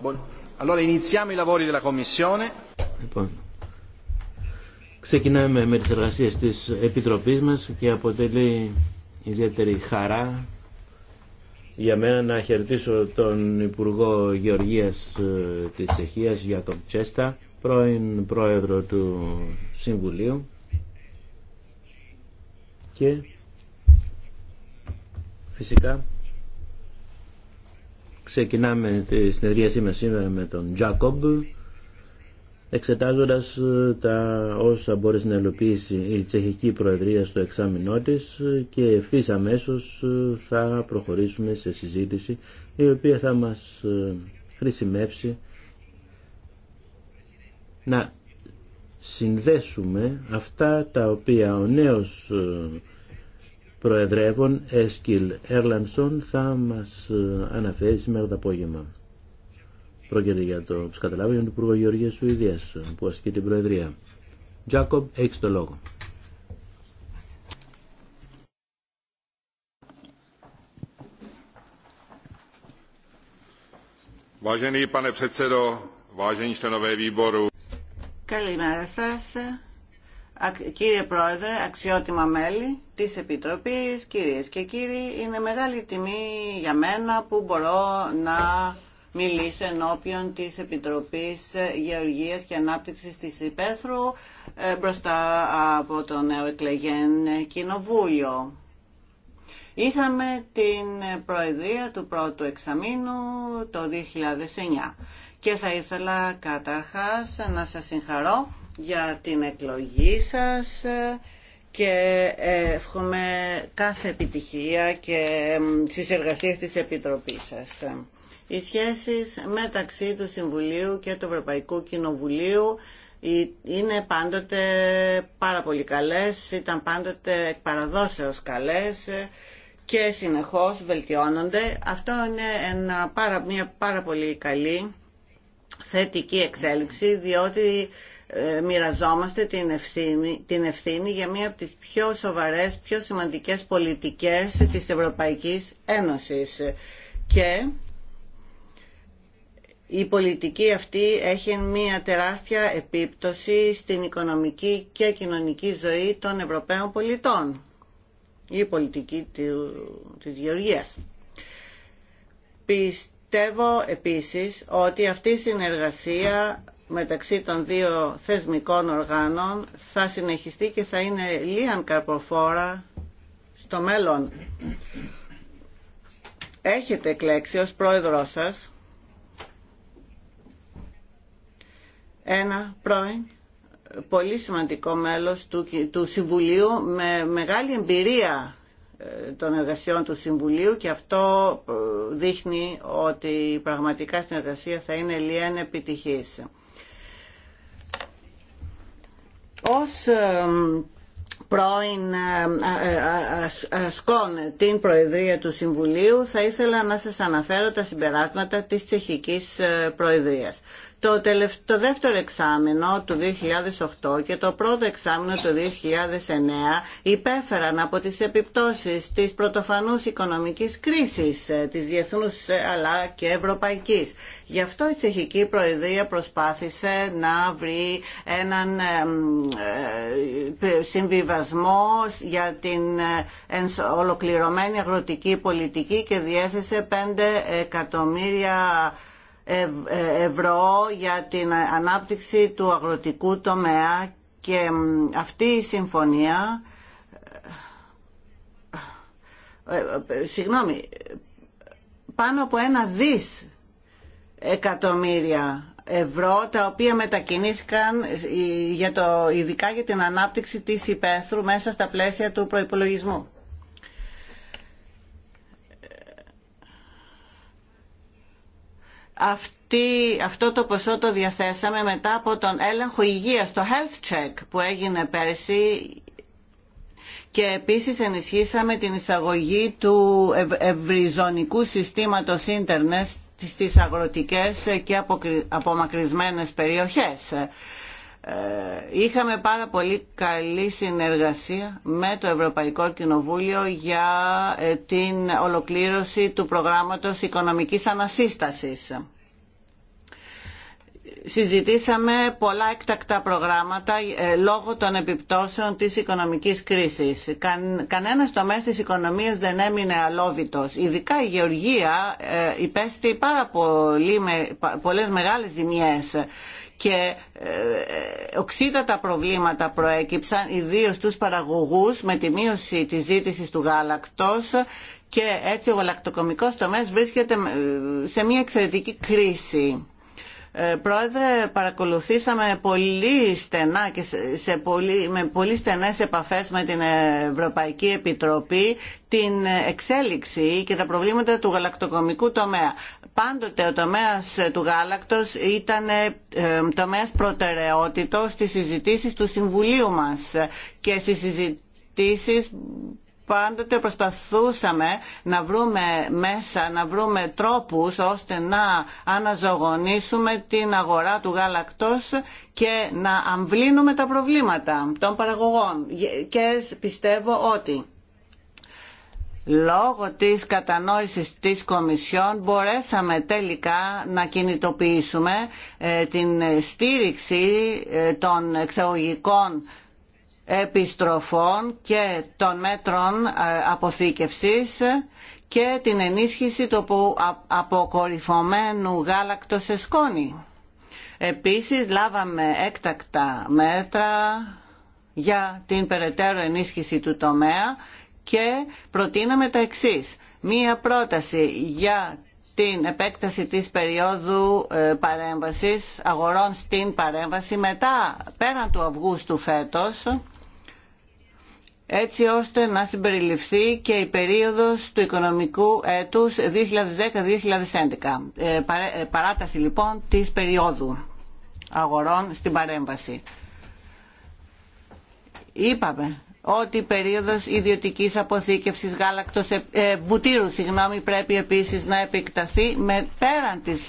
Λοιπόν, ξεκινάμε με τις εργασίες της Επιτροπής μας και αποτελεί ιδιαίτερη χαρά για μένα να χαιρετήσω τον Υπουργό Γεωργίας ε, της για τον Τσέστα, πρώην Πρόεδρο του Συμβουλίου και φυσικά Ξεκινάμε τη συνεδρίασή μας σήμερα με τον Τζάκομπ εξετάζοντας ε, τα όσα μπορεί να ελοπίσει η Τσεχική Προεδρία στο εξάμεινό της και ευθύ αμέσω ε, θα προχωρήσουμε σε συζήτηση η οποία θα μας ε, χρησιμεύσει να συνδέσουμε αυτά τα οποία ο νέος Προεδρεύων Έσκιλ Έρλανσον θα μας ε, αναφέρει σήμερα το απόγευμα. Πρόκειται για το, όπως καταλάβει, τον Υπουργό Γεωργίας Σουηδίας που ασκεί την Προεδρία. Τζάκομπ, έχει το λόγο. Καλημέρα σας. Κύριε Πρόεδρε, αξιότιμα μέλη της Επιτροπής, κυρίες και κύριοι, είναι μεγάλη τιμή για μένα που μπορώ να μιλήσω ενώπιον της Επιτροπής Γεωργίας και Ανάπτυξης της Υπέθρου ε, μπροστά από το νέο εκλεγέν Κοινοβούλιο. Είχαμε την Προεδρία του πρώτου εξαμήνου το 2009 και θα ήθελα καταρχάς να σας συγχαρώ για την εκλογή σας και εύχομαι κάθε επιτυχία και στις εργασίες της Επιτροπής σας. Οι σχέσεις μεταξύ του Συμβουλίου και του Ευρωπαϊκού Κοινοβουλίου είναι πάντοτε πάρα πολύ καλές, ήταν πάντοτε παραδόσεως καλές και συνεχώς βελτιώνονται. Αυτό είναι ένα, μια πάρα πολύ καλή θετική εξέλιξη διότι ε, μοιραζόμαστε την ευθύνη, την για μία από τις πιο σοβαρές, πιο σημαντικές πολιτικές της Ευρωπαϊκής Ένωσης. Και η πολιτική αυτή έχει μία τεράστια επίπτωση στην οικονομική και κοινωνική ζωή των Ευρωπαίων πολιτών. Η πολιτική της Γεωργίας. Πιστεύω επίσης ότι αυτή η συνεργασία μεταξύ των δύο θεσμικών οργάνων θα συνεχιστεί και θα είναι λίαν καρποφόρα στο μέλλον. Έχετε εκλέξει ως πρόεδρό σας ένα πρώην πολύ σημαντικό μέλος του, του Συμβουλίου με μεγάλη εμπειρία ε, των εργασιών του Συμβουλίου και αυτό ε, δείχνει ότι πραγματικά στην εργασία θα είναι λίαν επιτυχής ως πρώην ε, ε, ε, ασκών την Προεδρία του Συμβουλίου θα ήθελα να σας αναφέρω τα συμπεράσματα της Τσεχικής Προεδρίας. Το, το δεύτερο εξάμεινο του 2008 και το πρώτο εξάμεινο του 2009 υπέφεραν από τις επιπτώσεις της πρωτοφανούς οικονομικής κρίσης της διεθνούς αλλά και ευρωπαϊκής Γι' αυτό η Τσεχική Προεδρία προσπάθησε να βρει έναν ε, συμβιβασμό για την ε, ολοκληρωμένη αγροτική πολιτική και διέθεσε 5 εκατομμύρια ε, ευρώ για την ανάπτυξη του αγροτικού τομέα και αυτή η συμφωνία συγγνώμη πάνω από ένα δις εκατομμύρια ευρώ τα οποία μετακινήθηκαν ε, για το, ειδικά για την ανάπτυξη της υπαίθρου μέσα στα πλαίσια του προϋπολογισμού. Αυτή, αυτό το ποσό το διαθέσαμε μετά από τον έλεγχο υγείας, το health check που έγινε πέρσι και επίσης ενισχύσαμε την εισαγωγή του ευ, ευρυζωνικού συστήματος ίντερνετ στις αγροτικές και απομακρυσμένες περιοχές. Ε, είχαμε πάρα πολύ καλή συνεργασία με το Ευρωπαϊκό Κοινοβούλιο για ε, την ολοκλήρωση του προγράμματος οικονομικής ανασύστασης συζητήσαμε πολλά εκτακτά προγράμματα ε, λόγω των επιπτώσεων της οικονομικής κρίσης. Καν, κανένας τομέας της οικονομίας δεν έμεινε αλόβητος. Ειδικά η γεωργία ε, υπέστη πάρα πολύ, με, πολλές μεγάλες ζημιές και ε, οξύτατα προβλήματα προέκυψαν ιδίως τους παραγωγούς με τη μείωση της ζήτησης του γάλακτος και έτσι ο γαλακτοκομικός τομέας βρίσκεται σε μια εξαιρετική κρίση ε, πρόεδρε, παρακολουθήσαμε πολύ στενά και σε πολύ, με πολύ στενές επαφές με την Ευρωπαϊκή Επιτροπή την εξέλιξη και τα προβλήματα του γαλακτοκομικού τομέα. Πάντοτε ο τομέας του γάλακτος ήταν ε, τομέας προτεραιότητος στις συζητήσεις του Συμβουλίου μας και στις συζητήσεις πάντοτε προσπαθούσαμε να βρούμε μέσα, να βρούμε τρόπους ώστε να αναζωογονήσουμε την αγορά του γάλακτος και να αμβλύνουμε τα προβλήματα των παραγωγών. Και πιστεύω ότι λόγω της κατανόησης της Κομισιόν μπορέσαμε τελικά να κινητοποιήσουμε ε, την στήριξη ε, των εξαγωγικών επιστροφών και των μέτρων ε, αποθήκευσης και την ενίσχυση του αποκορυφωμένου γάλακτος σε σκόνη. Επίσης λάβαμε έκτακτα μέτρα για την περαιτέρω ενίσχυση του τομέα και προτείναμε τα εξής. Μία πρόταση για την επέκταση της περίοδου ε, παρέμβασης, αγορών στην παρέμβαση μετά πέραν του Αυγούστου φέτος έτσι ώστε να συμπεριληφθεί και η περίοδος του οικονομικού έτους 2010-2011. Ε, ε, παράταση λοιπόν της περίοδου αγορών στην παρέμβαση. Είπαμε ότι η περίοδος ιδιωτικής αποθήκευσης γάλακτος, ε, ε βουτύρου συγγνώμη, πρέπει επίσης να επεκταθεί με πέραν της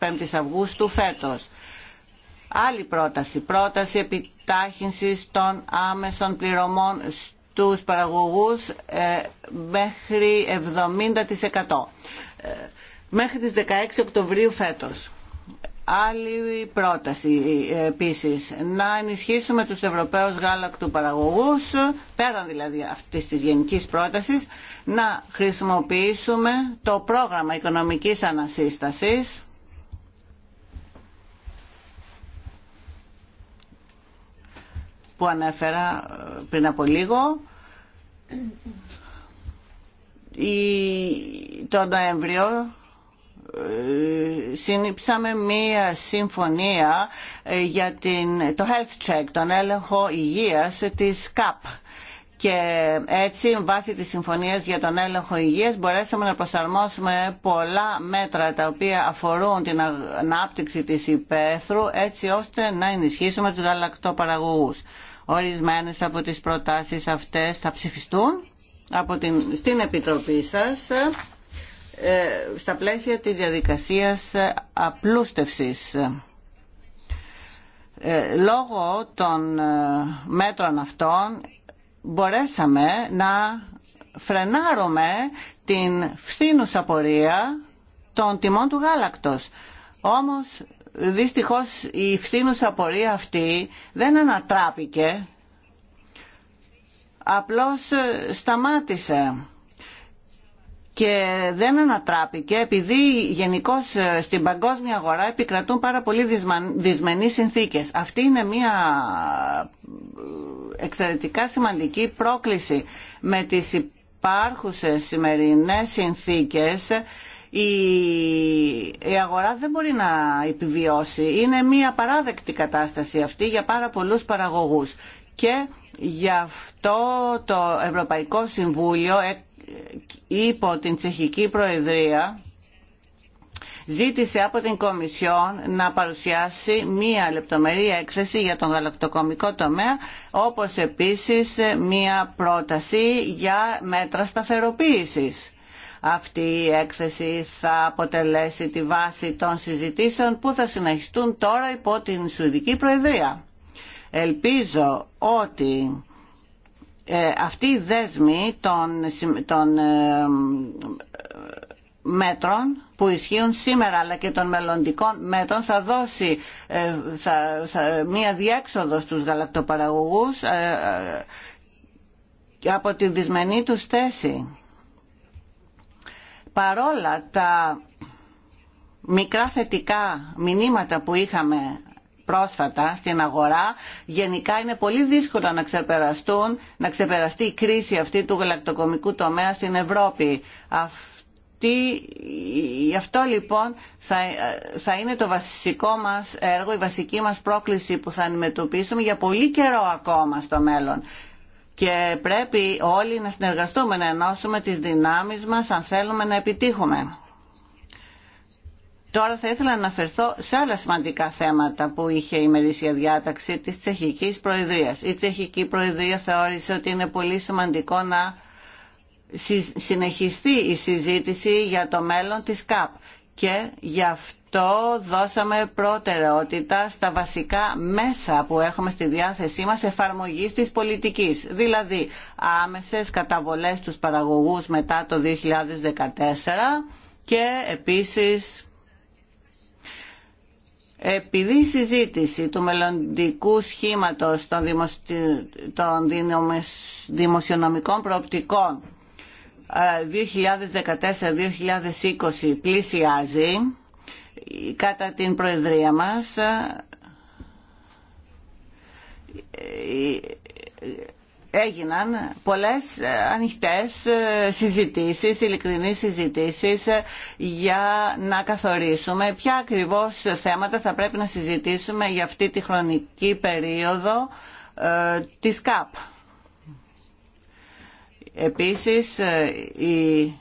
15ης Αυγούστου φέτος. Άλλη πρόταση, πρόταση επιτάχυνσης των άμεσων πληρωμών στους παραγωγούς ε, μέχρι 70%. Ε, μέχρι τις 16 Οκτωβρίου φέτος. Άλλη πρόταση ε, επίσης, να ενισχύσουμε τους Ευρωπαίους γάλακτου παραγωγούς, πέραν δηλαδή αυτής της γενικής πρότασης, να χρησιμοποιήσουμε το πρόγραμμα οικονομικής ανασύστασης, που ανέφερα ε, πριν από λίγο το Νοέμβριο ε, συνήψαμε μία συμφωνία ε, για την, το health check, τον έλεγχο υγείας της ΚΑΠ. Και έτσι, βάσει της συμφωνίας για τον έλεγχο υγείας, μπορέσαμε να προσαρμόσουμε πολλά μέτρα τα οποία αφορούν την ανάπτυξη της υπαίθρου, έτσι ώστε να ενισχύσουμε τους γαλακτοπαραγωγούς. Ορισμένες από τις προτάσεις αυτές θα ψηφιστούν από την, στην Επιτροπή σας ε, στα πλαίσια της διαδικασίας απλούστευσης. Ε, λόγω των ε, μέτρων αυτών μπορέσαμε να φρενάρουμε την φθήνουσα πορεία των τιμών του γάλακτος. Όμως δυστυχώς η φθήνουσα πορεία αυτή δεν ανατράπηκε, απλώς ε, σταμάτησε και δεν ανατράπηκε επειδή γενικώ ε, στην παγκόσμια αγορά επικρατούν πάρα πολύ δυσμενείς συνθήκες. Αυτή είναι μια ε, εξαιρετικά σημαντική πρόκληση με τις υπάρχουσες σημερινές συνθήκες η αγορά δεν μπορεί να επιβιώσει. Είναι μια παράδεκτη κατάσταση αυτή για πάρα πολλούς παραγωγούς. Και γι' αυτό το Ευρωπαϊκό Συμβούλιο ε, υπό την Τσεχική Προεδρία ζήτησε από την Κομισιόν να παρουσιάσει μία λεπτομερή έκθεση για τον γαλακτοκομικό τομέα, όπως επίσης μία πρόταση για μέτρα σταθεροποίησης αυτή η έκθεση θα αποτελέσει τη βάση των συζητήσεων που θα συνεχιστούν τώρα υπό την Σουηδική Προεδρία. Ελπίζω ότι ε, αυτή η δέσμη των, των ε, μέτρων που ισχύουν σήμερα αλλά και των μελλοντικών μέτρων θα δώσει ε, μία διέξοδο στους γαλακτοπαραγωγούς από τη δυσμενή τους θέση παρόλα τα μικρά θετικά μηνύματα που είχαμε πρόσφατα στην αγορά, γενικά είναι πολύ δύσκολο να ξεπεραστούν, να ξεπεραστεί η κρίση αυτή του γαλακτοκομικού τομέα στην Ευρώπη. Αυτή, αυτό λοιπόν θα, θα είναι το βασικό μας έργο, η βασική μας πρόκληση που θα αντιμετωπίσουμε για πολύ καιρό ακόμα στο μέλλον και πρέπει όλοι να συνεργαστούμε, να ενώσουμε τις δυνάμεις μας αν θέλουμε να επιτύχουμε. Τώρα θα ήθελα να αναφερθώ σε άλλα σημαντικά θέματα που είχε η μερίσια διάταξη της Τσεχικής Προεδρίας. Η Τσεχική Προεδρία θεώρησε ότι είναι πολύ σημαντικό να συνεχιστεί η συζήτηση για το μέλλον της ΚΑΠ και γι' αυτό το δώσαμε προτεραιότητα στα βασικά μέσα που έχουμε στη διάθεσή μας εφαρμογής της πολιτικής, δηλαδή άμεσες καταβολές τους παραγωγούς μετά το 2014 και επίσης επειδή η συζήτηση του μελλοντικού σχήματος των, δημοσιονομικών προοπτικών 2014-2020 ε, πλησιάζει, κατά την Προεδρία μας ε, έγιναν πολλές ε, ανοιχτές ε, συζητήσεις, ειλικρινείς συζητήσεις για να καθορίσουμε ποια ακριβώς θέματα θα πρέπει να συζητήσουμε για αυτή τη χρονική περίοδο της ΚΑΠ. Επίσης, η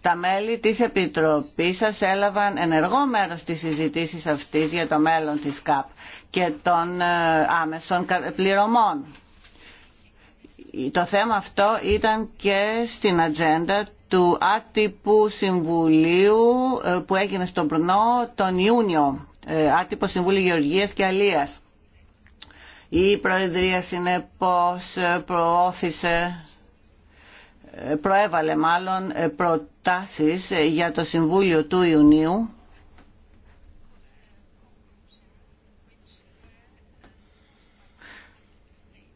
τα μέλη της Επιτροπής σας έλαβαν ενεργό μέρος της συζητήσεις αυτής για το μέλλον της ΚΑΠ και των ε, άμεσων πληρωμών. Το θέμα αυτό ήταν και στην ατζέντα του άτυπου συμβουλίου ε, που έγινε στον Πρνό τον Ιούνιο, ε, άτυπο συμβούλιο Γεωργίας και Αλίας. Η Προεδρία συνεπώς προώθησε προέβαλε μάλλον ε, προτάσεις ε, για το Συμβούλιο του Ιουνίου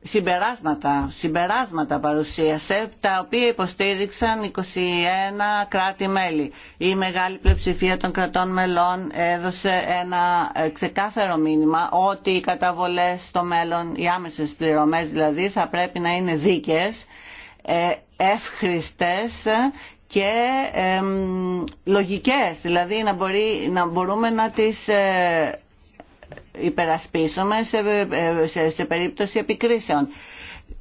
συμπεράσματα, συμπεράσματα παρουσίασε, τα οποία υποστήριξαν 21 κράτη-μέλη. Η μεγάλη πλειοψηφία των κρατών μελών έδωσε ένα ε, ξεκάθαρο μήνυμα ότι οι καταβολές στο μέλλον, οι άμεσες πληρωμές δηλαδή, θα πρέπει να είναι δίκαιες ευχρηστές και λογικές, δηλαδή να, μπορούμε να τις ε, υπερασπίσουμε ε, σε, σε, περίπτωση επικρίσεων.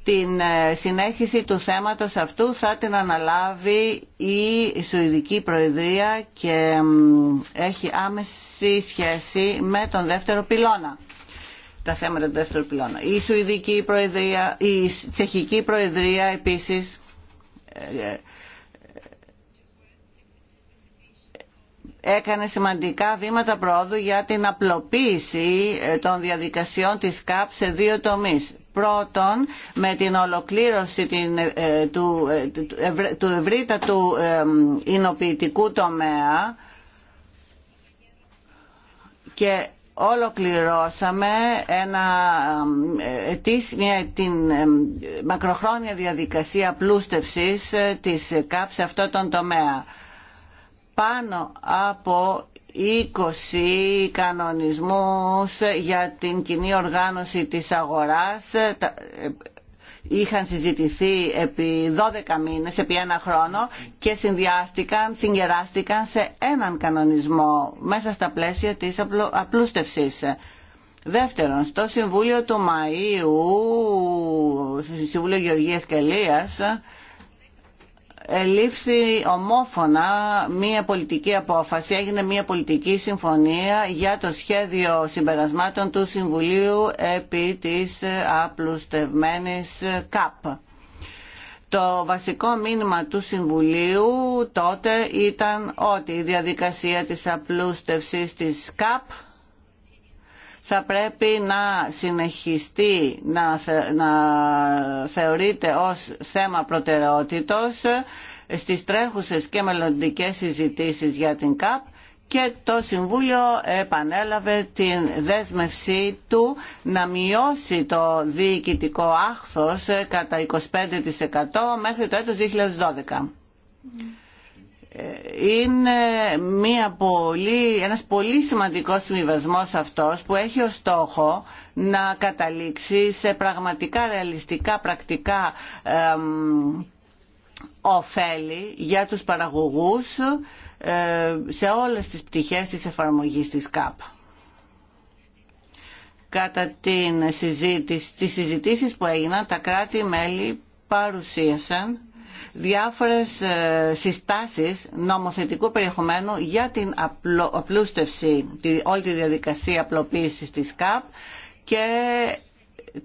Την ε, συνέχιση του θέματος αυτού θα την αναλάβει η Σουηδική Προεδρία και έχει άμεση σχέση με τον δεύτερο πυλώνα. Τα θέματα του δεύτερου πυλώνα. Η Σουηδική Προεδρία, η Τσεχική Προεδρία επίσης έκανε σημαντικά βήματα πρόοδου για την απλοποίηση ε, των διαδικασιών της ΚΑΠ σε δύο τομείς. Πρώτον, με την ολοκλήρωση ε, ε, του, του ευρύτατου εινοποιητικού τομέα και ολοκληρώσαμε ένα, ε, μια, την ε, μακροχρόνια διαδικασία πλούστευσης ε, της ΚΑΠ σε αυτό τον τομέα. Πάνω από 20 κανονισμούς για την κοινή οργάνωση της αγοράς είχαν συζητηθεί επί 12 μήνες, επί ένα χρόνο και συνδυάστηκαν, συγκεράστηκαν σε έναν κανονισμό μέσα στα πλαίσια της απλούστευσης. Δεύτερον, στο Συμβούλιο του Μαΐου, στο Συμβούλιο Γεωργίας και ελήφθη ομόφωνα μια πολιτική απόφαση, έγινε μια πολιτική συμφωνία για το σχέδιο συμπερασμάτων του Συμβουλίου επί της απλουστευμένης ΚΑΠ. Το βασικό μήνυμα του Συμβουλίου τότε ήταν ότι η διαδικασία της απλούστευσης της ΚΑΠ θα πρέπει να συνεχιστεί να, να θεωρείται ως θέμα προτεραιότητος στις τρέχουσες και μελλοντικές συζητήσεις για την ΚΑΠ και το Συμβούλιο επανέλαβε την δέσμευσή του να μειώσει το διοικητικό άχθος κατά 25% μέχρι το έτος 2012 είναι μια πολύ, ένας πολύ σημαντικός συμβιβασμό αυτός που έχει ως στόχο να καταλήξει σε πραγματικά ρεαλιστικά πρακτικά οφέλη ωφέλη για τους παραγωγούς ε, σε όλες τις πτυχές της εφαρμογής της ΚΑΠ. Κατά την συζήτηση, τις συζητήσεις που έγιναν, τα κράτη-μέλη παρουσίασαν διάφορες ε, συστάσεις νομοθετικού περιεχομένου για την απλούστευση, όλη τη διαδικασία απλοποίησης της ΚΑΠ και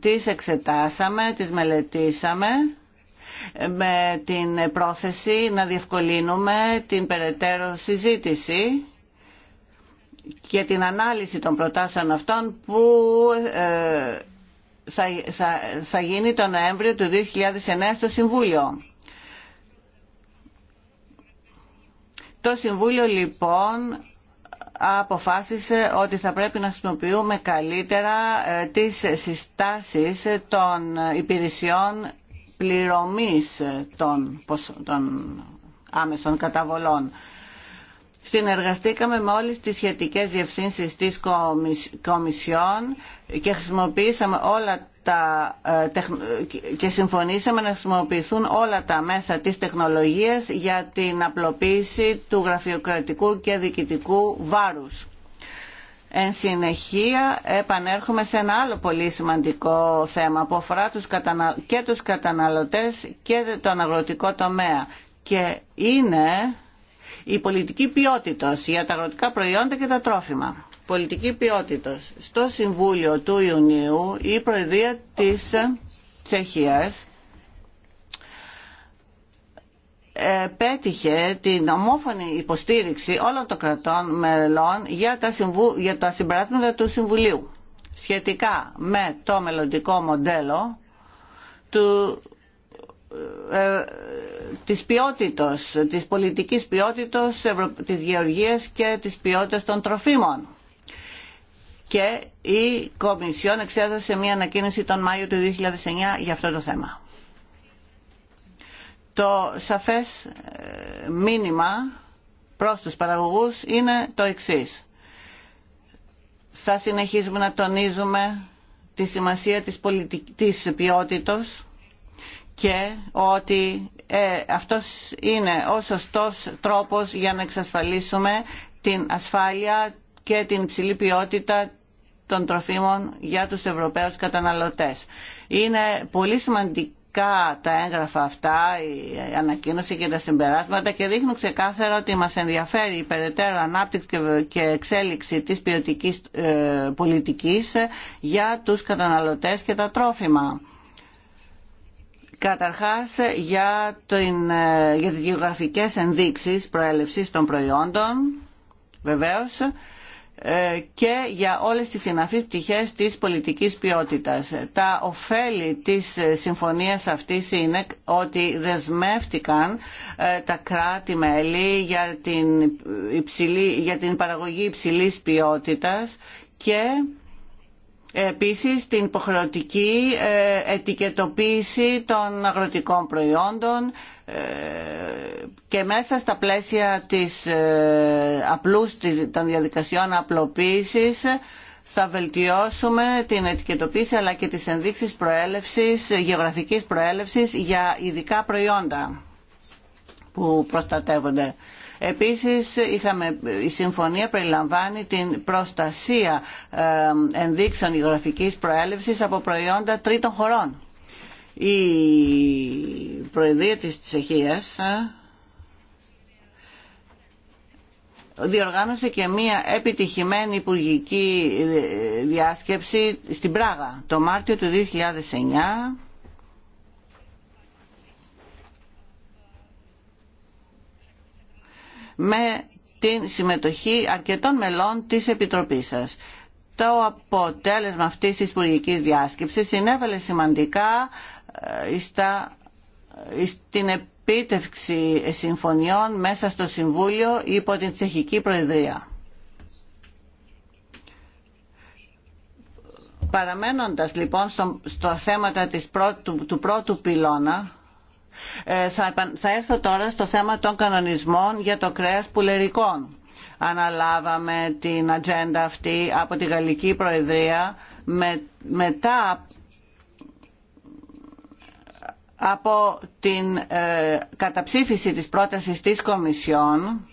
τις εξετάσαμε, τις μελετήσαμε με την πρόθεση να διευκολύνουμε την περαιτέρω συζήτηση και την ανάλυση των προτάσεων αυτών που ε, θα γίνει τον Νοέμβριο του 2009 στο Συμβούλιο. Το Συμβούλιο λοιπόν αποφάσισε ότι θα πρέπει να χρησιμοποιούμε καλύτερα ε, τις συστάσεις των υπηρεσιών πληρωμής των, άμεσων καταβολών. Συνεργαστήκαμε με όλες τις σχετικές διευθύνσεις της Κομισιόν και χρησιμοποίησαμε όλα τα, ε, και συμφωνήσαμε να χρησιμοποιηθούν όλα τα μέσα της τεχνολογίας για την απλοποίηση του γραφειοκρατικού και διοικητικού βάρους. Εν συνεχεία επανέρχομαι σε ένα άλλο πολύ σημαντικό θέμα που αφορά τους κατανα... και τους καταναλωτές και τον αγροτικό τομέα και είναι η πολιτική ποιότητα για τα αγροτικά προϊόντα και τα τρόφιμα πολιτική ποιότητας. Στο Συμβούλιο του Ιουνίου η Προεδρία της Τσεχίας ε, πέτυχε την ομόφωνη υποστήριξη όλων των κρατών μελών για τα, συμβου... για τα συμπεράσματα του Συμβουλίου σχετικά με το μελλοντικό μοντέλο του, ε, της ποιότητος, της πολιτικής ποιότητος της γεωργίας και της ποιότητας των τροφίμων και η Κομισιόν εξέδωσε μια ανακοίνωση τον Μάιο του 2009 για αυτό το θέμα. Το σαφές ε, μήνυμα προς τους παραγωγούς είναι το εξής. Θα συνεχίζουμε να τονίζουμε τη σημασία της, πολιτικής, της και ότι ε, αυτός είναι ο σωστός τρόπος για να εξασφαλίσουμε την ασφάλεια και την υψηλή ποιότητα των τροφίμων για τους Ευρωπαίους καταναλωτές. Είναι πολύ σημαντικά τα έγγραφα αυτά, η ανακοίνωση και τα συμπεράσματα και δείχνουν ξεκάθαρα ότι μας ενδιαφέρει η περαιτέρω ανάπτυξη και εξέλιξη της ποιοτική ε, πολιτικής για τους καταναλωτές και τα τρόφιμα. Καταρχάς για, την, ε, για τις γεωγραφικές ενδείξεις προέλευσης των προϊόντων, βεβαίως, ε, και για όλες τις συναφείς πτυχές της πολιτικής ποιότητας. Τα ωφέλη της συμφωνίας αυτής είναι ότι δεσμεύτηκαν ε, τα κράτη-μέλη για, την για την παραγωγή υψηλής ποιότητας και ε, επίσης την υποχρεωτική ετικετοποίηση των αγροτικών προϊόντων και μέσα στα πλαίσια της ε, απλούς των διαδικασιών απλοποίησης θα βελτιώσουμε την ετικετοποίηση αλλά και τις ενδείξεις προέλευσης, γεωγραφικής προέλευσης για ειδικά προϊόντα που προστατεύονται. Επίσης είχαμε, η συμφωνία περιλαμβάνει την προστασία ε, ενδείξεων γεωγραφικής προέλευσης από προϊόντα τρίτων χωρών. Η Προεδρία της Τσεχίας διοργάνωσε και μία επιτυχημένη υπουργική ε, διάσκεψη στην Πράγα το Μάρτιο του 2009 με την συμμετοχή αρκετών μελών της Επιτροπής σας. Το αποτέλεσμα αυτής της υπουργικής διάσκεψης συνέβαλε σημαντικά στα, στην επίτευξη συμφωνιών μέσα στο Συμβούλιο υπό την Τσεχική Προεδρία. Παραμένοντας λοιπόν στο, στο θέματα της του πρώτου πυλώνα, ε, θα έρθω τώρα στο θέμα των κανονισμών για το κρέας πουλερικών. Αναλάβαμε την ατζέντα αυτή από τη Γαλλική Προεδρία με, μετά από την ε, καταψήφιση της πρότασης της Κομισιόν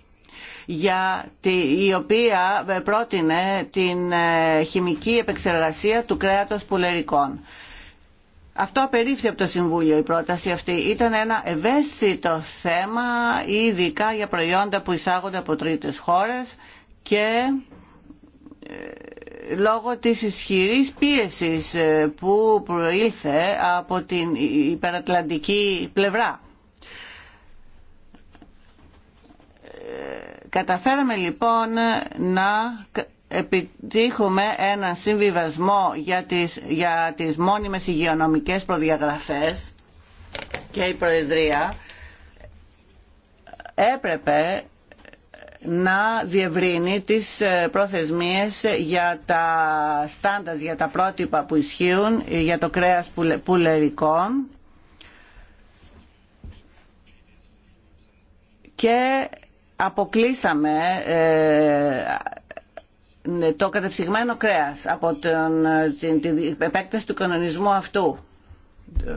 για τη, η οποία ε, πρότεινε την ε, χημική επεξεργασία του κρέατος πουλερικών. Αυτό απερίφθη από το Συμβούλιο η πρόταση αυτή. Ήταν ένα ευαίσθητο θέμα ειδικά για προϊόντα που εισάγονται από τρίτες χώρες και λόγω της ισχυρής πίεσης ε, που προήλθε από την υπερατλαντική πλευρά. Ε, καταφέραμε λοιπόν να επιτύχουμε ένα συμβιβασμό για τις, για τις μόνιμες υγειονομικές προδιαγραφές και η Προεδρία έπρεπε να διευρύνει τις ε, προθεσμίες για τα στάντας, για τα πρότυπα που ισχύουν για το κρέας πουλερικών και αποκλείσαμε ε, το κατεψυγμένο κρέας από τον, την, την επέκταση του κανονισμού αυτού. Ε,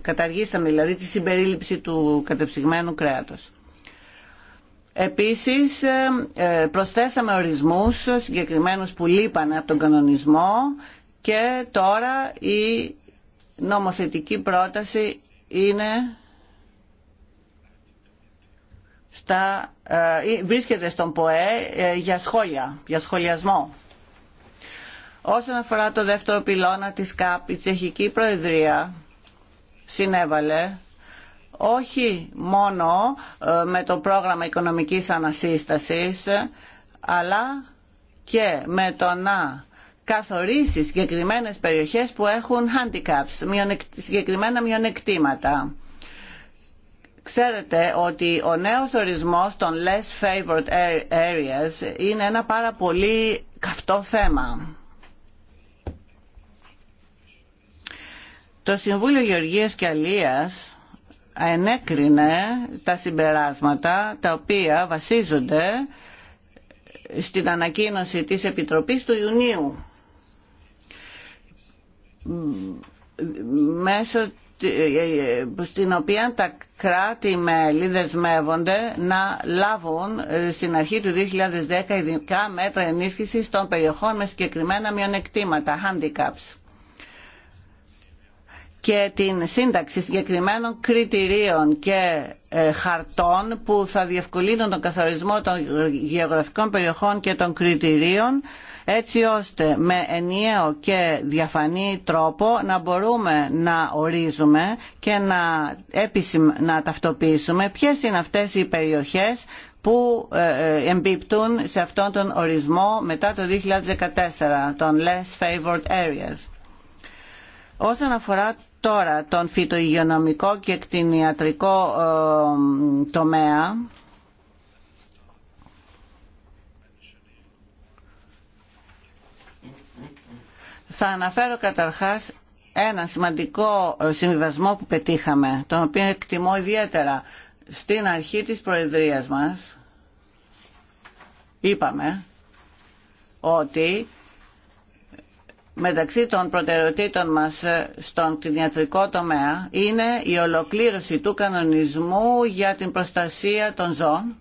καταργήσαμε δηλαδή τη συμπερίληψη του κατεψυγμένου κρέατος. Επίσης ε, ε, προσθέσαμε ορισμούς συγκεκριμένους που λείπανε από τον κανονισμό και τώρα η νομοθετική πρόταση είναι στα, ε, βρίσκεται στον ΠΟΕ για σχόλια, για σχολιασμό. Όσον αφορά το δεύτερο πυλώνα της ΚΑΠ, η Τσεχική Προεδρία συνέβαλε όχι μόνο ε, με το πρόγραμμα οικονομικής ανασύστασης αλλά και με το να καθορίσει συγκεκριμένες περιοχές που έχουν handicaps, συγκεκριμένα μειονεκτήματα. Ξέρετε ότι ο νέος ορισμός των less favored areas είναι ένα πάρα πολύ καυτό θέμα. Το Συμβούλιο Γεωργίας και Αλίας ενέκρινε τα συμπεράσματα τα οποία βασίζονται στην ανακοίνωση της Επιτροπής του Ιουνίου μέσω στην οποία τα κράτη-μέλη δεσμεύονται να λάβουν ε, στην αρχή του 2010 ειδικά μέτρα ενίσχυσης των περιοχών με συγκεκριμένα μειονεκτήματα, handicaps και την σύνταξη συγκεκριμένων κριτηρίων και ε, χαρτών που θα διευκολύνουν τον καθορισμό των γεωγραφικών περιοχών και των κριτηρίων έτσι ώστε με ενιαίο και διαφανή τρόπο να μπορούμε να ορίζουμε και να, να ταυτοποιήσουμε ποιες είναι αυτές οι περιοχές που ε, ε, εμπίπτουν σε αυτόν τον ορισμό μετά το 2014 των Less Favored Areas. Όσον αφορά Τώρα, τον φυτοϊγειονομικό και κτηνιατρικό ε, τομέα, θα αναφέρω καταρχάς ένα σημαντικό ε, συμβιβασμό που πετύχαμε, τον οποίο εκτιμώ ιδιαίτερα. Στην αρχή της Προεδρίας μας είπαμε ότι μεταξύ των προτεραιοτήτων μας στον κτηνιατρικό τομέα είναι η ολοκλήρωση του κανονισμού για την προστασία των ζώων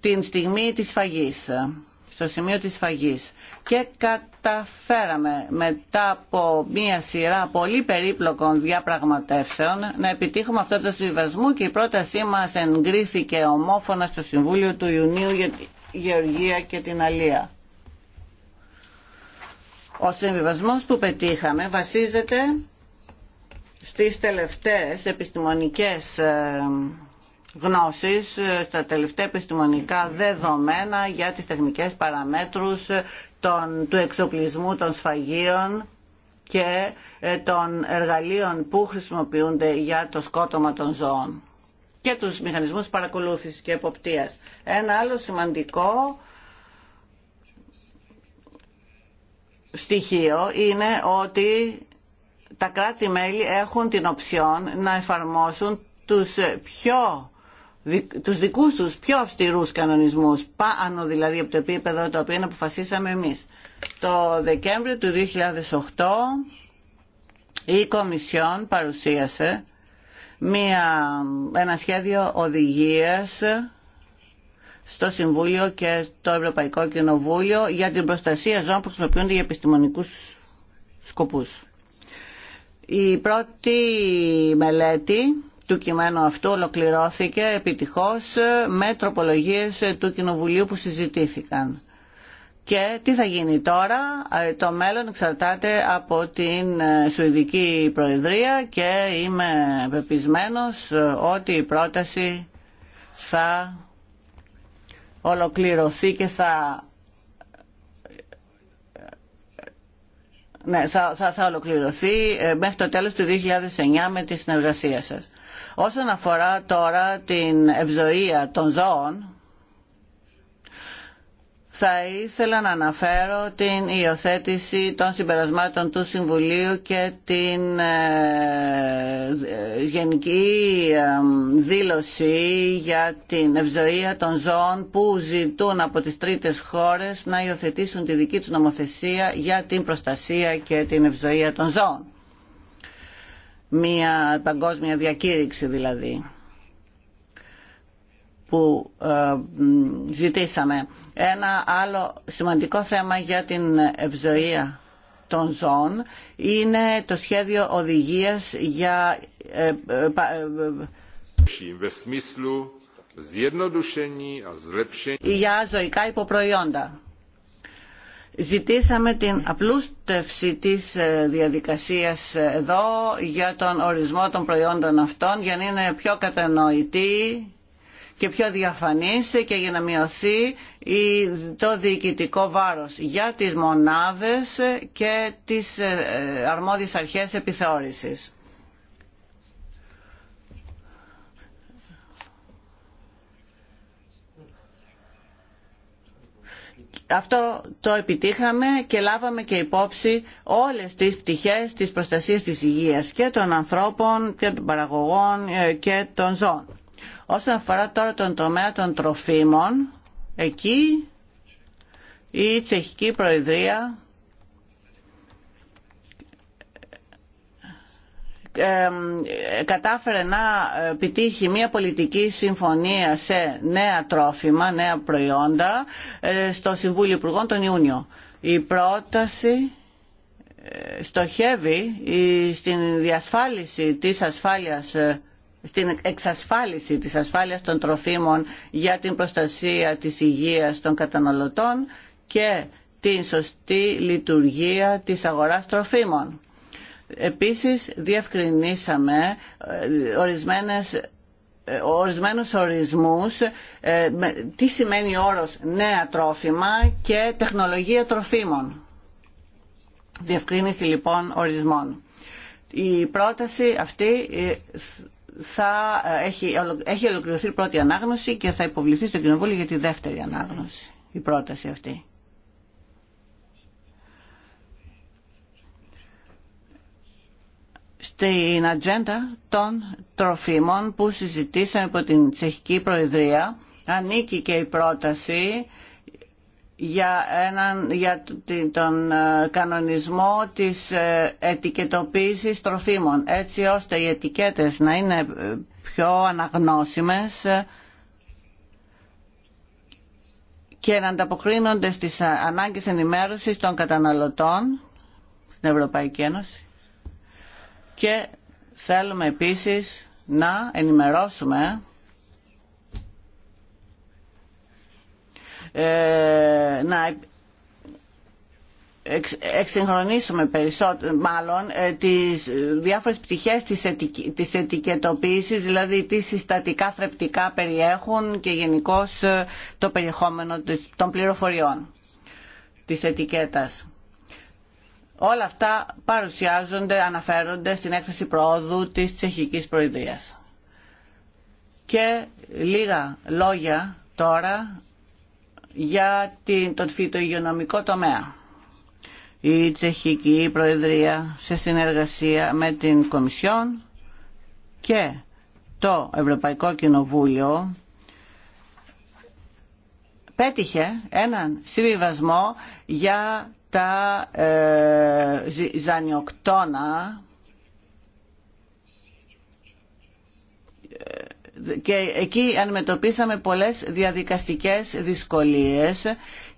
την στιγμή της φαγής, στο σημείο της φαγής. Και καταφέραμε μετά από μία σειρά πολύ περίπλοκων διαπραγματεύσεων να επιτύχουμε αυτό το συμβασμό και η πρότασή μας εγκρίθηκε ομόφωνα στο Συμβούλιο του Ιουνίου για τη Γεωργία και την Αλία. Ο συμβιβασμός που πετύχαμε βασίζεται στις τελευταίες επιστημονικές ε, γνώσεις, ε, στα τελευταία επιστημονικά δεδομένα για τις τεχνικές παραμέτρους ε, των, του εξοπλισμού των σφαγείων και των εργαλείων που χρησιμοποιούνται για το σκότωμα των ζώων και τους μηχανισμούς παρακολούθησης και εποπτείας. Ένα άλλο σημαντικό στοιχείο είναι ότι τα κράτη-μέλη έχουν την οψιόν να εφαρμόσουν τους πιο τους δικούς τους πιο αυστηρούς κανονισμούς, πάνω δηλαδή από το επίπεδο το οποίο αποφασίσαμε εμείς. Το Δεκέμβριο του 2008 η Κομισιόν παρουσίασε μία, ένα σχέδιο οδηγίας στο Συμβούλιο και το Ευρωπαϊκό Κοινοβούλιο για την προστασία ζώων που χρησιμοποιούνται για επιστημονικούς σκοπούς. Η πρώτη μελέτη του κειμένου αυτού ολοκληρώθηκε επιτυχώς με τροπολογίες του Κοινοβουλίου που συζητήθηκαν. Και τι θα γίνει τώρα, ε, το μέλλον εξαρτάται από την ε, Σουηδική Προεδρία και είμαι πεπισμένος ε, ότι η πρόταση θα ολοκληρωθεί και θα ναι, θα, θα, θα ολοκληρωθεί ε, μέχρι το τέλος του 2009 με τη συνεργασία σας. Όσον αφορά τώρα την ευζοία των ζώων, θα ήθελα να αναφέρω την υιοθέτηση των συμπερασμάτων του Συμβουλίου και την ε, γενική ε, δήλωση για την ευζοία των ζώων που ζητούν από τις τρίτες χώρες να υιοθετήσουν τη δική τους νομοθεσία για την προστασία και την ευζοία των ζώων. Μια παγκόσμια διακήρυξη δηλαδή που ε, ζητήσαμε. Ένα άλλο σημαντικό θέμα για την ευζοία των ζώων είναι το σχέδιο οδηγίας για ε, ε, ζωικά υποπροϊόντα. Ζητήσαμε την απλούστευση της διαδικασίας εδώ για τον ορισμό των προϊόντων αυτών για να είναι πιο κατανοητή και πιο διαφανής και για να μειωθεί το διοικητικό βάρος για τις μονάδες και τις ε, αρμόδιες αρχές επιθεώρησης. Αυτό το επιτύχαμε και λάβαμε και υπόψη όλες τις πτυχές της προστασίας της υγείας και των ανθρώπων και των παραγωγών ε, και των ζώων. Όσον αφορά τώρα τον τομέα των τροφίμων, εκεί η Τσεχική Προεδρία κατάφερε να ε, επιτύχει μια πολιτική συμφωνία σε νέα τρόφιμα, νέα προϊόντα ε, στο Συμβούλιο Υπουργών τον Ιούνιο. Η πρόταση ε, στοχεύει στην διασφάλιση της ασφάλειας στην εξασφάλιση της ασφάλειας των τροφίμων για την προστασία της υγείας των καταναλωτών και την σωστή λειτουργία της αγοράς τροφίμων. Επίσης διευκρινίσαμε ε, ορισμένες ε, ορισμένους ορισμούς ε, τι σημαίνει όρος νέα τρόφιμα και τεχνολογία τροφίμων. Διευκρίνηση λοιπόν ορισμών. Η πρόταση αυτή θα ε, έχει, έχει ολοκληρωθεί η πρώτη ανάγνωση και θα υποβληθεί στο Κοινοβούλιο για τη δεύτερη ανάγνωση, η πρόταση αυτή. Στην ατζέντα των τροφίμων που συζητήσαμε από την Τσεχική Προεδρία ανήκει και η πρόταση για, έναν, για τον ε, κανονισμό της ε, ετικετοποίησης τροφίμων έτσι ώστε οι ετικέτες να είναι ε, πιο αναγνώσιμες και να ανταποκρίνονται στις ανάγκες ενημέρωσης των καταναλωτών στην Ευρωπαϊκή Ένωση και θέλουμε επίσης να ενημερώσουμε Ε, να εξυγχρονίσουμε περισσότερο, μάλλον, ε, τις διάφορες πτυχές της, ετικ... ετικετοποίησης, δηλαδή τι συστατικά θρεπτικά περιέχουν και γενικώ ε, το περιεχόμενο των πληροφοριών της ετικέτας. Όλα αυτά παρουσιάζονται, αναφέρονται στην έκθεση προόδου της Τσεχικής Προεδρίας. Και λίγα λόγια τώρα για την, τον φυτοϊγειονομικό τομέα. Η Τσεχική Προεδρία σε συνεργασία με την Κομισιόν και το Ευρωπαϊκό Κοινοβούλιο πέτυχε έναν συμβιβασμό για τα ε, ζανιοκτώνα και εκεί αντιμετωπίσαμε πολλές διαδικαστικές δυσκολίες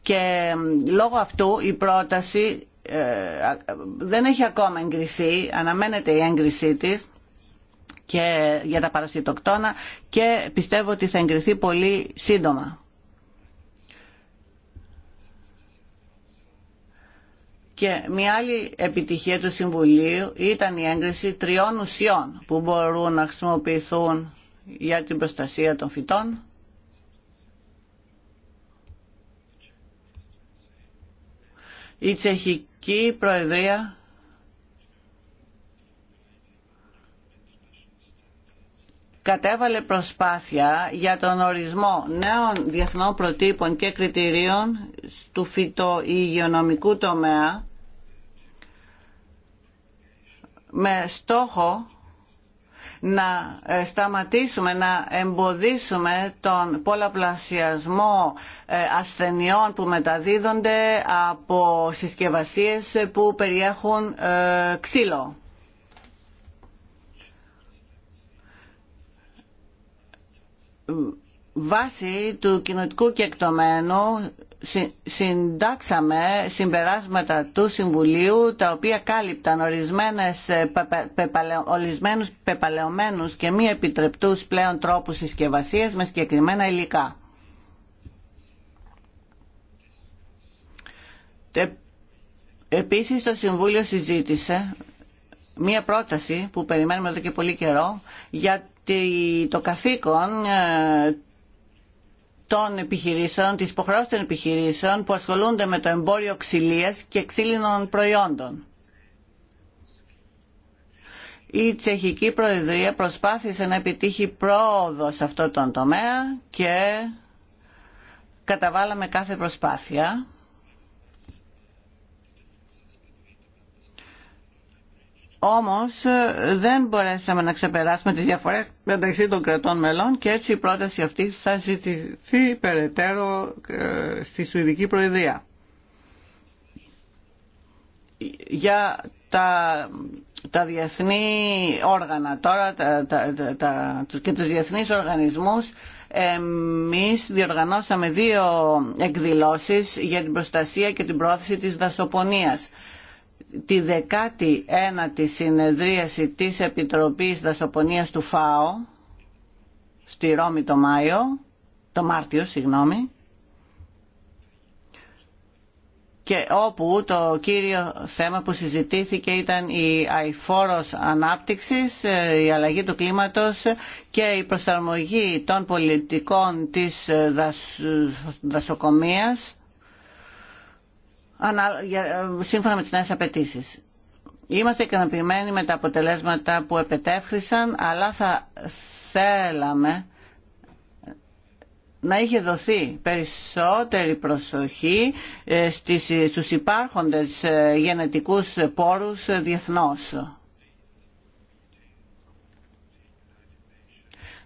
και λόγω αυτού η πρόταση ε, δεν έχει ακόμα εγκριθεί, αναμένεται η έγκρισή της και για τα παρασιτοκτόνα και πιστεύω ότι θα εγκριθεί πολύ σύντομα. Και μια άλλη επιτυχία του Συμβουλίου ήταν η έγκριση τριών ουσιών που μπορούν να χρησιμοποιηθούν για την προστασία των φυτών. Η Τσεχική Προεδρία κατέβαλε προσπάθεια για τον ορισμό νέων διεθνών προτύπων και κριτηρίων του φυτοϊγειονομικού τομέα με στόχο να σταματήσουμε, να εμποδίσουμε τον πολλαπλασιασμό ασθενειών που μεταδίδονται από συσκευασίες που περιέχουν ξύλο. Βάσει του κοινωτικού κεκτομένου συντάξαμε συμπεράσματα του Συμβουλίου τα οποία κάλυπταν ορισμένες, ε, πεπαλαι, ορισμένους και μη επιτρεπτούς πλέον τρόπους συσκευασίας με συγκεκριμένα υλικά. Επίσης το Συμβούλιο συζήτησε μία πρόταση που περιμένουμε εδώ και πολύ καιρό για το καθήκον ε, των επιχειρήσεων, τις υποχρεώσεις των επιχειρήσεων που ασχολούνται με το εμπόριο ξυλίας και ξύλινων προϊόντων. Η Τσεχική Προεδρία προσπάθησε να επιτύχει πρόοδο σε αυτό τον τομέα και καταβάλαμε κάθε προσπάθεια Όμως ε, δεν μπορέσαμε να ξεπεράσουμε τις διαφορές μεταξύ των κρατών μελών και έτσι η πρόταση αυτή θα ζητηθεί περαιτέρω ε, στη Σουηδική Προεδρία. Για τα, τα διεθνή όργανα τώρα τα, τα, και τους διεθνείς οργανισμούς εμείς διοργανώσαμε δύο εκδηλώσεις για την προστασία και την πρόθεση της δασοπονίας τη 19η συνεδρίαση της Επιτροπής Δασοπονίας του ΦΑΟ στη Ρώμη το Μάιο, το Μάρτιο, συγγνώμη, και όπου το κύριο θέμα που συζητήθηκε ήταν η αηφόρος ανάπτυξης, η αλλαγή του κλίματος και η προσαρμογή των πολιτικών της δασ... δασοκομείας σύμφωνα με τις νέες απαιτήσει. Είμαστε ικανοποιημένοι με τα αποτελέσματα που επετέφθησαν αλλά θα θέλαμε να είχε δοθεί περισσότερη προσοχή ε, στις, στους υπάρχοντες ε, γενετικούς πόρους διεθνώς.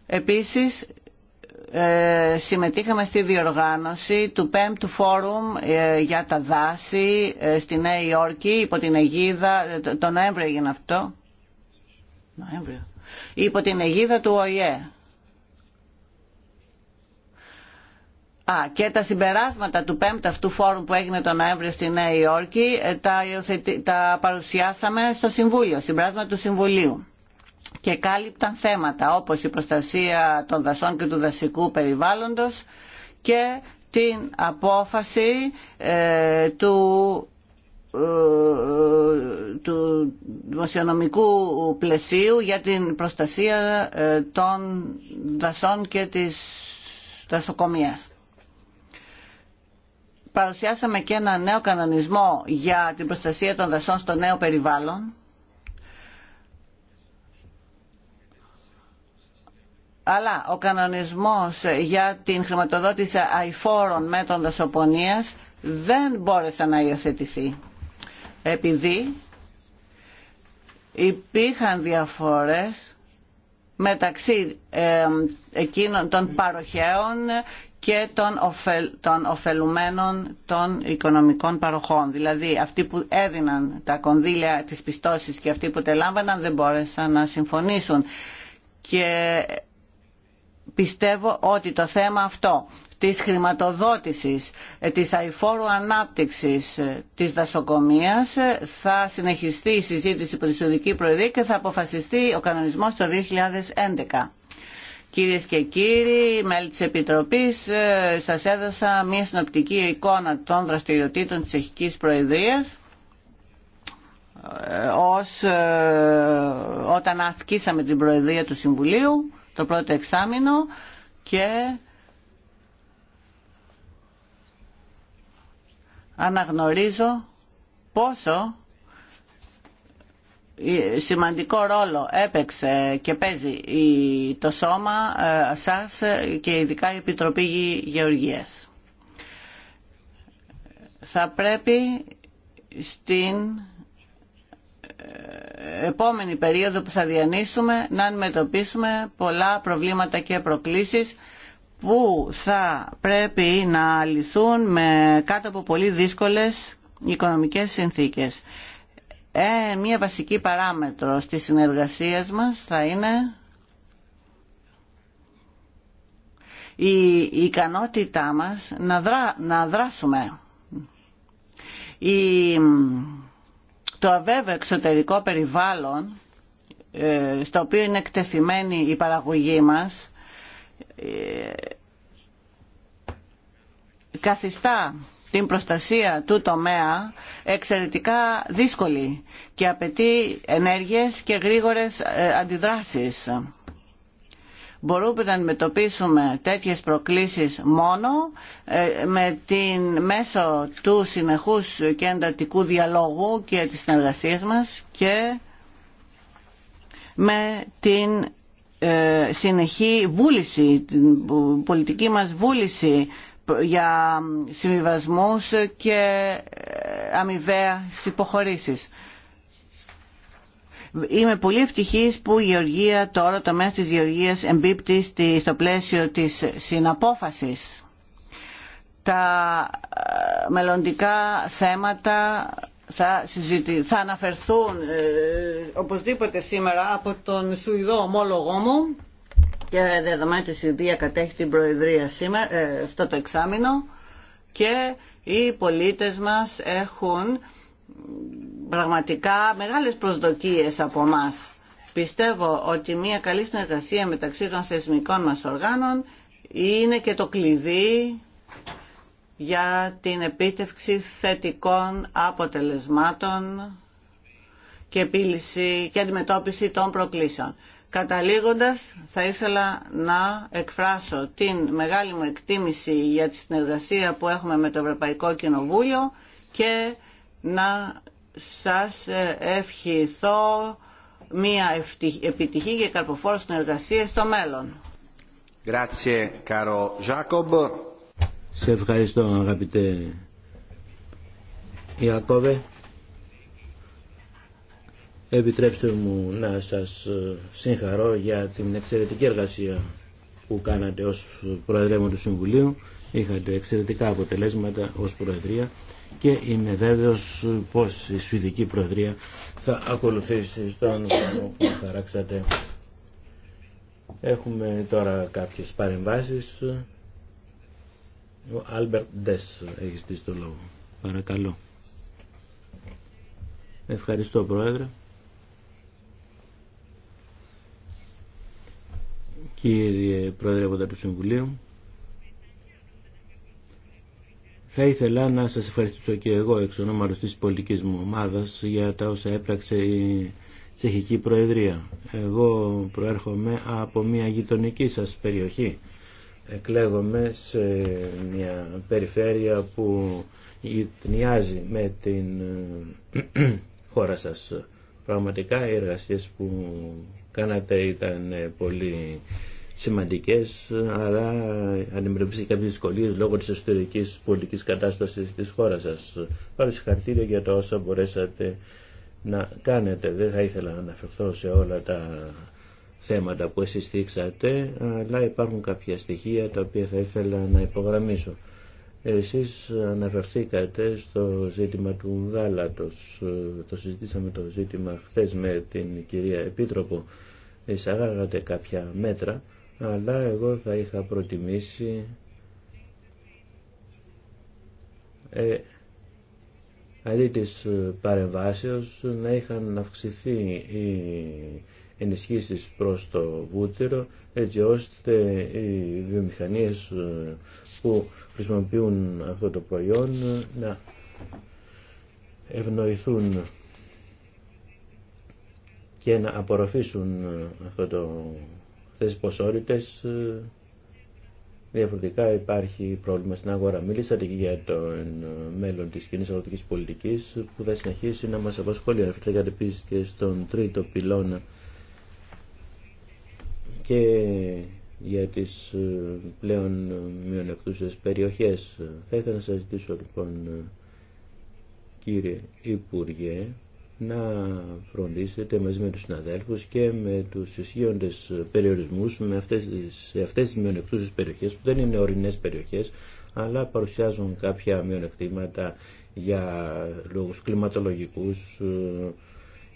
Επίσης, ε, συμμετείχαμε στη διοργάνωση του 5ου Φόρουμ ε, για τα δάση ε, στη Νέα Υόρκη υπό την αιγίδα, το, Νοέμβριο έγινε αυτό, Νοέμβριο, υπό την αιγίδα του ΟΗΕ. Α, και τα συμπεράσματα του 5ου αυτού φόρουμ που έγινε τον Νοέμβριο στη Νέα Υόρκη τα, τα παρουσιάσαμε στο Συμβούλιο, συμπεράσματα του Συμβουλίου και κάλυπταν θέματα όπως η προστασία των δασών και του δασικού περιβάλλοντος και την απόφαση ε, του ε, του δημοσιονομικού πλαισίου για την προστασία ε, των δασών και της δασοκομείας. Παρουσιάσαμε και ένα νέο κανονισμό για την προστασία των δασών στο νέο περιβάλλον αλλά ο κανονισμός για την χρηματοδότηση αηφόρων μέτρων δασοπονίας δεν μπόρεσε να υιοθετηθεί επειδή υπήρχαν διαφορές μεταξύ εκείνων των παροχέων και των, των ωφελουμένων των οικονομικών παροχών. Δηλαδή αυτοί που έδιναν τα κονδύλια της πιστώσης και αυτοί που τελάμβαναν δεν μπόρεσαν να συμφωνήσουν. Και πιστεύω ότι το θέμα αυτό της χρηματοδότησης, ε, της αηφόρου ανάπτυξης ε, της δασοκομείας ε, θα συνεχιστεί η συζήτηση που τη Προεδρία και θα αποφασιστεί ο κανονισμός το 2011. Κυρίες και κύριοι, μέλη της Επιτροπής, σας έδωσα μια συνοπτική εικόνα των δραστηριοτήτων της Τσεχικής Προεδρίας όταν ασκήσαμε την Προεδρία του Συμβουλίου το πρώτο εξάμεινο και αναγνωρίζω πόσο σημαντικό ρόλο έπαιξε και παίζει το σώμα ε, σας και ειδικά η Επιτροπή Γεωργίας. Θα πρέπει στην επόμενη περίοδο που θα διανύσουμε να αντιμετωπίσουμε πολλά προβλήματα και προκλήσεις που θα πρέπει να λυθούν με κάτω από πολύ δύσκολες οικονομικές συνθήκες. Ε, μία βασική παράμετρο στη συνεργασία μας θα είναι η, ικανότητά μας να, να δράσουμε. Η, το αβέβαιο εξωτερικό περιβάλλον ε, στο οποίο είναι εκτεθειμένη η παραγωγή μας ε, καθιστά την προστασία του τομέα εξαιρετικά δύσκολη και απαιτεί ενέργειες και γρήγορες ε, αντιδράσεις. Μπορούμε να αντιμετωπίσουμε τέτοιες προκλήσεις μόνο ε, με την, μέσω του συνεχούς και εντατικού διαλόγου και της συνεργασία μας και με την ε, συνεχή βούληση, την πολιτική μας βούληση για συμβιβασμούς και ε, αμοιβαία υποχωρήσει. Είμαι πολύ ευτυχής που η Γεωργία, τώρα το μέσο της Γεωργίας εμπίπτει στο πλαίσιο της συναπόφασης. Τα ε, μελλοντικά θέματα θα, συζητη... αναφερθούν ε, οπωσδήποτε σήμερα από τον Σουηδό ομόλογό μου και δεδομένου ότι η Σουηδία κατέχει την Προεδρία σήμερα, ε, αυτό το εξάμεινο και οι πολίτες μας έχουν πραγματικά μεγάλες προσδοκίες από μας. Πιστεύω ότι μια καλή συνεργασία μεταξύ των θεσμικών μας οργάνων είναι και το κλειδί για την επίτευξη θετικών αποτελεσμάτων και επίλυση και αντιμετώπιση των προκλήσεων. Καταλήγοντας, θα ήθελα να εκφράσω την μεγάλη μου εκτίμηση για τη συνεργασία που έχουμε με το Ευρωπαϊκό Κοινοβούλιο και να σας ευχηθώ μια επιτυχή και καρποφόρο συνεργασία στο μέλλον. Σε ευχαριστώ αγαπητέ Ιακώβε. Επιτρέψτε μου να σας ε, συγχαρώ για την εξαιρετική εργασία που κάνατε ως Προεδρεύον του Συμβουλίου. Είχατε εξαιρετικά αποτελέσματα ως Προεδρία και είμαι βέβαιο πως η Σουηδική Προεδρία θα ακολουθήσει στον χρόνο που χαράξατε. Έχουμε τώρα κάποιες παρεμβάσεις. Ο Άλμπερτ Ντες έχει στήσει το λόγο. Παρακαλώ. Ευχαριστώ Πρόεδρε. Κύριε Πρόεδρε από Συμβουλίου, θα ήθελα να σας ευχαριστήσω και εγώ εξ ονόματος της πολιτικής μου ομάδας για τα όσα έπραξε η Τσεχική Προεδρία. Εγώ προέρχομαι από μια γειτονική σας περιοχή. Εκλέγομαι σε μια περιφέρεια που γειτονιάζει με την ε, χώρα σας. Πραγματικά οι εργασίες που κάνατε ήταν πολύ Σημαντικέ, αλλά αντιμετωπίσετε κάποιε δυσκολίε λόγω της εσωτερική πολιτικής κατάστασης της χώρας σας. Πάρω συγχαρητήρια για το όσα μπορέσατε να κάνετε. Δεν θα ήθελα να αναφερθώ σε όλα τα θέματα που εσείς θίξατε, αλλά υπάρχουν κάποια στοιχεία τα οποία θα ήθελα να υπογραμμίσω. Εσείς αναφερθήκατε στο ζήτημα του γάλατος. Το συζητήσαμε το ζήτημα χθες με την κυρία Επίτροπο. Εισαγάγατε κάποια μέτρα αλλά εγώ θα είχα προτιμήσει ε, αντί της παρεμβάσεως να είχαν αυξηθεί οι ενισχύσεις προς το βούτυρο έτσι ώστε οι βιομηχανίες που χρησιμοποιούν αυτό το προϊόν να ευνοηθούν και να απορροφήσουν αυτό το αυτές τις ποσότητες ε, διαφορετικά υπάρχει πρόβλημα στην αγορά. Μιλήσατε και για το ε, μέλλον της κοινή αγροτικής πολιτικής που θα συνεχίσει να μας απασχολεί. Αναφερθήκατε επίση και στον τρίτο πυλώνα και για τις ε, πλέον μειονεκτούσες περιοχές. Θα ήθελα να σας ζητήσω λοιπόν κύριε Υπουργέ να φροντίσετε μαζί με τους συναδέλφους και με τους ισχύοντες περιορισμούς με αυτές, σε αυτές τις μειονεκτούσες περιοχές που δεν είναι ορεινές περιοχές αλλά παρουσιάζουν κάποια μειονεκτήματα για λόγους κλιματολογικούς ε,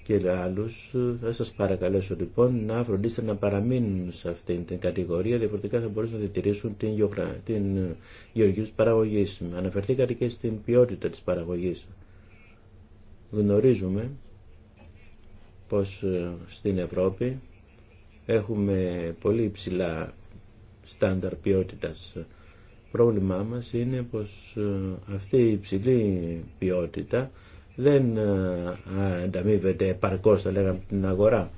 και άλλους. Θα σας παρακαλέσω λοιπόν να φροντίσετε να παραμείνουν σε αυτήν την κατηγορία, διαφορετικά θα μπορούσαν να διατηρήσουν την, γεωργία, την ε, γεωργική τους παραγωγής. Αναφερθήκατε και στην ποιότητα της παραγωγής. Γνωρίζουμε πως ε, στην Ευρώπη έχουμε πολύ υψηλά στάνταρ ποιότητας. Πρόβλημά μας είναι πως ε, αυτή η υψηλή ποιότητα δεν ε, ανταμείβεται επαρκώς θα λέγαμε την αγορά.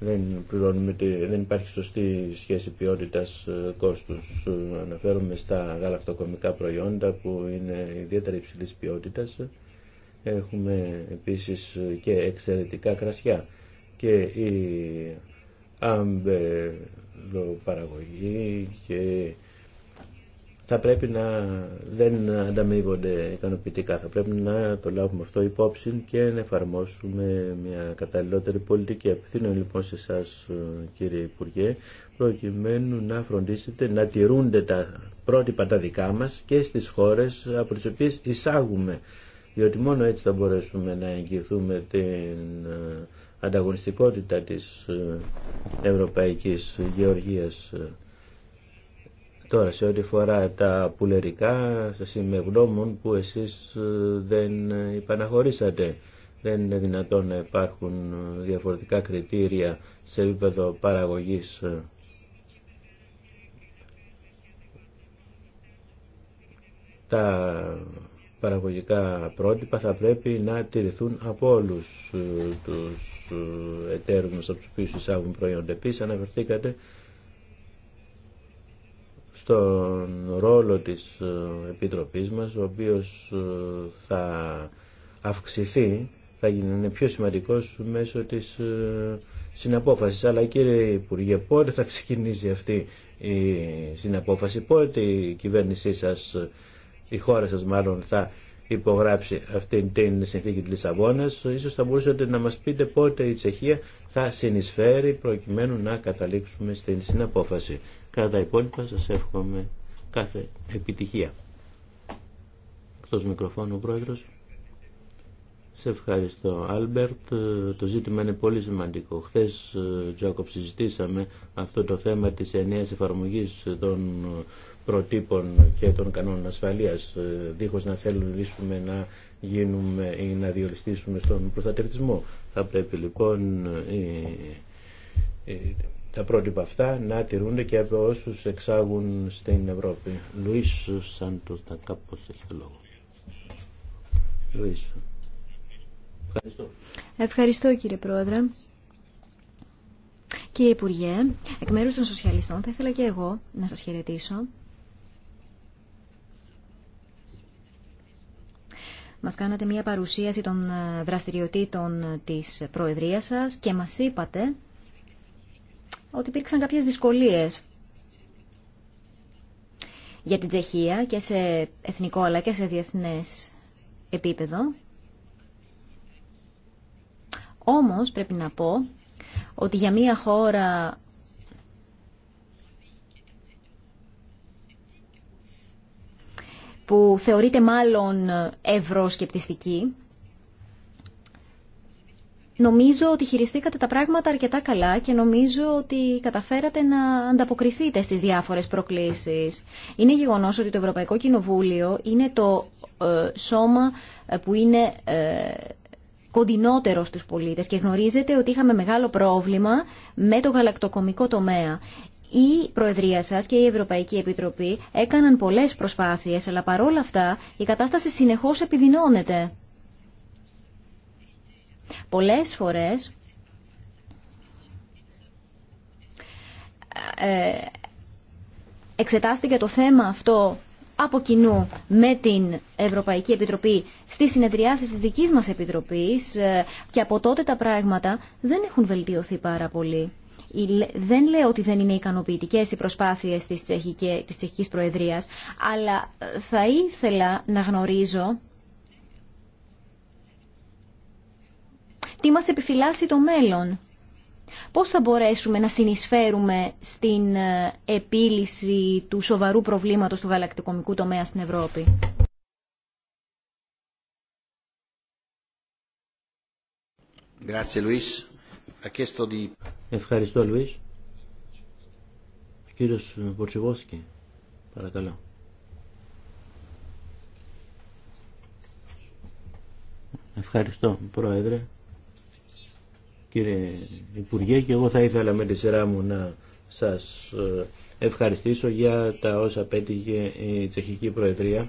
Δεν, πληρώνουμε, δεν υπάρχει σωστή σχέση ποιότητας κόστους. Αναφέρομαι στα γαλακτοκομικά προϊόντα που είναι ιδιαίτερα υψηλής ποιότητας Έχουμε επίσης και εξαιρετικά κρασιά και η αμπελοπαραγωγή και θα πρέπει να δεν ανταμείβονται ικανοποιητικά. Θα πρέπει να το λάβουμε αυτό υπόψη και να εφαρμόσουμε μια καταλληλότερη πολιτική. Απευθύνω λοιπόν σε εσά, κύριε Υπουργέ, προκειμένου να φροντίσετε να τηρούνται τα πρότυπα τα δικά μας και στις χώρες από τις οποίες εισάγουμε διότι μόνο έτσι θα μπορέσουμε να εγγυηθούμε την ε, ανταγωνιστικότητα της ε, ευρωπαϊκής γεωργίας. Τώρα, σε ό,τι φορά τα πουλερικά, σε είμαι που εσείς ε, δεν υπαναχωρήσατε. Δεν είναι δυνατόν να υπάρχουν διαφορετικά κριτήρια σε επίπεδο παραγωγής τα παραγωγικά πρότυπα θα πρέπει να τηρηθούν από όλου ε, τους ε, εταίρου μα από του οποίου εισάγουν προϊόντα. Επίση, αναφερθήκατε στον ρόλο της ε, Επιτροπής μας, ο οποίος θα αυξηθεί, θα γίνει πιο σημαντικός μέσω της συναπόφασης. Αλλά κύριε Υπουργέ, πότε θα ξεκινήσει αυτή η συναπόφαση, πότε η κυβέρνησή σας η χώρα σας μάλλον θα υπογράψει αυτήν την συνθήκη της Λισαβόνας, ίσως θα μπορούσατε να μας πείτε πότε η Τσεχία θα συνεισφέρει προκειμένου να καταλήξουμε στην συναπόφαση. Κατά τα υπόλοιπα σας εύχομαι κάθε επιτυχία. Εκτός μικροφώνου Πρόεδρος. Σε ευχαριστώ, Άλμπερτ. Το ζήτημα είναι πολύ σημαντικό. Χθε, ε, συζητήσαμε αυτό το θέμα της ενιαίας εφαρμογής των προτύπων και των κανόνων ασφαλείας, ε, δίχως να θέλουμε να γίνουμε ή να διοριστήσουμε στον προστατευτισμό. Θα πρέπει λοιπόν ε, ε, τα πρότυπα αυτά να τηρούνται και από όσους εξάγουν στην Ευρώπη. Λουίς Σάντος να κάπως έχει λόγο. Λουίς. Ευχαριστώ. Ευχαριστώ κύριε Πρόεδρε. Κύριε Υπουργέ, εκ μέρους των Σοσιαλιστών θα ήθελα και εγώ να σας χαιρετήσω Μας κάνατε μια παρουσίαση των ε, δραστηριοτήτων της Προεδρίας σας και μας είπατε ότι υπήρξαν κάποιες δυσκολίες για την Τσεχία και σε εθνικό αλλά και σε διεθνές επίπεδο. Όμως πρέπει να πω ότι για μια χώρα που θεωρείται μάλλον ευρωσκεπτιστική. Νομίζω ότι χειριστήκατε τα πράγματα αρκετά καλά και νομίζω ότι καταφέρατε να ανταποκριθείτε στις διάφορες προκλήσεις. Είναι γεγονός ότι το Ευρωπαϊκό Κοινοβούλιο είναι το ε, σώμα ε, που είναι ε, κοντινότερο στους πολίτες και γνωρίζετε ότι είχαμε μεγάλο πρόβλημα με το γαλακτοκομικό τομέα η Προεδρία σα και η Ευρωπαϊκή Επιτροπή έκαναν πολλές προσπάθειες, αλλά παρόλα αυτά η κατάσταση συνεχώς επιδεινώνεται. Πολλές φορές ε, εξετάστηκε το θέμα αυτό από κοινού με την Ευρωπαϊκή Επιτροπή στις συνεδριάσεις της δικής μας Επιτροπής ε, και από τότε τα πράγματα δεν έχουν βελτιωθεί πάρα πολύ. Δεν λέω ότι δεν είναι ικανοποιητικέ οι προσπάθειες της Τσεχικής Προεδρίας, αλλά ε, θα ήθελα να γνωρίζω τι μας επιφυλάσσει το μέλλον. Πώς θα μπορέσουμε να συνεισφέρουμε στην ε, επίλυση του σοβαρού προβλήματος του γαλακτικομικού τομέα στην Ευρώπη. Ευχαριστώ, Λουίς. Κύριος Βοτσιγόσκη, παρακαλώ. Ευχαριστώ, Πρόεδρε. Κύριε Υπουργέ, και εγώ θα ήθελα με τη σειρά μου να σας ε, ευχαριστήσω για τα όσα πέτυχε η Τσεχική Προεδρία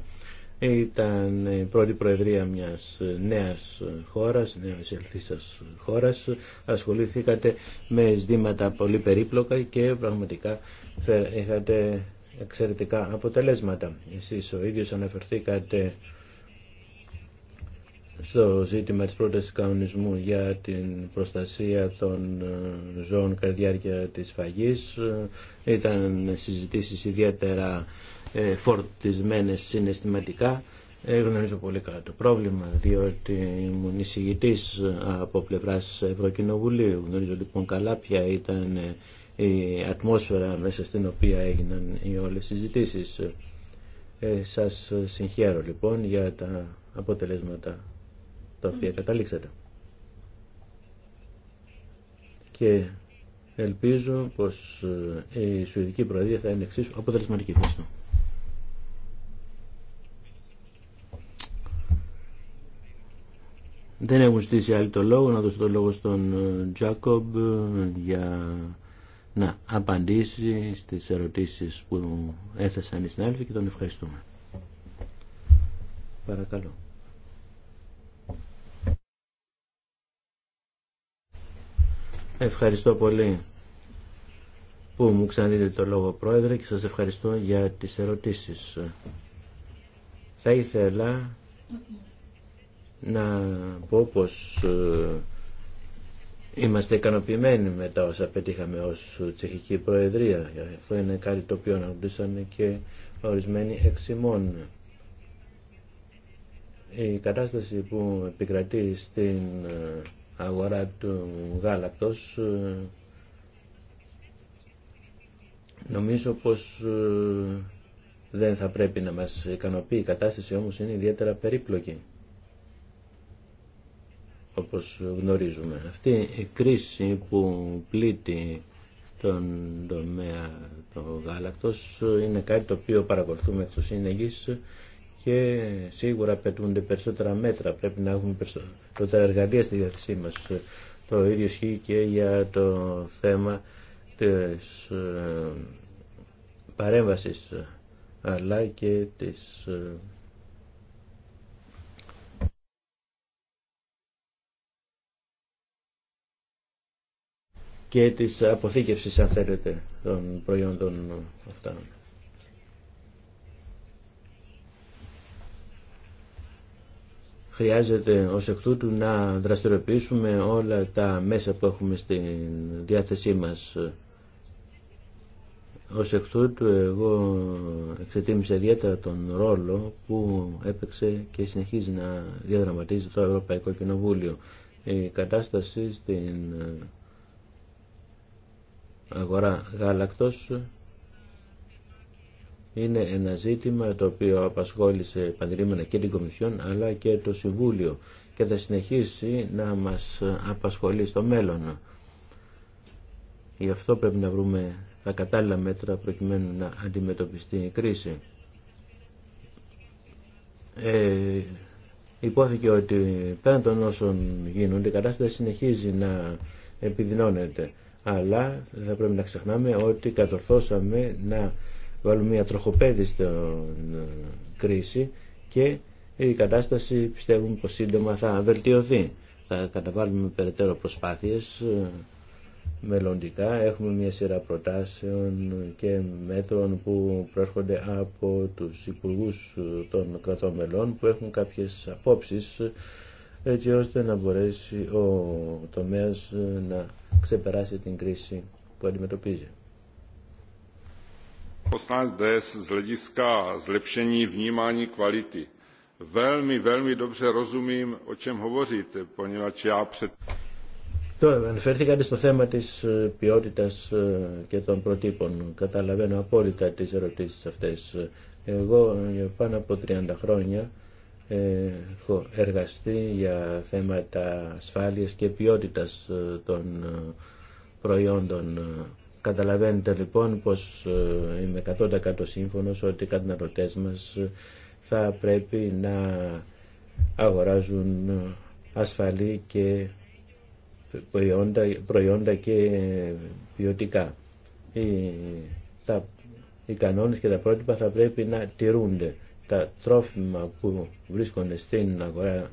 ήταν η ε, πρώτη προεδρία μιας ε, νέας ε, χώρας, νέας ελθίσας χώρας. Ασχολήθηκατε με ζητήματα πολύ περίπλοκα και πραγματικά είχατε εξαιρετικά αποτελέσματα. Εσείς ο ίδιος αναφερθήκατε στο ζήτημα της πρότασης κανονισμού για την προστασία των ζώων κατά τη της φαγής. Ήταν συζητήσεις ιδιαίτερα ε, φορτισμένες συναισθηματικά. Ε, γνωρίζω πολύ καλά το πρόβλημα, διότι ήμουν εισηγητή από πλευρά Ευρωκοινοβουλίου. Γνωρίζω λοιπόν καλά ποια ήταν ε, η ατμόσφαιρα μέσα στην οποία έγιναν οι όλες οι συζητήσεις. Ε, σας συγχαίρω λοιπόν για τα αποτελέσματα τα οποία καταλήξατε. Και ελπίζω πως η Σουηδική Προεδρία θα είναι εξίσου αποτελεσματική. Ευχαριστώ. Δεν έχουν στήσει άλλη το λόγο. Να δώσω το λόγο στον ε, Τζάκομπ ε, για να απαντήσει στις ερωτήσεις που έθεσαν οι συνάδελφοι και τον ευχαριστούμε. Παρακαλώ. Ευχαριστώ πολύ που μου ξαναδείτε το λόγο πρόεδρε και σας ευχαριστώ για τις ερωτήσεις. Θα ήθελα να πω πως ε, είμαστε ικανοποιημένοι με τα όσα πετύχαμε ως τσεχική προεδρία. Αυτό είναι κάτι το οποίο αναγνωρίσανε και ορισμένοι εξημών. Η κατάσταση που επικρατεί στην ε, αγορά του γάλακτος ε, νομίζω πως δεν θα πρέπει να μας ικανοποιεί. Η κατάσταση όμως είναι ιδιαίτερα περίπλοκη όπως γνωρίζουμε. Αυτή η κρίση που πλήττει τον τομέα του γάλακτος είναι κάτι το οποίο παρακολουθούμε εκ του σύνεγης και σίγουρα απαιτούνται περισσότερα μέτρα. Πρέπει να έχουμε περισσότερα εργαλεία στη διάθεσή μας. Το ίδιο ισχύει και για το θέμα της ε, παρέμβασης αλλά και της ε, και της αποθήκευσης αν θέλετε των προϊόντων αυτά. Χρειάζεται ως εκ τούτου να δραστηριοποιήσουμε όλα τα μέσα που έχουμε στην διάθεσή μας. Ως εκ τούτου εγώ εξετίμησα ιδιαίτερα τον ρόλο που έπαιξε και συνεχίζει να διαδραματίζει το Ευρωπαϊκό Κοινοβούλιο. Η κατάσταση στην αγορά γάλακτος είναι ένα ζήτημα το οποίο απασχόλησε επανειλημμένα και την Κομισιόν αλλά και το Συμβούλιο και θα συνεχίσει να μας απασχολεί στο μέλλον. Γι' αυτό πρέπει να βρούμε τα κατάλληλα μέτρα προκειμένου να αντιμετωπιστεί η κρίση. Ε, υπόθηκε ότι πέραν των όσων γίνονται η κατάσταση συνεχίζει να επιδεινώνεται αλλά θα πρέπει να ξεχνάμε ότι κατορθώσαμε να βάλουμε μια τροχοπέδη ε, κρίση και η κατάσταση πιστεύουμε πως σύντομα θα βελτιωθεί. Θα καταβάλουμε περαιτέρω προσπάθειες ε, μελλοντικά. Έχουμε μια σειρά προτάσεων και μέτρων που προέρχονται από τους υπουργούς των κρατών μελών που έχουν κάποιες απόψεις έτσι ώστε να μπορέσει ο τομέας ε, να ξεπεράσει την κρίση που αντιμετωπίζει. Poslanec Τώρα, στο θέμα της ποιότητας και των προτύπων. Καταλαβαίνω απόλυτα τις ερωτήσεις αυτές. Εγώ για πάνω από 30 χρόνια έχω εργαστεί για θέματα ασφάλειας και ποιότητας ε, των ε, προϊόντων. Καταλαβαίνετε λοιπόν πως ε, είμαι 100% σύμφωνος ότι οι καταναλωτές μας θα πρέπει να αγοράζουν ασφαλή και προϊόντα, και ποιοτικά. Οι, τα, οι κανόνες και τα πρότυπα θα πρέπει να τηρούνται τα τρόφιμα που βρίσκονται στην αγορά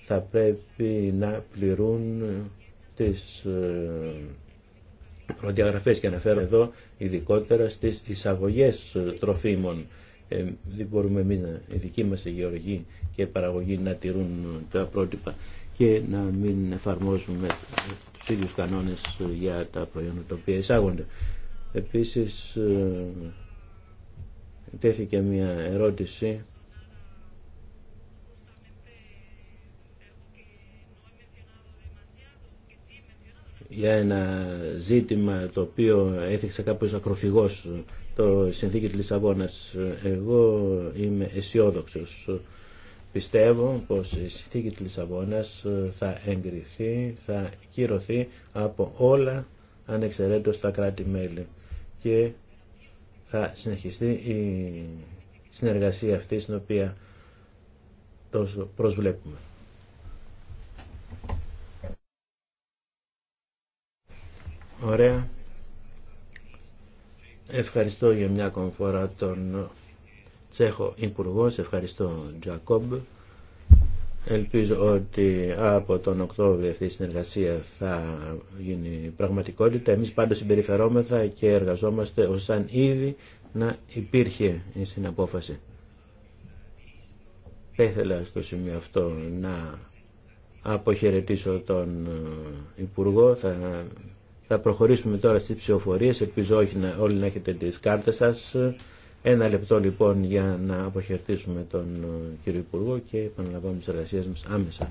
θα πρέπει να πληρούν τις ε, προδιαγραφές και αναφέρω εδώ ειδικότερα στις εισαγωγές τροφίμων. Ε, δεν μπορούμε εμείς, να, οι μας οι και παραγωγή να τηρούν τα πρότυπα και να μην εφαρμόζουμε τους ίδιους κανόνες για τα προϊόντα τα οποία εισάγονται. Επίσης ε, τέθηκε μια ερώτηση για ένα ζήτημα το οποίο έθιξε κάποιος ακροφυγός το συνθήκη της Λισαβόνας. Εγώ είμαι αισιόδοξο. Πιστεύω πως η συνθήκη της Λισαβόνας θα εγκριθεί, θα κυρωθεί από όλα ανεξαιρέτως τα κράτη-μέλη και θα συνεχιστεί η συνεργασία αυτή στην οποία τόσο προσβλέπουμε. Ωραία. Ευχαριστώ για μια ακόμη φορά τον Τσέχο Υπουργό, ευχαριστώ Τζακόμπ. Ελπίζω ότι από τον Οκτώβριο αυτή η συνεργασία θα γίνει πραγματικότητα. Εμείς πάντως συμπεριφερόμεθα και εργαζόμαστε ως αν ήδη να υπήρχε η συναπόφαση. Θα ήθελα στο σημείο αυτό να αποχαιρετήσω τον Υπουργό. Θα, θα προχωρήσουμε τώρα στις ψηφοφορίες. Ελπίζω όχι να, όλοι να έχετε τις κάρτες σας. Ένα λεπτό λοιπόν για να αποχαιρετήσουμε τον ε, κύριο Υπουργό και επαναλαμβάνουμε τις εργασίες μας άμεσα.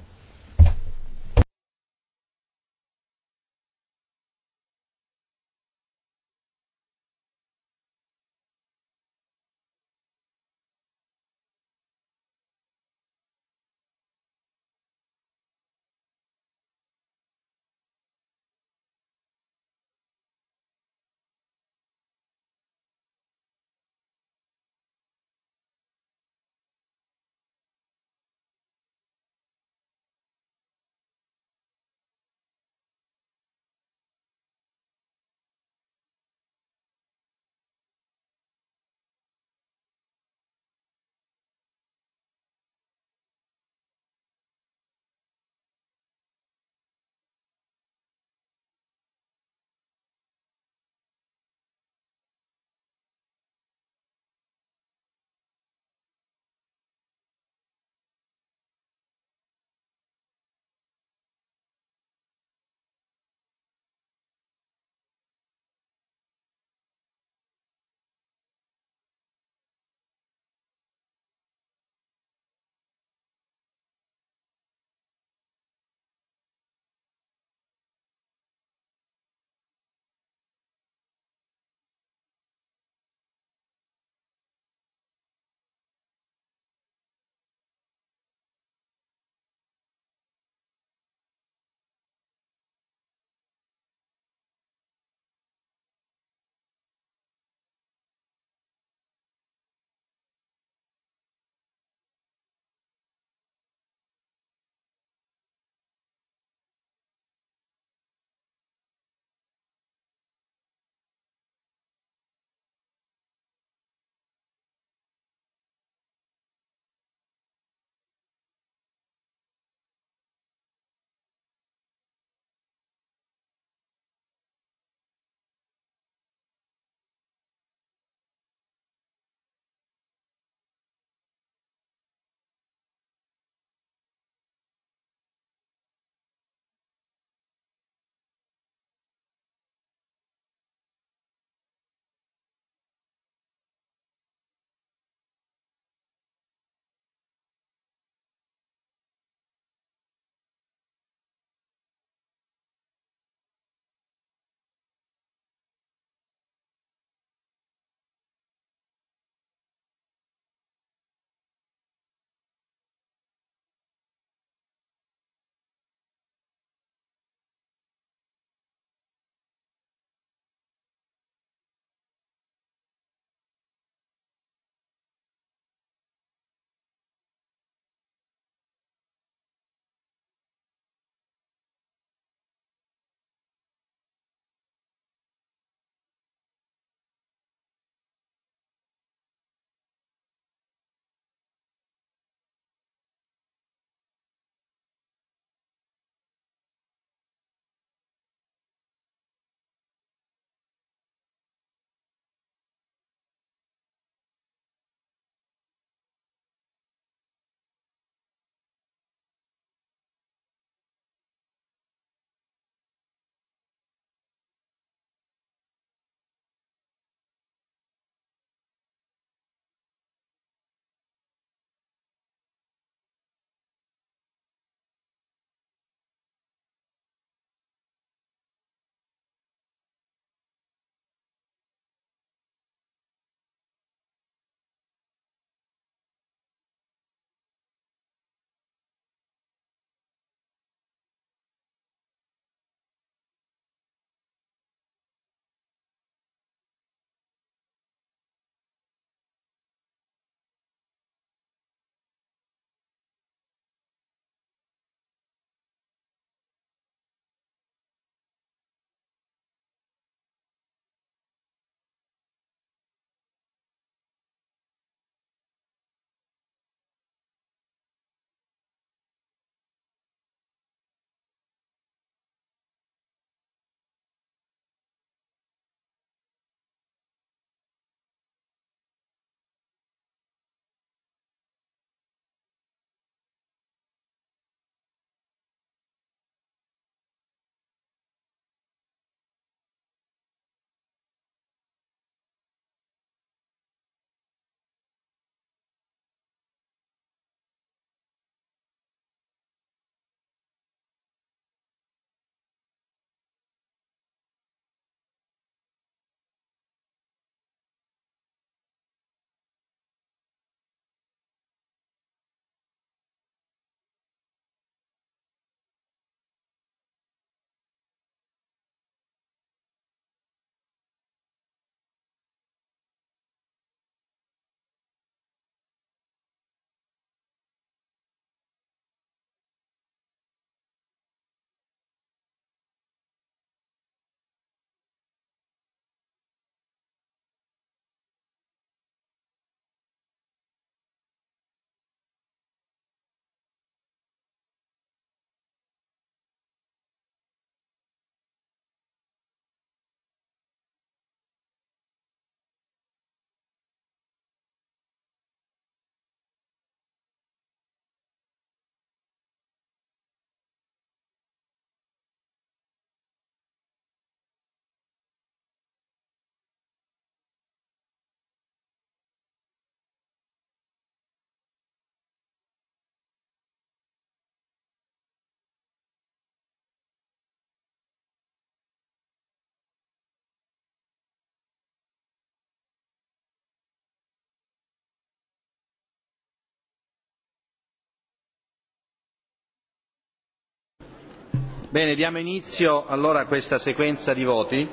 Bene, diamo inizio allora a questa sequenza di voti.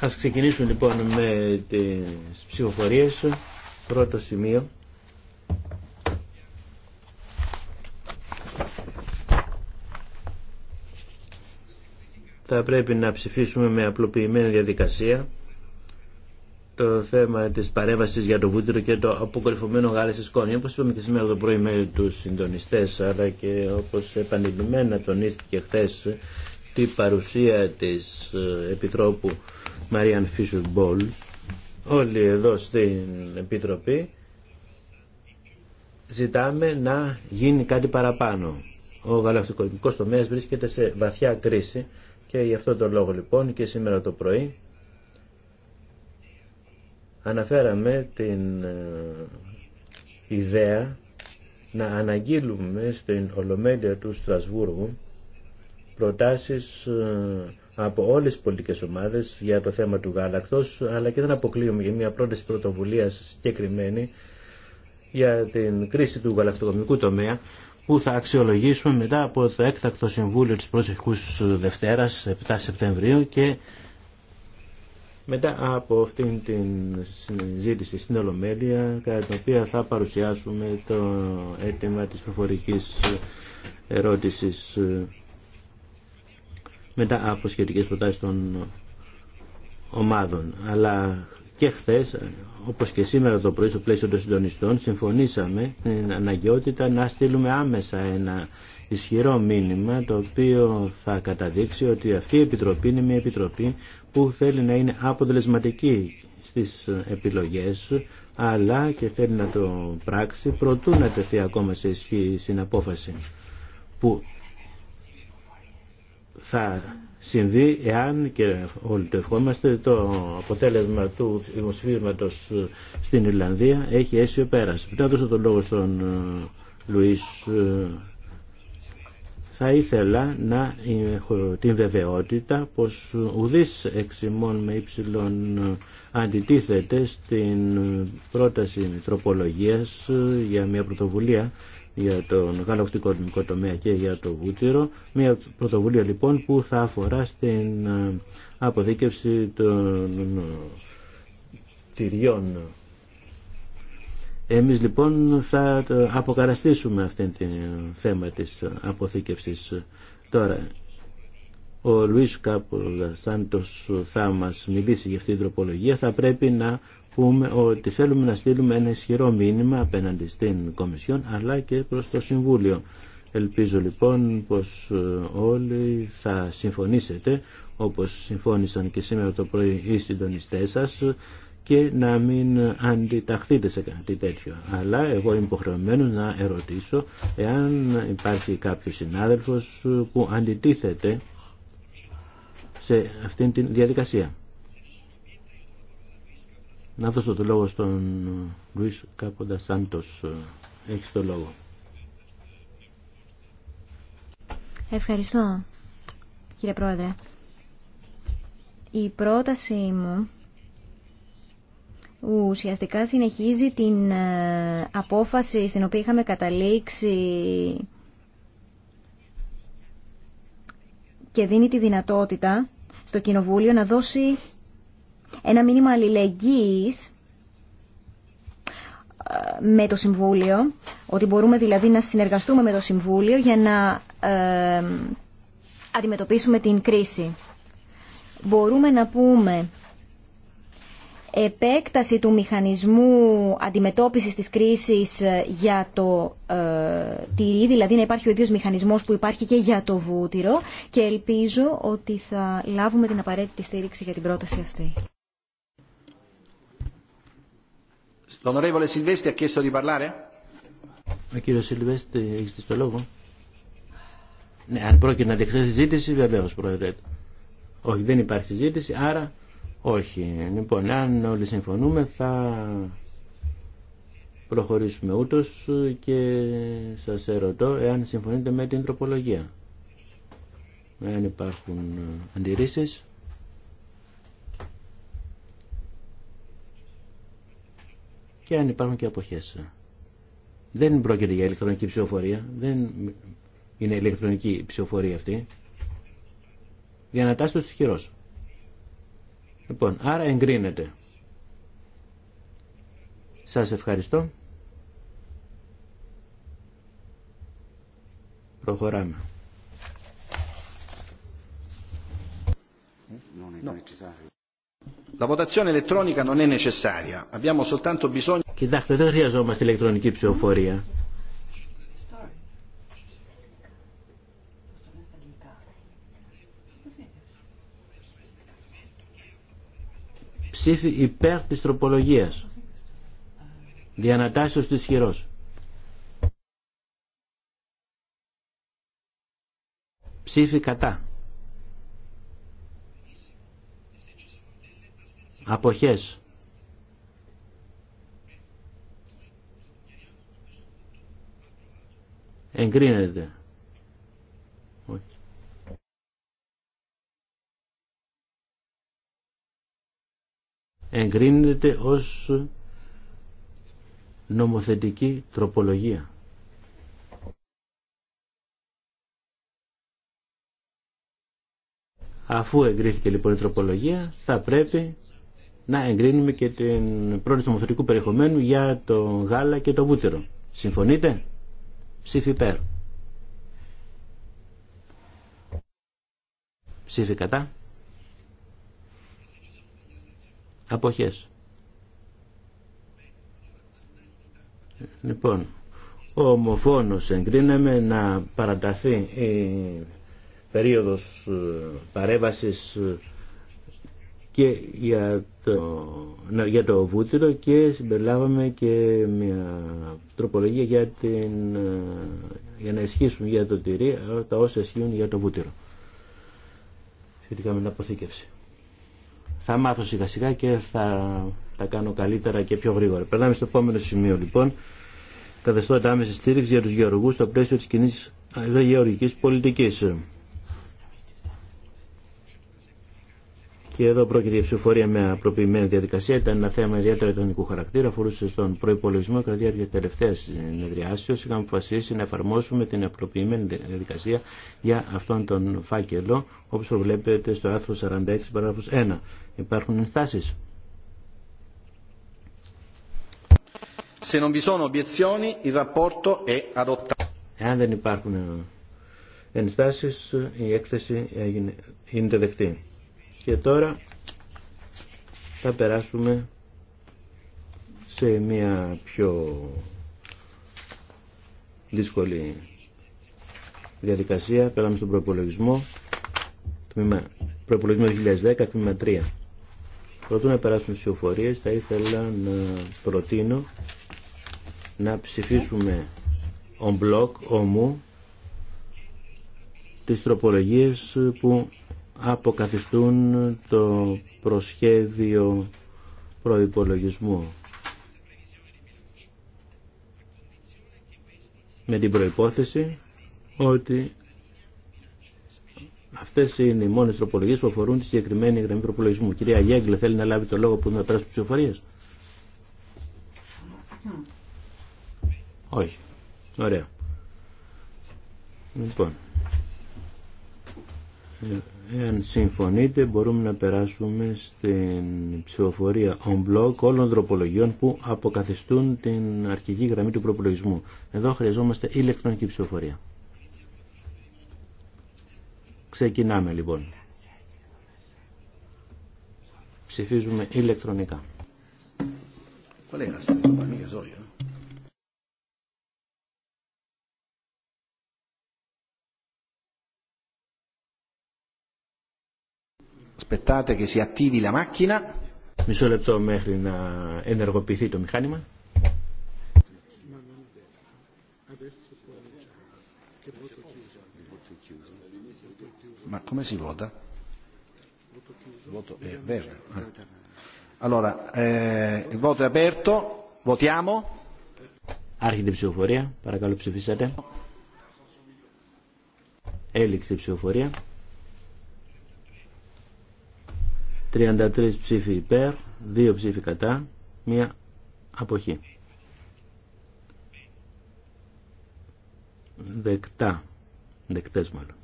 Ας ξεκινήσουμε λοιπόν με τις ψηφοφορίες. Πρώτο σημείο. Θα πρέπει να ψηφίσουμε με απλοποιημένη διαδικασία το θέμα της παρέμβασης για το βούτυρο και το αποκορυφωμένο γάλα σε σκόνη. Όπως είπαμε και σήμερα το πρωί με τους συντονιστές, αλλά και όπως επανειλημμένα τονίστηκε χθες, τη παρουσία της ε, Επιτρόπου Μαρίαν Φίσουρ Μπόλ, όλοι εδώ στην Επιτροπή, ζητάμε να γίνει κάτι παραπάνω. Ο γαλακτοκομικός τομέας βρίσκεται σε βαθιά κρίση και γι' αυτό τον λόγο λοιπόν και σήμερα το πρωί αναφέραμε την ε, ιδέα να αναγγείλουμε στην Ολομέλεια του Στρασβούργου προτάσεις ε, από όλες τις πολιτικές ομάδες για το θέμα του γάλακτος, αλλά και δεν αποκλείουμε για μια πρόταση πρωτοβουλία συγκεκριμένη για την κρίση του γαλακτοκομικού τομέα που θα αξιολογήσουμε μετά από το έκτακτο συμβούλιο της προσεχούς Δευτέρας 7 Σεπτεμβρίου και μετά από αυτήν την συζήτηση στην Ολομέλεια, κατά την οποία θα παρουσιάσουμε το αίτημα της προφορικής ερώτησης ε, μετά από σχετικές προτάσεις των ομάδων. Αλλά και χθες, όπως και σήμερα το πρωί στο πλαίσιο των συντονιστών, συμφωνήσαμε την αναγκαιότητα να στείλουμε άμεσα ένα ισχυρό μήνυμα το οποίο θα καταδείξει ότι αυτή η Επιτροπή είναι μια Επιτροπή που θέλει να είναι αποτελεσματική στις επιλογές αλλά και θέλει να το πράξει προτού να τεθεί ακόμα σε ισχύ στην απόφαση που θα συμβεί εάν και όλοι το ευχόμαστε το αποτέλεσμα του δημοσιοφίσματος στην Ιρλανδία έχει αίσιο πέρας. Πριν δώσω τον λόγο στον ε, Λουίς ε, θα ήθελα να έχω την βεβαιότητα πως ουδής εξημών με ύψιλον αντιτίθεται στην πρόταση τροπολογίας για μια πρωτοβουλία για τον γαλακτοκομικό τομέα και για το βούτυρο. Μια πρωτοβουλία λοιπόν που θα αφορά στην αποδίκευση των τυριών εμείς λοιπόν θα αποκαραστήσουμε αυτήν την θέμα της αποθήκευσης. Τώρα, ο Λουίς σαν Σάντος θα μας μιλήσει για αυτή την τροπολογία, θα πρέπει να πούμε ότι θέλουμε να στείλουμε ένα ισχυρό μήνυμα απέναντι στην Κομισιόν αλλά και προς το Συμβούλιο. Ελπίζω λοιπόν πως ε, όλοι θα συμφωνήσετε όπως συμφώνησαν και σήμερα το πρωί οι συντονιστές σας και να μην αντιταχθείτε σε κάτι τέτοιο. Αλλά εγώ είμαι υποχρεωμένο να ερωτήσω εάν υπάρχει κάποιος συνάδελφος που αντιτίθεται σε αυτήν την διαδικασία. Να δώσω το λόγο στον Λουίς Κάποντα Σάντος. Έχει το λόγο. Ευχαριστώ, κύριε Πρόεδρε. Η πρότασή μου ουσιαστικά συνεχίζει την ε, απόφαση στην οποία είχαμε καταλήξει και δίνει τη δυνατότητα στο Κοινοβούλιο να δώσει ένα μήνυμα αλληλεγγύης ε, με το Συμβούλιο, ότι μπορούμε δηλαδή να συνεργαστούμε με το Συμβούλιο για να ε, αντιμετωπίσουμε την κρίση. Μπορούμε να πούμε επέκταση του μηχανισμού αντιμετώπισης της κρίσης για το ε, τυρί, δηλαδή να υπάρχει ο ίδιος μηχανισμός που υπάρχει και για το βούτυρο και ελπίζω ότι θα λάβουμε την απαραίτητη στήριξη για την πρόταση αυτή. L'onorevole Ο κύριος Σιλβέστη, έχεις το λόγο. Ναι, αν πρόκειται να δεχθεί συζήτηση, βεβαίω πρόεδρε. Όχι, δεν υπάρχει συζήτηση, άρα όχι. Λοιπόν, αν όλοι συμφωνούμε θα προχωρήσουμε ούτως και σας ερωτώ εάν συμφωνείτε με την τροπολογία. Εάν υπάρχουν αντιρρήσεις. Και αν υπάρχουν και αποχές. Δεν πρόκειται για ηλεκτρονική ψηφοφορία. Δεν είναι ηλεκτρονική ψηφοφορία αυτή. Διανατάσσεως χειρός. Λοιπόν, άρα εγκρίνεται. Σας ευχαριστώ. Προχωράμε. La votazione elettronica non è necessaria. Abbiamo soltanto bisogno... Κοιτάξτε, δεν χρειαζόμαστε ηλεκτρονική ψηφοφορία. ψήφι υπέρ της τροπολογίας. Διανατάσεως της χειρός. Ψήφι κατά. Αποχές. Εγκρίνεται. εγκρίνεται ως νομοθετική τροπολογία. Αφού εγκρίθηκε λοιπόν η τροπολογία, θα πρέπει να εγκρίνουμε και την πρόληψη νομοθετικού περιεχομένου για το γάλα και το βούτυρο. Συμφωνείτε? Ψήφι υπέρ. Ψήφι κατά. αποχές. Λοιπόν, ομοφόνος εγκρίναμε να παραταθεί η περίοδος ε, παρέβασης ε, και για το, για το βούτυρο και συμπεριλάβαμε και μια τροπολογία για, την, ε, για να ισχύσουν για το τυρί τα όσα ισχύουν για το βούτυρο σχετικά με την αποθήκευση θα μάθω σιγά σιγά και θα τα κάνω καλύτερα και πιο γρήγορα. Περνάμε στο επόμενο σημείο λοιπόν. Καθεστώτα άμεση στήριξη για του γεωργού στο πλαίσιο τη κοινή γεωργική πολιτική. και εδώ πρόκειται η ψηφοφορία με απλοποιημένη διαδικασία. Ήταν ένα θέμα ιδιαίτερα ιδανικού χαρακτήρα, αφορούσε στον προπολογισμό κατά τη διάρκεια τελευταία συνεδριάσεω. Είχαμε αποφασίσει να εφαρμόσουμε την απλοποιημένη διαδικασία για αυτόν τον φάκελο, όπω βλέπετε στο άρθρο 46, παράγραφο 1. Υπάρχουν ενστάσει. Se non vi sono obiezioni, il rapporto è adottato. Εάν δεν υπάρχουν ενστάσεις, η έκθεση γίνεται δεκτή. Και τώρα θα περάσουμε σε μια πιο δύσκολη διαδικασία. Πέραμε στον προπολογισμό, προπολογισμό 2010, τμήμα 3. Πρωτού να περάσουμε στις οφορίες, θα ήθελα να προτείνω να ψηφίσουμε on block, ομού, τις τροπολογίες που αποκαθιστούν το προσχέδιο προϋπολογισμού. Με την προϋπόθεση ότι αυτές είναι οι μόνες τροπολογίες που αφορούν τη συγκεκριμένη γραμμή προπολογισμού. Κυρία Γέγκλε θέλει να λάβει το λόγο που να περάσει ψηφοφορίες. Όχι. Ωραία. Λοιπόν. Ε, Εάν συμφωνείτε μπορούμε να περάσουμε στην ψηφοφορία on block όλων τροπολογιών που αποκαθιστούν την αρχική γραμμή του προπολογισμού. Εδώ χρειαζόμαστε ηλεκτρονική ψηφοφορία. Ξεκινάμε λοιπόν. Ψηφίζουμε ηλεκτρονικά. Aspettate che si attivi la macchina. Μισό λεπτό μέχρι να ενεργοποιηθεί το μηχάνημα. Ma come si vota? Voto è eh, verde. Ah. Allora, eh, il voto è aperto. Votiamo. Άρχεται η ψηφοφορία. Παρακαλώ ψηφίσατε. Έληξε ψηφοφορία. 33 ψήφοι υπέρ, 2 ψήφοι κατά, μία αποχή. Δεκτά, δεκτές μάλλον.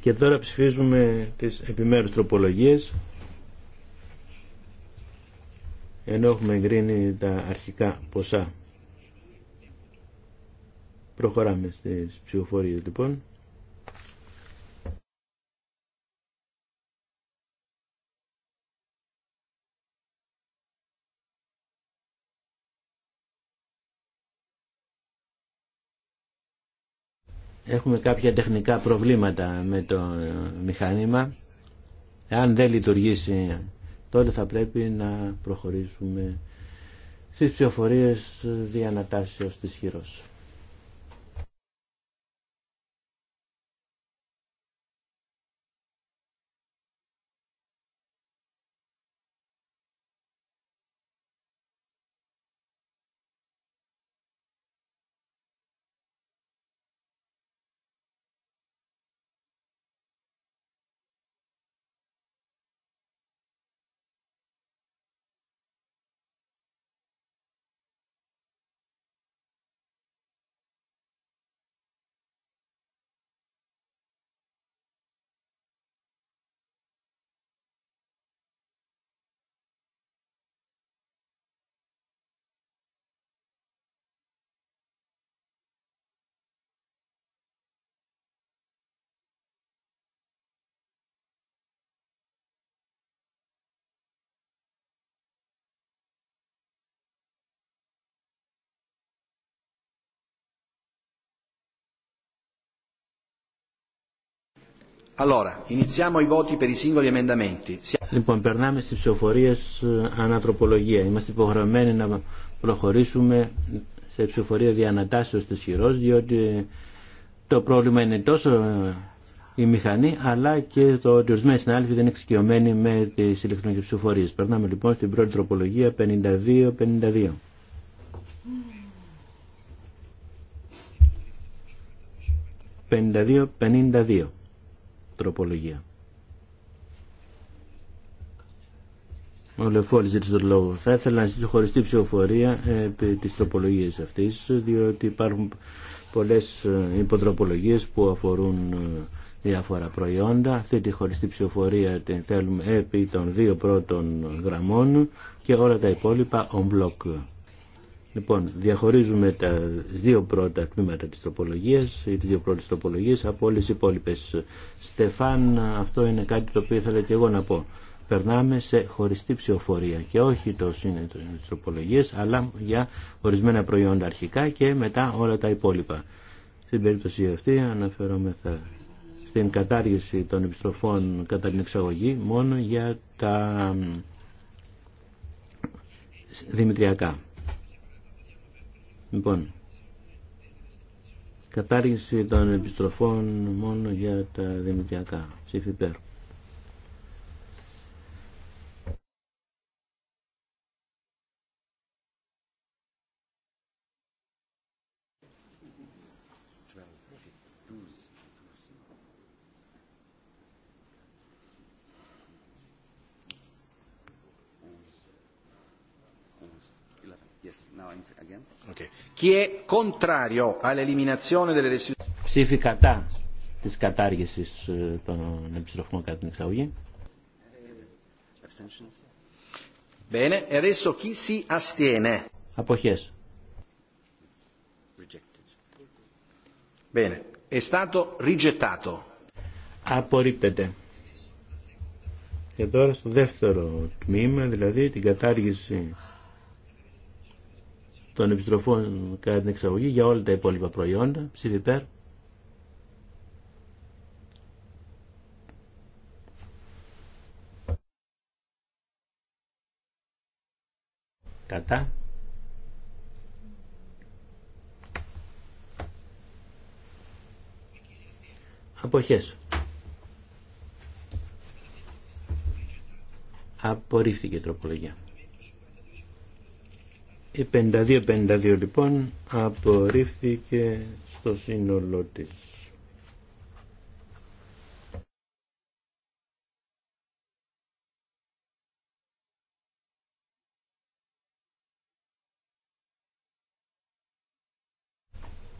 Και τώρα ψηφίζουμε τις επιμέρους τροπολογίες ενώ έχουμε εγκρίνει τα αρχικά ποσά. Προχωράμε στις ψηφοφορίες λοιπόν. Έχουμε κάποια τεχνικά προβλήματα με το μηχάνημα. Αν δεν λειτουργήσει τότε θα πρέπει να προχωρήσουμε στις ψηφοφορίες διανατάσεως της χειρός. Λοιπόν, περνάμε στις ψηφοφορίες ε, ανατροπολογία. Είμαστε υποχρεωμένοι να προχωρήσουμε σε ψηφοφορία διανατάσεως της χειρός, διότι το πρόβλημα είναι τόσο ε, η μηχανή, αλλά και το ότι ορισμένοι συνάδελφοι δεν είναι εξοικειωμένοι με τις ηλεκτρονικές ψηφοφορίες. Περνάμε λοιπόν στην πρώτη τροπολογία 52-52. Πενήντα 52, 52 52 52 τροπολογία. Ο Λεφόλη ζήτησε τον λόγο. Θα ήθελα να ζητήσω χωριστή ψηφοφορία ε, επί τη τροπολογία αυτή, διότι υπάρχουν πολλέ ε, υποτροπολογίε που αφορούν ε, διάφορα προϊόντα. Αυτή τη χωριστή ψηφοφορία την θέλουμε επί των δύο πρώτων γραμμών και όλα τα υπόλοιπα on block. Λοιπόν, διαχωρίζουμε τα δύο πρώτα τμήματα της τροπολογίας ή τις δύο πρώτες τροπολογίες από όλες τις υπόλοιπες. Στεφάν, αυτό είναι κάτι το οποίο ήθελα και εγώ να πω. Περνάμε σε χωριστή ψηφοφορία και όχι το σύνολο της τροπολογίας, αλλά για ορισμένα προϊόντα αρχικά και μετά όλα τα υπόλοιπα. Στην περίπτωση αυτή αναφερόμεθα στην κατάργηση των επιστροφών κατά την εξαγωγή μόνο για τα δημητριακά. Λοιπόν, κατάργηση των επιστροφών μόνο για τα δημιουργιακά. Ψήφι Chi è contrario all'eliminazione delle residue? Ψήφι κατά της κατάργησης ε, των επιστροφών κατά την εξαγωγή. Bene, e adesso chi si astiene? Αποχές. Bene, è stato rigettato. Απορρίπτεται. Και τώρα στο δεύτερο τμήμα, δηλαδή την κατάργηση των επιστροφών κατά την εξαγωγή για όλα τα υπόλοιπα προϊόντα. ψηφιπέρ Κατά. Αποχές. Απορρίφθηκε η τροπολογία. Η 52-52 λοιπόν απορρίφθηκε στο σύνολό της.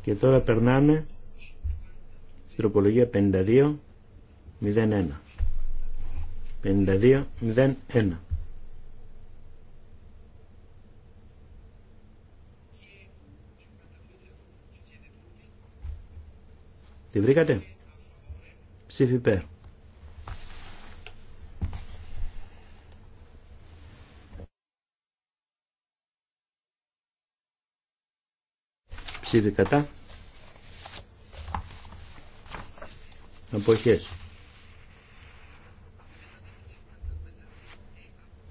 Και τώρα περνάμε στην τροπολογία 52-01. 52-01. Τη βρήκατε. Ψήφι περ. Ψήφι κατά. Αποχές.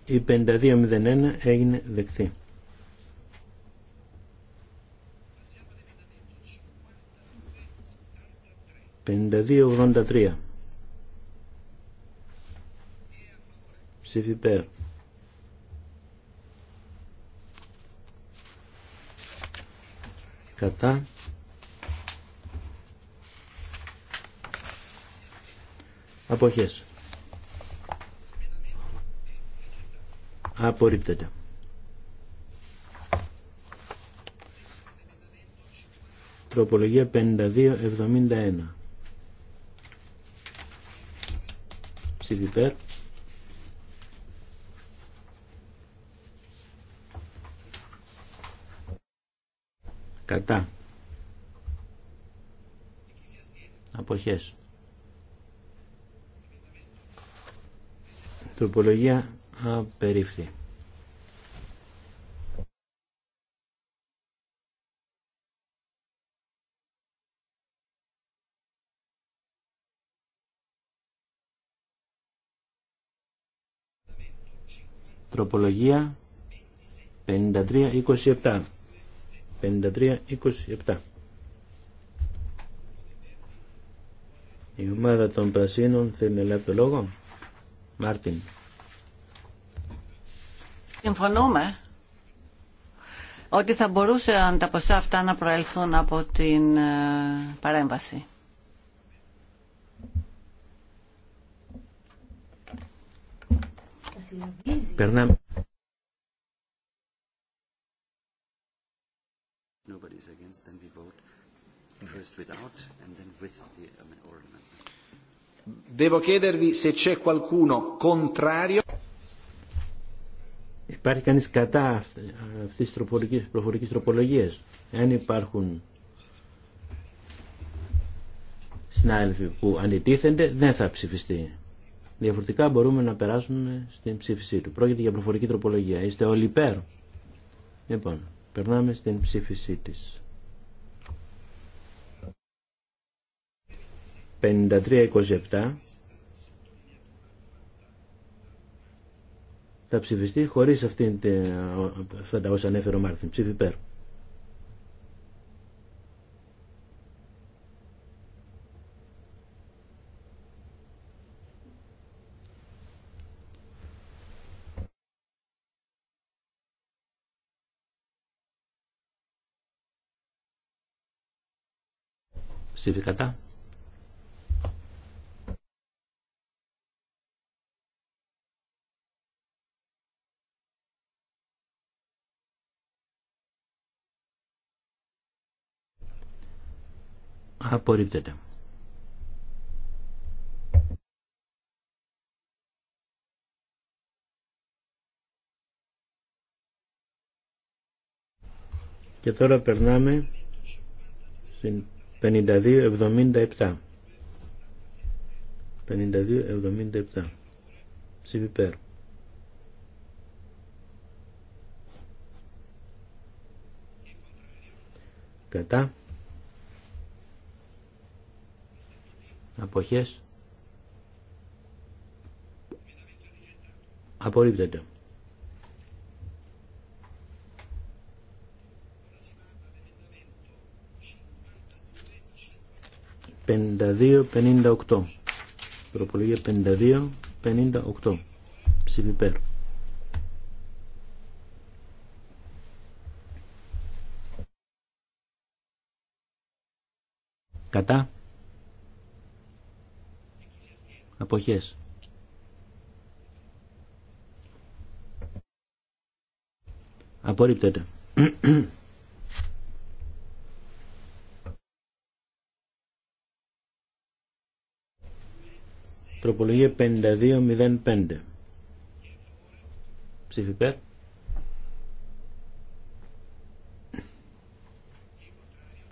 Η 5201 έγινε δεκτή. 52-83 ψήφι υπέρ κατά αποχές απορρίπτεται 52-71. τροπολογία 52-71 26 υπέρ κατά αποχές τροπολογία απερίφθη Τροπολογία 53-27. 53-27. Η ομάδα των Πρασίνων θέλει να λάβει το λόγο. Μάρτιν. Συμφωνούμε ότι θα μπορούσαν τα ποσά αυτά να προελθούν από την ε, παρέμβαση. Περνάμε. Devo chiedervi se c'è qualcuno contrario. Υπάρχει κανείς κατά αυτής της προφορικής, προφορικής τροπολογίας. Αν υπάρχουν συνάδελφοι που αντιτίθενται, δεν θα ψηφιστεί. Διαφορετικά μπορούμε να περάσουμε στην ψήφισή του. Πρόκειται για προφορική τροπολογία. Είστε όλοι υπέρ. Λοιπόν, περνάμε στην ψήφισή της. 53-27 θα ψηφιστεί χωρίς αυτή, ε, αυτά τα όσα ανέφερε ο Ψήφι υπέρ. Ψήφι κατά. Απορρίπτεται. Και τώρα περνάμε στην 52 77 52 77 civicero che contravvenio gata apoches 52-58. Προπολογία 52-58. Ψήφι ψηφιπερ Κατά. Αποχές. Απορρίπτεται. Τροπολογία 5205. Ψήφι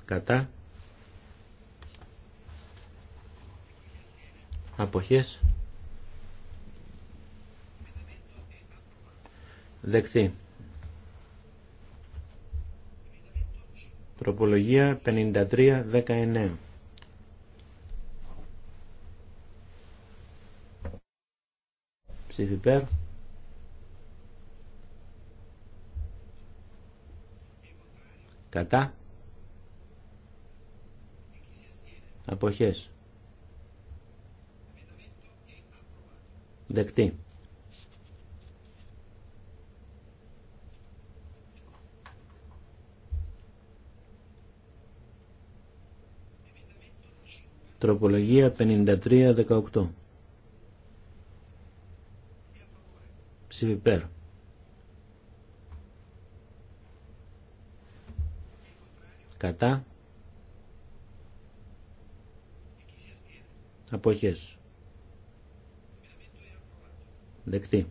Κατά. Αποχές. Δεκτή. Τροπολογία 5319. ψήφι υπέρ. Κατά. Αποχές. Δεκτή. Τροπολογία 53-18 Ψήφι Κατά. Αποχές. Δεκτή.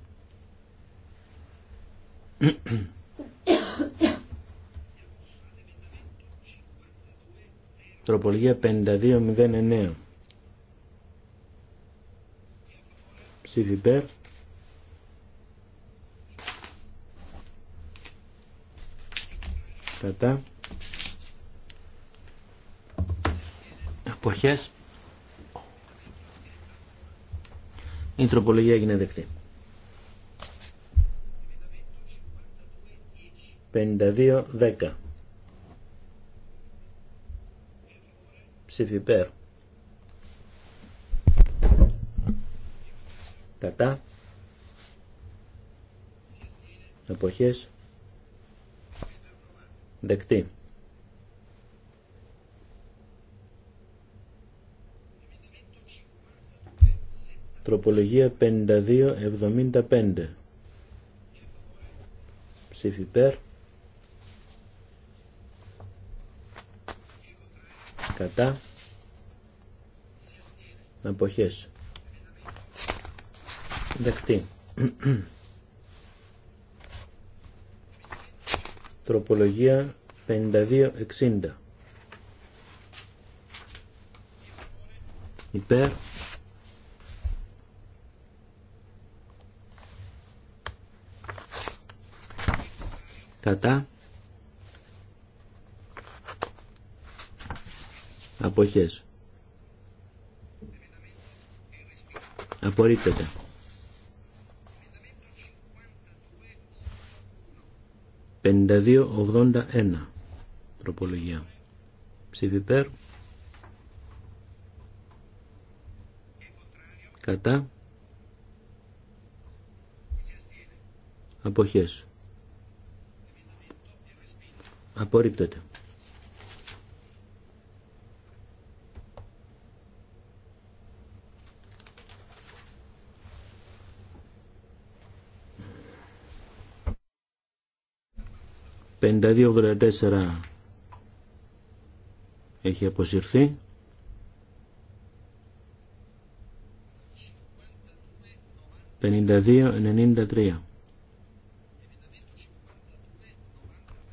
Τροπολογία 5209. Ψήφι κατά εποχες η τροπολογία έγινε δεκτή 52-10 ψήφι υπέρ κατά εποχές Δεκτή. Τροπολογία 52-75. Ψήφι περ. Κατά. Αποχές. Δεκτή. τροπολογία 5260. Υπέρ. Κατά. Αποχές. Απορρίπτεται. 52-81 τροπολογία Ψηφιπέρ κατά αποχές απορρίπτεται 52-84 έχει αποσυρθεί. 52-93.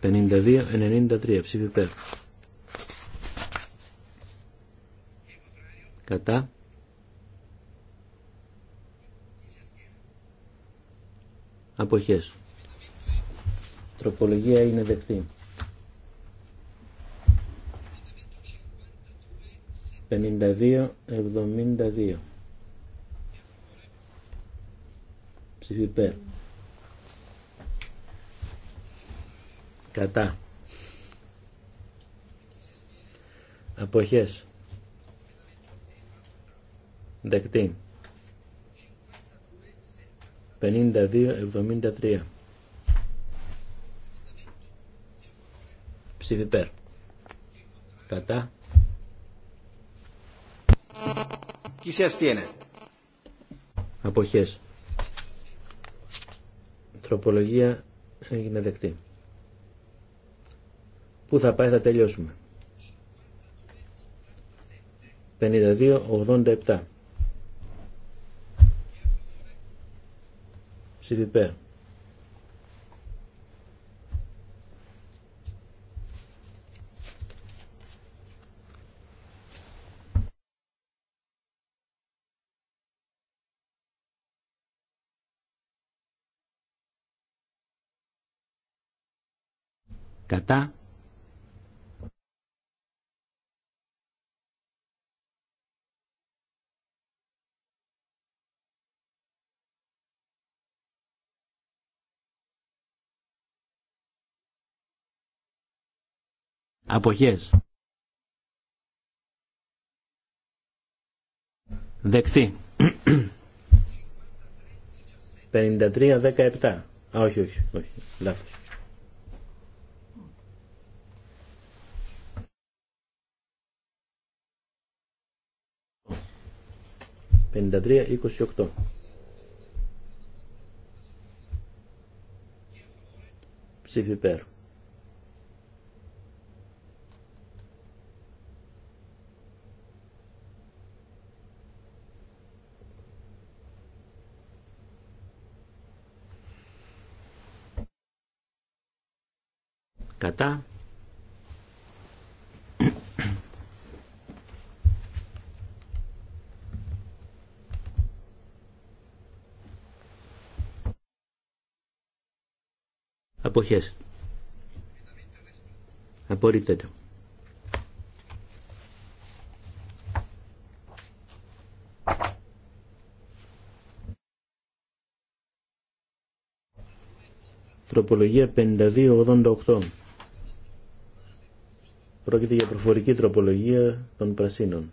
52-93 ψήφι υπέρ. Κατά. Αποχές τροπολογία είναι δεκτή. 52-72 ψήφι κατα κατά αποχές δεκτή 52-73 ψηφιπέρ. Κατά. Chi Αποχέ. Αποχές. Τροπολογία έγινε δεκτή. Πού θα πάει θα τελειώσουμε. 52-87. ΣΥΒΙΠΕΡ. κατά αποχές δεκτή 53-17 α όχι όχι όχι λάθος 53-28. Ψήφι υπέρ. Κατά. Αποχές. Απορρίπτεται. Τροπολογία 5288. Πρόκειται για προφορική τροπολογία των πρασίνων.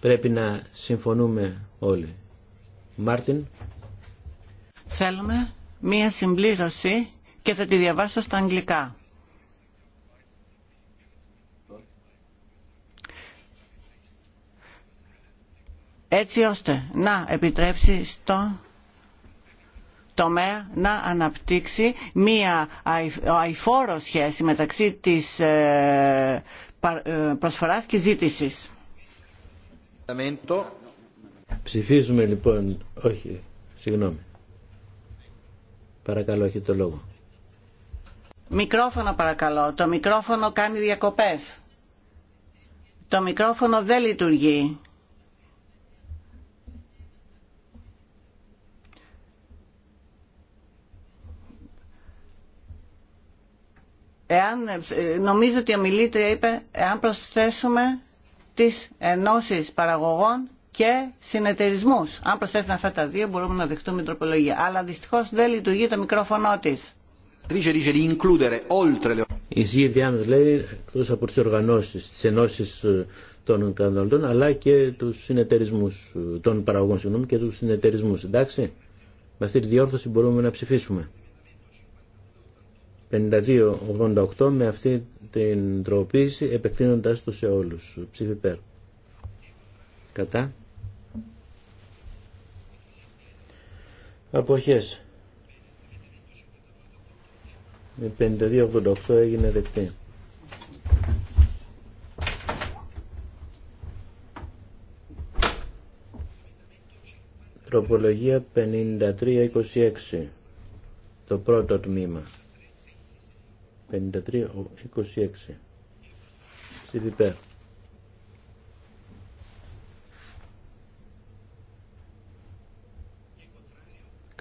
Πρέπει να συμφωνούμε όλοι. Μάρτιν, Θέλουμε μία συμπλήρωση και θα τη διαβάσω στα αγγλικά. έτσι ώστε να επιτρέψει στο τομέα να αναπτύξει μία αηφόρο σχέση μεταξύ της ε, ε, προσφοράς και ζήτησης. Ψηφίζουμε λοιπόν, όχι, συγγνώμη. Παρακαλώ, έχετε το λόγο. Μικρόφωνο παρακαλώ. Το μικρόφωνο κάνει διακοπές. Το μικρόφωνο δεν λειτουργεί. Εάν, ε, νομίζω ότι η ομιλήτρια είπε, εάν προσθέσουμε τις ενώσεις παραγωγών και συνεταιρισμού. Αν προσθέσουμε αυτά τα δύο, μπορούμε να δεχτούμε την τροπολογία. Αλλά δυστυχώ δεν λειτουργεί το μικρόφωνο τη. Η ΣΥΔΙΑ μα λέει εκτό από τι οργανώσει, τι ενώσει ε, των καταναλωτών, αλλά και του συνεταιρισμού, ε, των παραγωγών συγγνώμη, και του συνεταιρισμού. Εντάξει, με αυτή τη διόρθωση μπορούμε να ψηφίσουμε. 52-88 με αυτή την τροποποίηση επεκτείνοντας το σε όλους. Ψήφι υπέρ. Κατά. αποχές. Με 52-88 έγινε δεκτή. Τροπολογία 53-26. Το πρώτο τμήμα. 53-26. Στην υπέρ.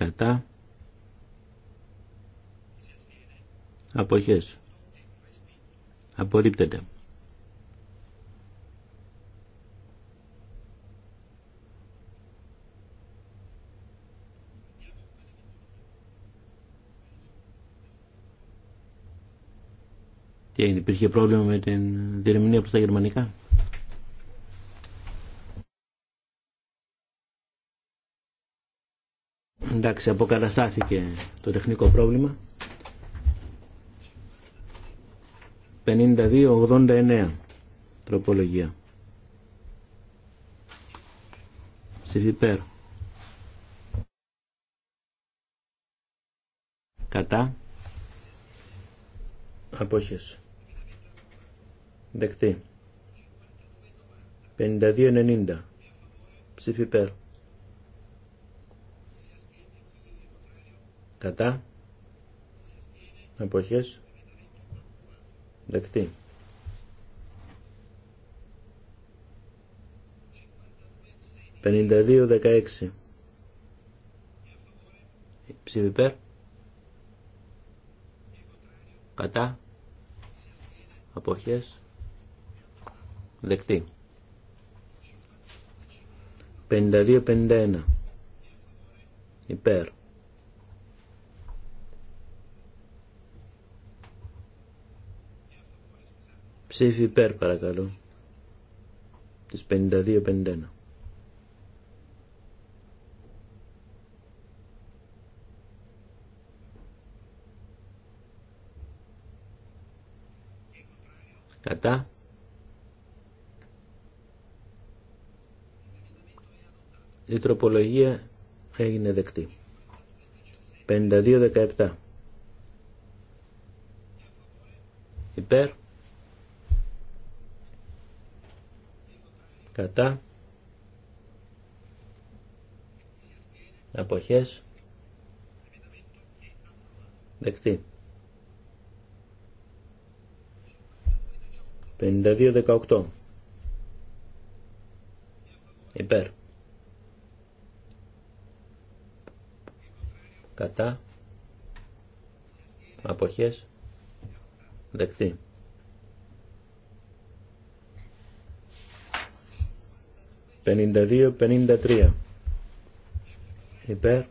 κατά αποχές απορρίπτεται και υπήρχε πρόβλημα με την διερμηνία προς τα γερμανικά Εντάξει, αποκαταστάθηκε το τεχνικό πρόβλημα. 52-89 τροπολογία. Ψηφιπέρ. Κατά. Απόχες. Δεκτή. 52-90. Ψηφιπέρ. κατά εποχές δεκτή 52-16 ψήφι υπέρ κατά αποχές δεκτή 52-51 υπέρ Ψήφι υπέρ παρακαλώ. Τις 52-51. Κατά. Η τροπολογία έγινε δεκτή. 52-17. Υπέρ. κατά αποχές δεκτή 52-18 υπέρ κατά αποχές δεκτή 52-53 υπέρ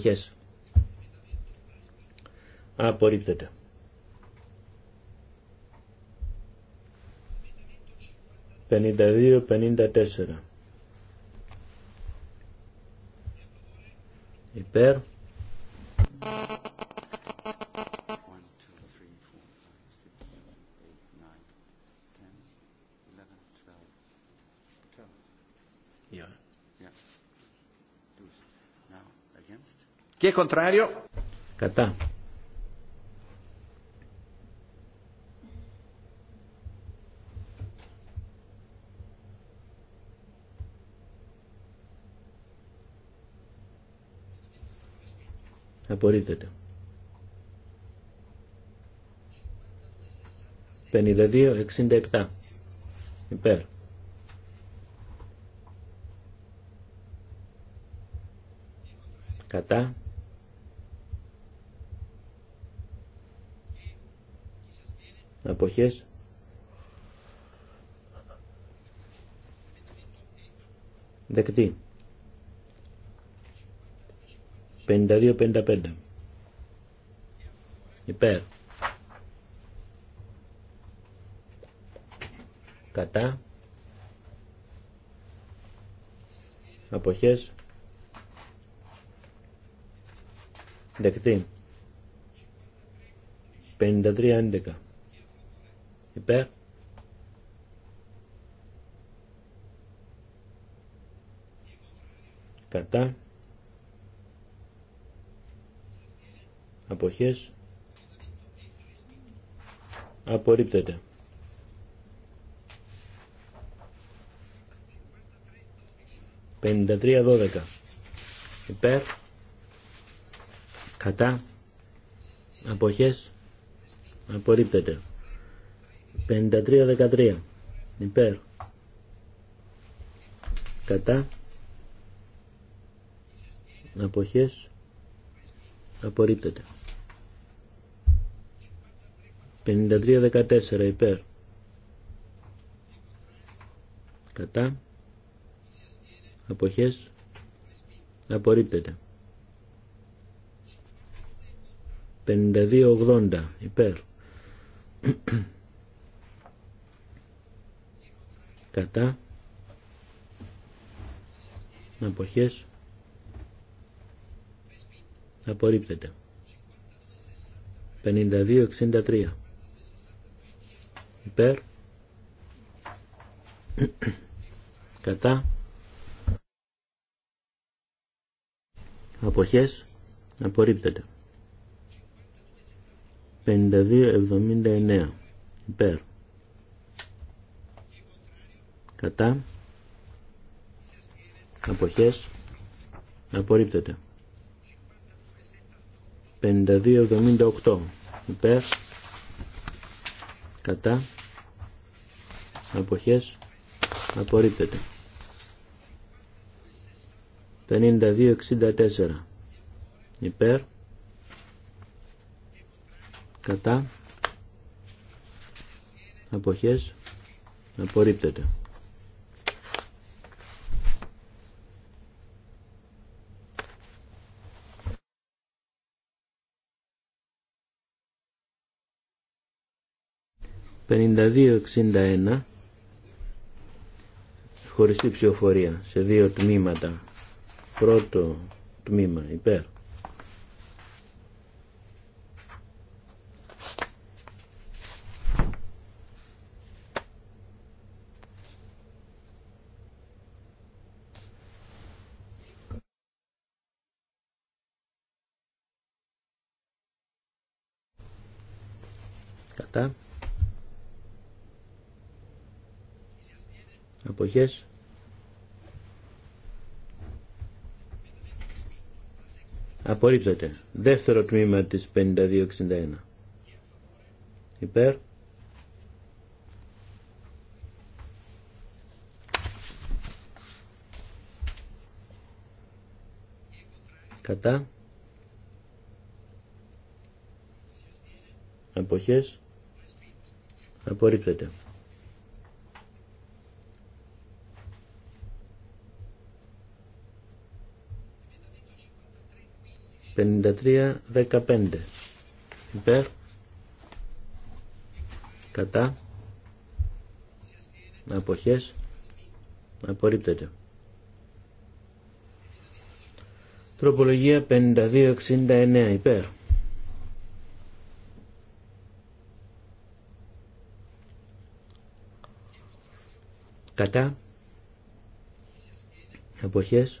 Αποχές. Απορρίπτεται. 52-54. Επέρ. Chi contrario? Κατά. Απορρίπτεται. 52-67. Υπέρ. Κατά. αποχές δεκτή 52-55 υπέρ κατά αποχές δεκτή 53-11 υπέρ κατά αποχές απορρίπτεται. δώδεκα. υπέρ κατά αποχές απορρίπτεται 53-13 υπέρ κατά Αποχέ. απορρίπτεται 53-14 υπέρ κατά αποχές απορρίπτεται 52-80 υπέρ κατά αποχές απορρίπτεται 52-63 υπέρ κατά αποχές απορρίπτεται 52-79 υπέρ κατά αποχές απορρίπτεται 5278 υπέρ κατά αποχές απορρίπτεται 5264 υπέρ κατά αποχές απορρίπτεται 52-61 χωριστή ψηφοφορία σε δύο τμήματα πρώτο τμήμα υπέρ εποχές απορρίπτεται δεύτερο τμήμα της 5261 υπέρ κατά εποχές απορρίψατε 53-15 υπέρ κατά αποχές απορρίπτεται τροπολογία 52-69 υπέρ κατά αποχές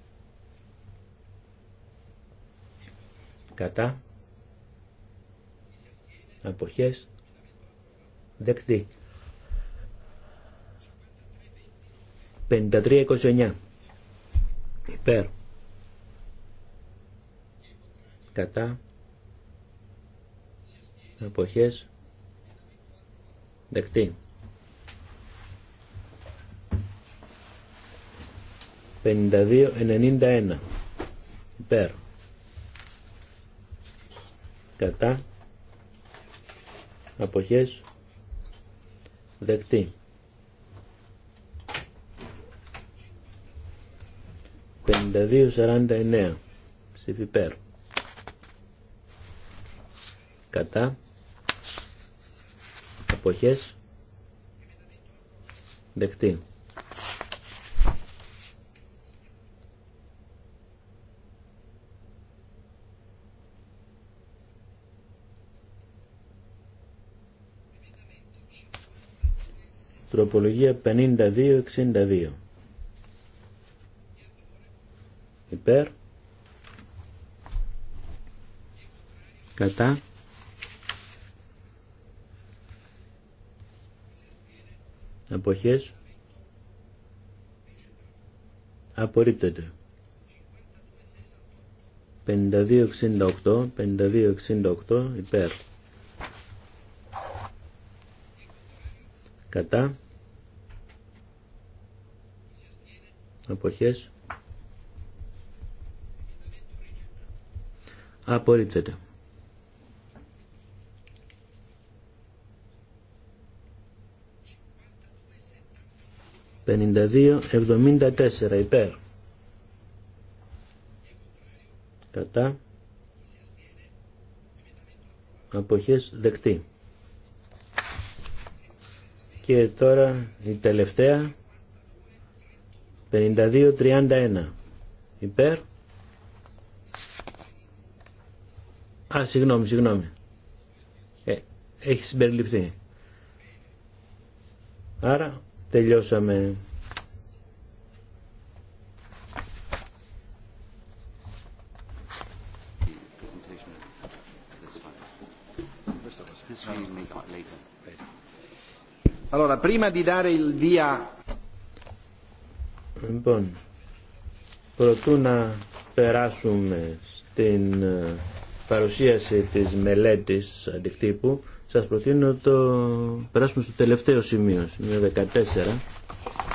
κατά αποχές δεκτή 53-29 υπέρ κατά αποχές δεκτή 52-91 υπέρ κατά αποχές δεκτή 52-49 ψήφι πέρ κατά αποχές δεκτή τροπολογία 52-62. Υπέρ. Κατά. Αποχές. Απορρίπτεται. 52-68, 52-68, υπέρ. Κατά. αποχές απορρίπτεται. Πενήντα εβδομήντα τέσσερα υπέρ. Κατά. Αποχές δεκτή. Και τώρα η τελευταία 52-31 υπέρ Α, συγγνώμη, συγγνώμη. Ε, έχει συμπεριληφθεί. Άρα, τελειώσαμε. Allora, prima di dare il via Λοιπόν, προτού να περάσουμε στην ε, παρουσίαση της μελέτης αντικτύπου, σας προτείνω το περάσουμε στο τελευταίο σημείο, σημείο 14.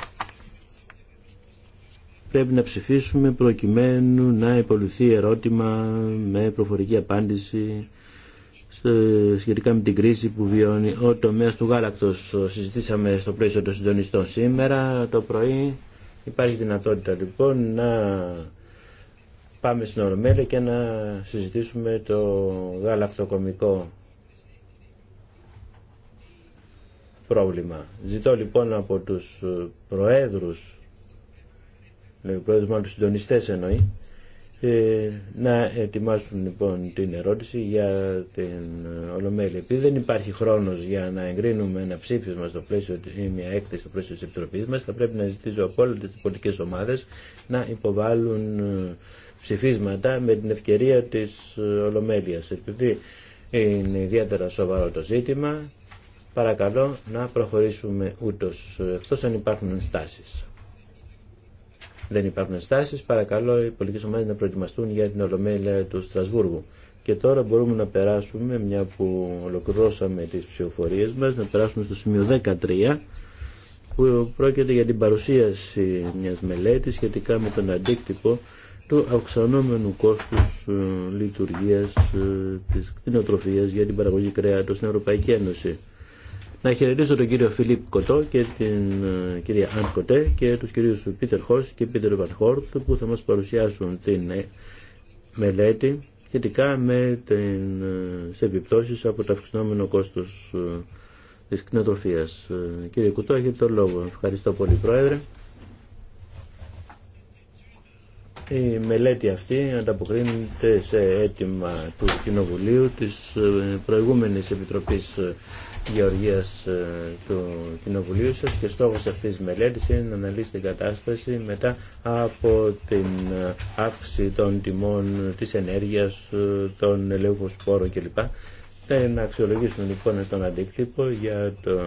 Πρέπει να ψηφίσουμε προκειμένου να υπολουθεί ερώτημα με προφορική απάντηση σχετικά με την κρίση που βιώνει ο τομέας του γάλακτος. Συζητήσαμε στο πλαίσιο των συντονιστών σήμερα το πρωί Υπάρχει δυνατότητα λοιπόν να πάμε στην Ορμέλη και να συζητήσουμε το γαλακτοκομικό πρόβλημα. Ζητώ λοιπόν από τους προέδρους, λέει ο μάλλον τους συντονιστές εννοεί, ε, να ετοιμάσουν λοιπόν την ερώτηση για την Ολομέλεια. Επειδή δεν υπάρχει χρόνος για να εγκρίνουμε ένα ψήφισμα στο πλαίσιο ή μια έκθεση στο πλαίσιο της Επιτροπής μας, θα πρέπει να ζητήσω από όλες τις πολιτικές ομάδες να υποβάλουν ε, ψηφίσματα με την ευκαιρία της ε, Ολομέλειας. Επειδή είναι ιδιαίτερα σοβαρό το ζήτημα, παρακαλώ να προχωρήσουμε ούτως, εκτός αν υπάρχουν στάσεις δεν υπάρχουν στάσεις, παρακαλώ οι πολιτικές ομάδες να προετοιμαστούν για την Ολομέλεια του Στρασβούργου. Και τώρα μπορούμε να περάσουμε, μια που ολοκληρώσαμε τις ψηφοφορίες μας, να περάσουμε στο σημείο 13, που πρόκειται για την παρουσίαση μιας μελέτης σχετικά με τον αντίκτυπο του αυξανόμενου κόστους ε, λειτουργίας ε, της κτηνοτροφίας για την παραγωγή κρέατος στην Ευρωπαϊκή Ένωση. Να χαιρετήσω τον κύριο Φιλίπ Κοτό και την ε, κυρία Αν Κοτέ και τους κυρίους Πίτερ Χόρς και Πίτερ Βανχόρτ που θα μας παρουσιάσουν την ε, μελέτη σχετικά με τις ε, επιπτώσεις από το αυξανόμενο κόστος της κτηνοτροφίας. Κύριε Κουτό, έχετε το λόγο. Ευχαριστώ πολύ, Πρόεδρε. Η μελέτη αυτή ανταποκρίνεται σε αίτημα του Κοινοβουλίου της προηγούμενης Επιτροπής Γεωργίας ε, του Κοινοβουλίου σας και στόχος αυτής της μελέτης είναι να αναλύσει την κατάσταση μετά από την ε, αύξηση των τιμών της ενέργειας, ε, των ελεύχων σπόρων κλπ. Να αξιολογήσουμε λοιπόν τον αντίκτυπο για το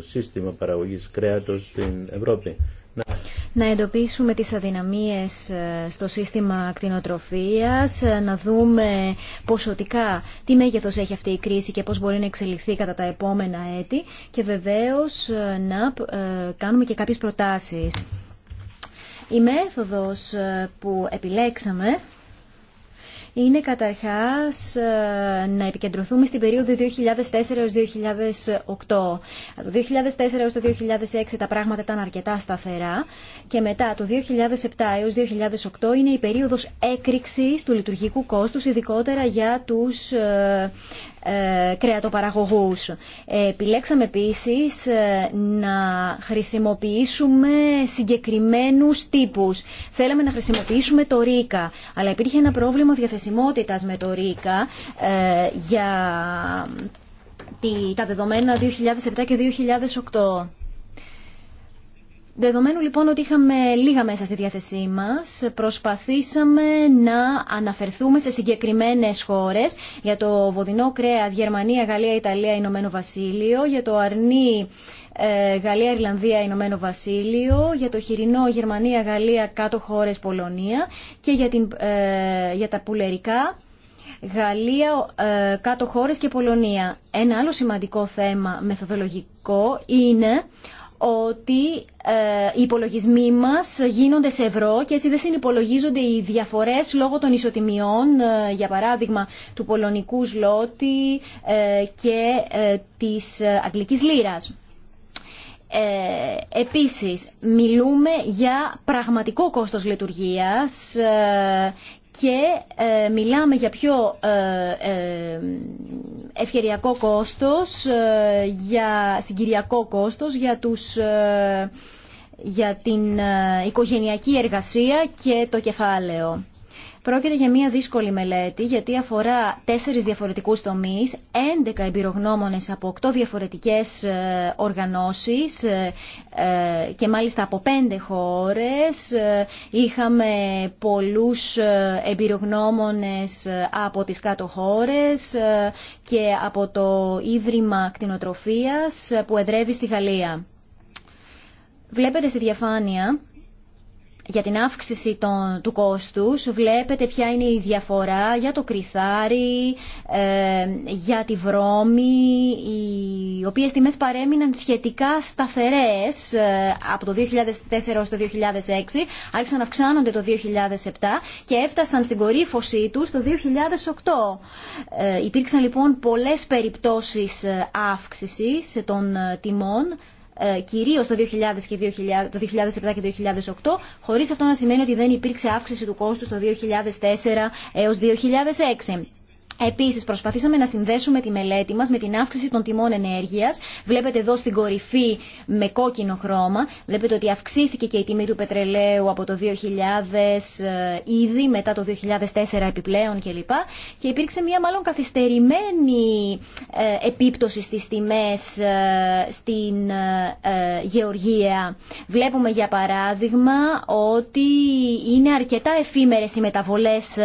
σύστημα παραγωγής κρέατος στην Ευρώπη να εντοπίσουμε τις αδυναμίες ε, στο σύστημα ακτινοτροφίας, ε, να δούμε ποσοτικά τι μέγεθος έχει αυτή η κρίση και πώς μπορεί να εξελιχθεί κατά τα επόμενα έτη και βεβαίως ε, να κάνουμε και κάποιες προτάσεις. Η μέθοδος που επιλέξαμε είναι καταρχάς ε, να επικεντρωθούμε στην περίοδο 2004 έως 2008. Το 2004 έως το 2006 τα πράγματα ήταν αρκετά σταθερά και μετά το 2007 έως 2008 είναι η περίοδος έκρηξης του λειτουργικού κόστους, ειδικότερα για τους ε, ε, κρεατοπαραγωγούς. Ε, επιλέξαμε επίσης ε, να χρησιμοποιήσουμε συγκεκριμένους τύπους. Θέλαμε να χρησιμοποιήσουμε το ρίκα, αλλά υπήρχε ένα πρόβλημα διαθεσιμότητας με το ρίκα για τα δεδομένα 2007 και 2008. Δεδομένου λοιπόν ότι είχαμε λίγα μέσα στη διάθεσή μας, προσπαθήσαμε να αναφερθούμε σε συγκεκριμένες χώρες για το βοδινό κρέας Γερμανία, Γαλλία, Ιταλία, Ηνωμένο Βασίλειο, για το αρνί ε, Γαλλία, Ιρλανδία, Ηνωμένο Βασίλειο, για το χοιρινό Γερμανία, Γαλλία, κάτω χώρες Πολωνία και για, την, ε, τα πουλερικά Γαλλία, ε, κάτω χώρες και Πολωνία. Ένα άλλο σημαντικό θέμα μεθοδολογικό είναι ότι ε, οι υπολογισμοί μας γίνονται σε ευρώ και έτσι δεν συνυπολογίζονται οι διαφορές λόγω των ισοτιμιών, ε, για παράδειγμα του πολωνικού σλότη ε, και της αγγλικής λύρας. επίσης, μιλούμε για πραγματικό κόστος λειτουργίας και ε, μιλάμε για πιο ε, ε, ευκαιριακό κόστος, για συγκυριακό κόστος για τους για την οικογενειακή εργασία και το κεφάλαιο. Πρόκειται για μια δύσκολη μελέτη γιατί αφορά τέσσερις διαφορετικούς τομείς, 11 εμπειρογνώμονες από 8 διαφορετικές ε, οργανώσεις ε, ε, και μάλιστα από 5 χώρες. Είχαμε πολλούς εμπειρογνώμονες από τις κάτω χώρες και από το Ίδρυμα Κτηνοτροφίας που εδρεύει στη Γαλλία. Βλέπετε στη διαφάνεια για την αύξηση των, του κόστους βλέπετε ποια είναι η διαφορά για το κρυθάρι, ε, για τη βρώμη, οι οποίες τιμές παρέμειναν σχετικά σταθερές ε, από το 2004 έως το 2006, άρχισαν να αυξάνονται το 2007 και έφτασαν στην κορύφωσή τους το 2008. Ε, υπήρξαν λοιπόν πολλές περιπτώσεις ε, αύξησης των τιμών ε, κυρίως το 2000 και 2000, το 2008, χωρίς αυτό να σημαίνει ότι δεν υπήρξε αύξηση του κόστου το 2004 έως 2006. Επίσης προσπαθήσαμε να συνδέσουμε τη μελέτη μας με την αύξηση των τιμών ενέργειας. Βλέπετε εδώ στην κορυφή με κόκκινο χρώμα. Βλέπετε ότι αυξήθηκε και η τιμή του πετρελαίου από το 2000 ε, ήδη, μετά το 2004 επιπλέον κλπ. Και υπήρξε μια μάλλον καθυστερημένη ε, επίπτωση στις τιμές ε, στην γεωργία. Βλέπουμε για παράδειγμα ότι είναι αρκετά εφήμερες οι μεταβολές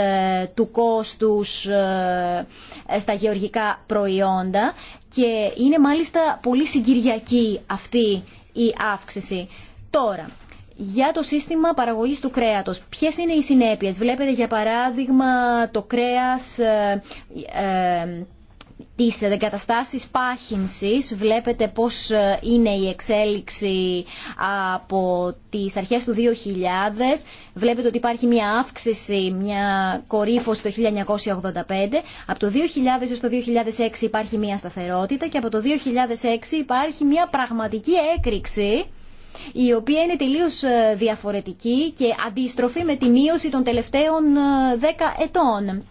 του κόστους ε, στα γεωργικά προϊόντα και είναι μάλιστα πολύ συγκυριακή αυτή η αύξηση. Τώρα, για το σύστημα παραγωγής του κρέατος. Ποιες είναι οι συνέπειες. Βλέπετε για παράδειγμα το κρέας ε, ε, τις εγκαταστάσεις πάχυνσης βλέπετε πώς ε, είναι η εξέλιξη από τις αρχές του 2000 βλέπετε ότι υπάρχει μια αύξηση μια κορύφωση το 1985 από το 2000 στο 2006 υπάρχει μια σταθερότητα και από το 2006 υπάρχει μια πραγματική έκρηξη η οποία είναι τελείως ε, διαφορετική και αντίστροφη με τη μείωση των τελευταίων 10 ε, ετών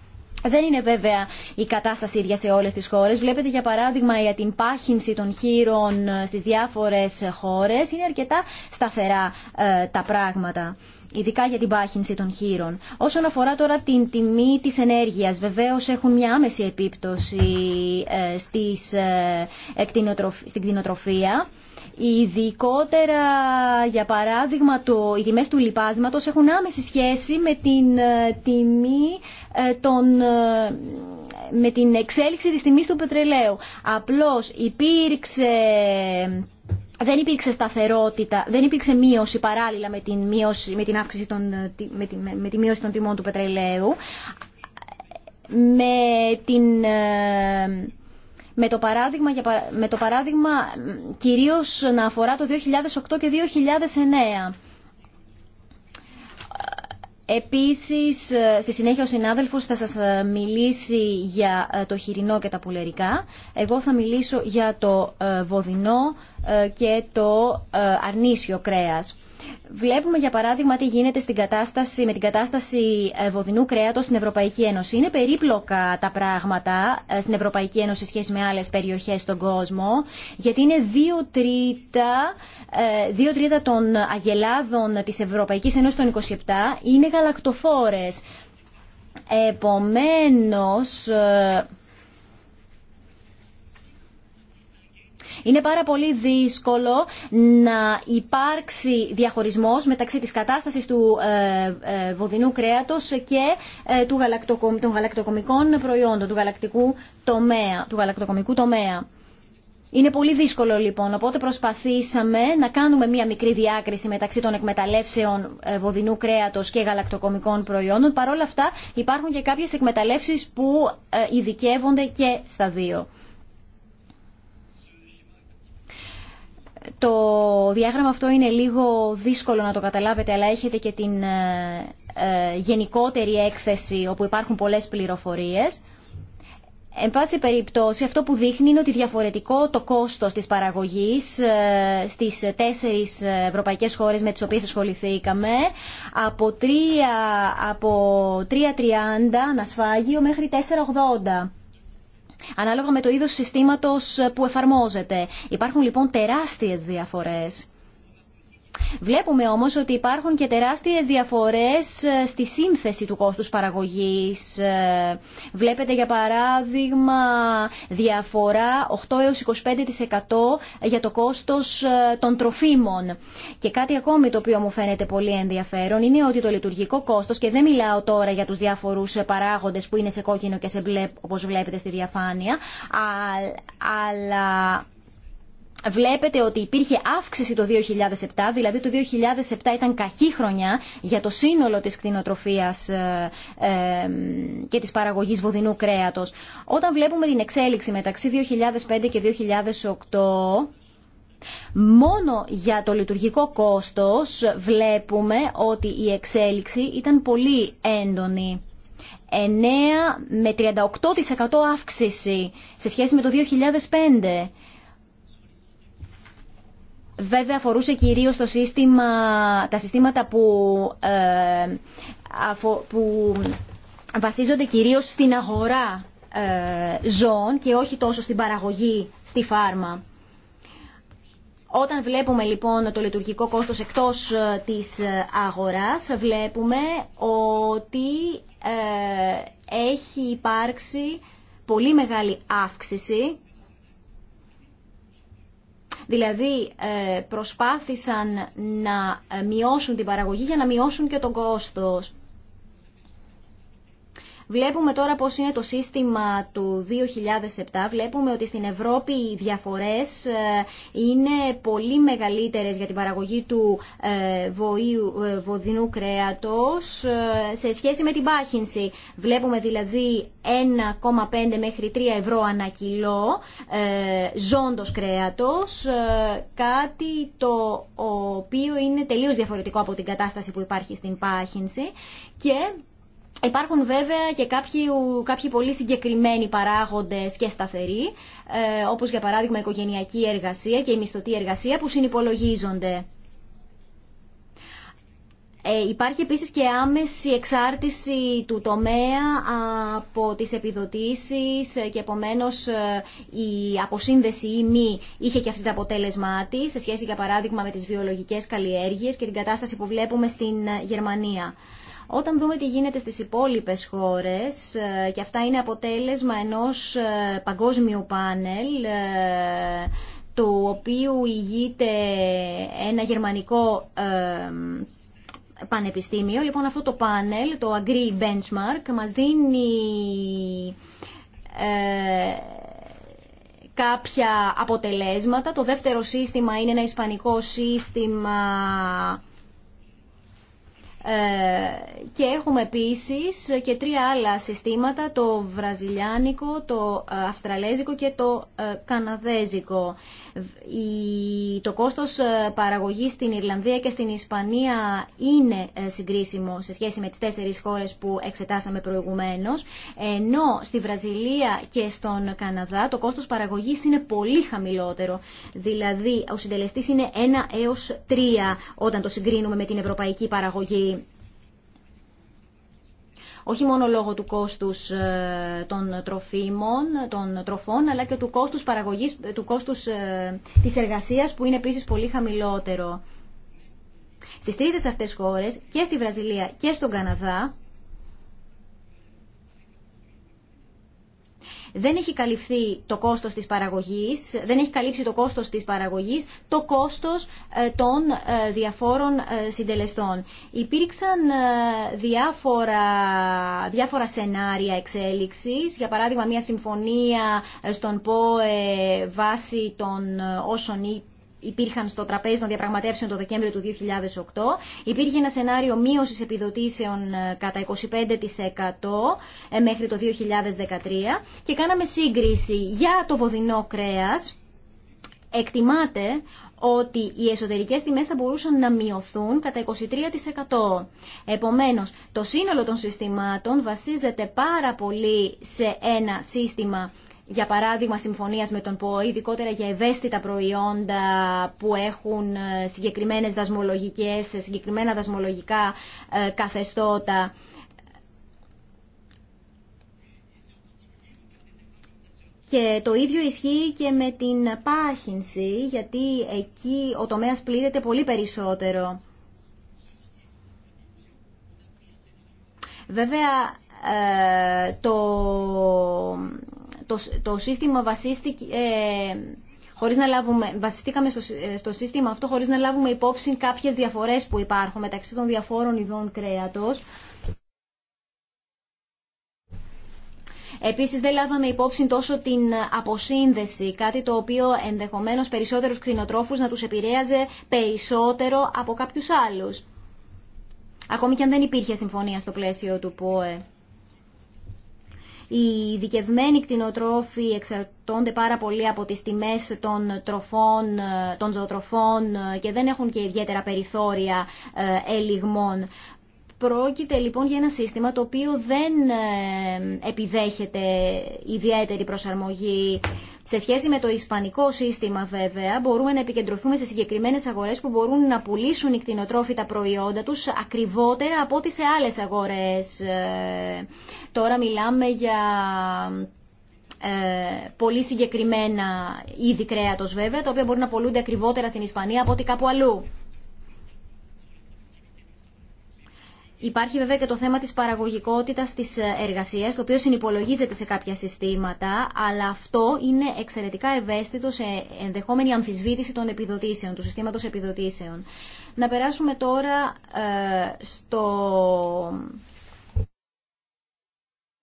δεν είναι βέβαια η κατάσταση ίδια σε όλες τις χώρες. Βλέπετε για παράδειγμα για την πάχυνση των χείρων ε, στις διάφορες χώρες. Είναι αρκετά σταθερά ε, τα πράγματα ειδικά για την πάχυνση των χείρων. Όσον αφορά τώρα την τιμή της ενέργειας, βεβαίως έχουν μια άμεση επίπτωση ε, στις, στην κτηνοτροφία. Ειδικότερα, για παράδειγμα, το, οι του λιπάσματος έχουν άμεση σχέση με την ε, τιμή ε, των ε, με την εξέλιξη της τιμής του πετρελαίου. Απλώς υπήρξε δεν υπήρξε σταθερότητα, δεν υπήρξε μείωση παράλληλα με την, με την, αύξηση των, με, τη, με μείωση των τιμών του πετρελαίου. Με την, με το παράδειγμα, με το παράδειγμα κυρίως να αφορά το 2008 και 2009. Επίσης, στη συνέχεια ο συνάδελφος θα σας ε, μιλήσει για ε, το χοιρινό και τα πουλερικά. Εγώ θα μιλήσω για το ε, βοδινό και το αρνήσιο κρέας. Βλέπουμε για παράδειγμα τι γίνεται στην κατάσταση, με την κατάσταση ε, βοδινού κρέατος στην Ευρωπαϊκή Ένωση. Είναι περίπλοκα τα πράγματα ε, στην Ευρωπαϊκή Ένωση σχέση με άλλες περιοχές στον κόσμο, γιατί είναι δύο τρίτα, ε, δύο τρίτα των αγελάδων της Ευρωπαϊκής Ένωσης των 27 είναι γαλακτοφόρες. Επομένως, Είναι πάρα πολύ δύσκολο να υπάρξει διαχωρισμός μεταξύ της κατάστασης του ε, ε, βοδινού κρέατος και ε, των γαλακτοκομικών προϊόντων, του, γαλακτικού τομέα, του γαλακτοκομικού τομέα. Είναι πολύ δύσκολο λοιπόν, οπότε προσπαθήσαμε να κάνουμε μία μικρή διάκριση μεταξύ των εκμεταλλεύσεων βοδινού κρέατος και γαλακτοκομικών προϊόντων. Παρ' όλα αυτά υπάρχουν και κάποιες εκμεταλλεύσεις που ειδικεύονται και στα δύο. Το διάγραμμα αυτό είναι λίγο δύσκολο να το καταλάβετε, αλλά έχετε και την ε, ε, γενικότερη έκθεση όπου υπάρχουν πολλές πληροφορίες. Εν πάση περιπτώσει, αυτό που δείχνει είναι ότι διαφορετικό το κόστος της παραγωγής ε, στις τέσσερις ευρωπαϊκές χώρες με τις οποίες ασχοληθήκαμε από 3,30 από ανασφάγιο μέχρι 4,80 ανάλογα με το είδος συστήματος που εφαρμόζεται. Υπάρχουν λοιπόν τεράστιες διαφορές Βλέπουμε όμως ότι υπάρχουν και τεράστιες διαφορές ε, στη σύνθεση του κόστους παραγωγής. Ε, βλέπετε για παράδειγμα διαφορά 8 έω 25% για το κόστος ε, των τροφίμων. Και κάτι ακόμη το οποίο μου φαίνεται πολύ ενδιαφέρον είναι ότι το λειτουργικό κόστος και δεν μιλάω τώρα για τους διάφορους παράγοντες που είναι σε κόκκινο και σε μπλε όπως βλέπετε στη διαφάνεια αλλά βλέπετε ότι υπήρχε αύξηση το 2007, δηλαδή το 2007 ήταν κακή χρονιά για το σύνολο της κτηνοτροφίας ε, και της παραγωγής βοδινού κρέατος. Όταν βλέπουμε την εξέλιξη μεταξύ 2005 και 2008... Μόνο για το λειτουργικό κόστος βλέπουμε ότι η εξέλιξη ήταν πολύ έντονη. 9 με 38% αύξηση σε σχέση με το 2005 βέβαια αφορούσε κυρίως το σύστημα, τα συστήματα που, ε, που βασίζονται κυρίως στην αγορά ε, ζώων και όχι τόσο στην παραγωγή στη φάρμα. Όταν βλέπουμε λοιπόν το λειτουργικό κόστος εκτός ε, της ε, αγοράς, βλέπουμε ότι ε, έχει υπάρξει πολύ μεγάλη αύξηση Δηλαδή ε, προσπάθησαν να ε, μειώσουν την παραγωγή για να μειώσουν και τον κόστος. Βλέπουμε τώρα πώς είναι το σύστημα του 2007. Βλέπουμε ότι στην Ευρώπη οι διαφορές ε, είναι πολύ μεγαλύτερες για την παραγωγή του ε, ε, βοδινού κρέατος σε σχέση με την πάχυνση. Βλέπουμε δηλαδή 1,5 μέχρι 3 ευρώ ανά κιλό ζώντος κρέατος, κάτι το οποίο είναι τελείως διαφορετικό από την κατάσταση που υπάρχει στην πάχυνση και Υπάρχουν βέβαια και κάποιοι, κάποιοι πολύ συγκεκριμένοι παράγοντες και σταθεροί, ε, όπως για παράδειγμα η οικογενειακή εργασία και η μισθωτή εργασία που συνυπολογίζονται. Ε, υπάρχει επίσης και άμεση εξάρτηση του τομέα από τις επιδοτήσεις ε, και επομένως ε, η αποσύνδεση ή μη είχε και αυτή το αποτέλεσμά τη σε σχέση για παράδειγμα με τις βιολογικές καλλιέργειες και την κατάσταση που βλέπουμε στην Γερμανία. Όταν δούμε τι γίνεται στις υπόλοιπες χώρες, ε, και αυτά είναι αποτέλεσμα ενός ε, παγκόσμιου πάνελ, ε, το οποίου ηγείται ένα γερμανικό πανεπιστήμιο. Λοιπόν, αυτό το πάνελ, το Agree Benchmark, μας δίνει κάποια αποτελέσματα. Το δεύτερο σύστημα είναι ένα ισπανικό σύστημα ε, και έχουμε επίσης και τρία άλλα συστήματα, το βραζιλιάνικο, το ε, αυστραλέζικο και το ε, καναδέζικο. Το κόστος παραγωγής στην Ιρλανδία και στην Ισπανία είναι συγκρίσιμο σε σχέση με τις τέσσερις χώρες που εξετάσαμε προηγουμένως, ενώ στη Βραζιλία και στον Καναδά το κόστος παραγωγής είναι πολύ χαμηλότερο. Δηλαδή ο συντελεστής είναι 1 έως 3 όταν το συγκρίνουμε με την ευρωπαϊκή παραγωγή όχι μόνο λόγω του κόστους ε, των τροφίμων, των τροφών, αλλά και του κόστους παραγωγής, ε, του κόστους ε, της εργασίας που είναι επίσης πολύ χαμηλότερο. Στις τρίτες αυτές χώρες, και στη Βραζιλία και στον Καναδά, δεν έχει καλυφθεί το κόστος της παραγωγής, δεν έχει καλύψει το κόστος της παραγωγής, το κόστος ε, των ε, διαφόρων ε, συντελεστών. Υπήρξαν διάφορα, διάφορα σενάρια εξέλιξη, για παράδειγμα μια συμφωνία στον ΠΟΕ βάσει των όσων υπήρχαν στο τραπέζι των διαπραγματεύσεων το Δεκέμβριο του 2008. Υπήρχε ένα σενάριο μείωσης επιδοτήσεων ε, κατά 25% ε, μέχρι το 2013 και κάναμε σύγκριση για το βοδινό κρέας. Εκτιμάται ότι οι εσωτερικές τιμές θα μπορούσαν να μειωθούν κατά 23%. Επομένως, το σύνολο των συστημάτων βασίζεται πάρα πολύ σε ένα σύστημα για παράδειγμα συμφωνίας με τον ΠΟΗ, ειδικότερα για ευαίσθητα προϊόντα που έχουν ε, συγκεκριμένες δασμολογικές, ε, συγκεκριμένα δασμολογικά ε, καθεστώτα. Και το ίδιο ισχύει και με την πάχυνση, γιατί εκεί ο τομέας πλήρεται πολύ περισσότερο. Βέβαια, το το, το σύστημα βασίστηκε... Ε, χωρίς να λάβουμε, βασιστήκαμε στο, ε, στο σύστημα αυτό χωρίς να λάβουμε υπόψη κάποιες διαφορές που υπάρχουν μεταξύ των διαφόρων ειδών κρέατος. Επίσης δεν λάβαμε υπόψη τόσο την αποσύνδεση, κάτι το οποίο ενδεχομένως περισσότερους κτηνοτρόφους να τους επηρέαζε περισσότερο από κάποιους άλλους. Ακόμη και αν δεν υπήρχε συμφωνία στο πλαίσιο του ΠΟΕ. Οι ειδικευμένοι κτηνοτρόφοι εξαρτώνται πάρα πολύ από τις τιμές των, τροφών, των ζωοτροφών και δεν έχουν και ιδιαίτερα περιθώρια ε, ελιγμών. Πρόκειται λοιπόν για ένα σύστημα το οποίο δεν ε, επιδέχεται ιδιαίτερη προσαρμογή σε σχέση με το ισπανικό σύστημα βέβαια μπορούμε να επικεντρωθούμε σε συγκεκριμένε αγορέ που μπορούν να πουλήσουν οι τα προϊόντα του ακριβότερα από ό,τι σε άλλε αγορές. Ε, τώρα μιλάμε για ε, πολύ συγκεκριμένα είδη κρέατος βέβαια, τα οποία μπορούν να πολλούνται ακριβότερα στην Ισπανία από ό,τι κάπου αλλού. Υπάρχει βέβαια και το θέμα της παραγωγικότητας της ε, εργασίας, το οποίο συνυπολογίζεται σε κάποια συστήματα, αλλά αυτό είναι εξαιρετικά ευαίσθητο σε ενδεχόμενη αμφισβήτηση των επιδοτήσεων, του συστήματος επιδοτήσεων. Να περάσουμε τώρα ε, στο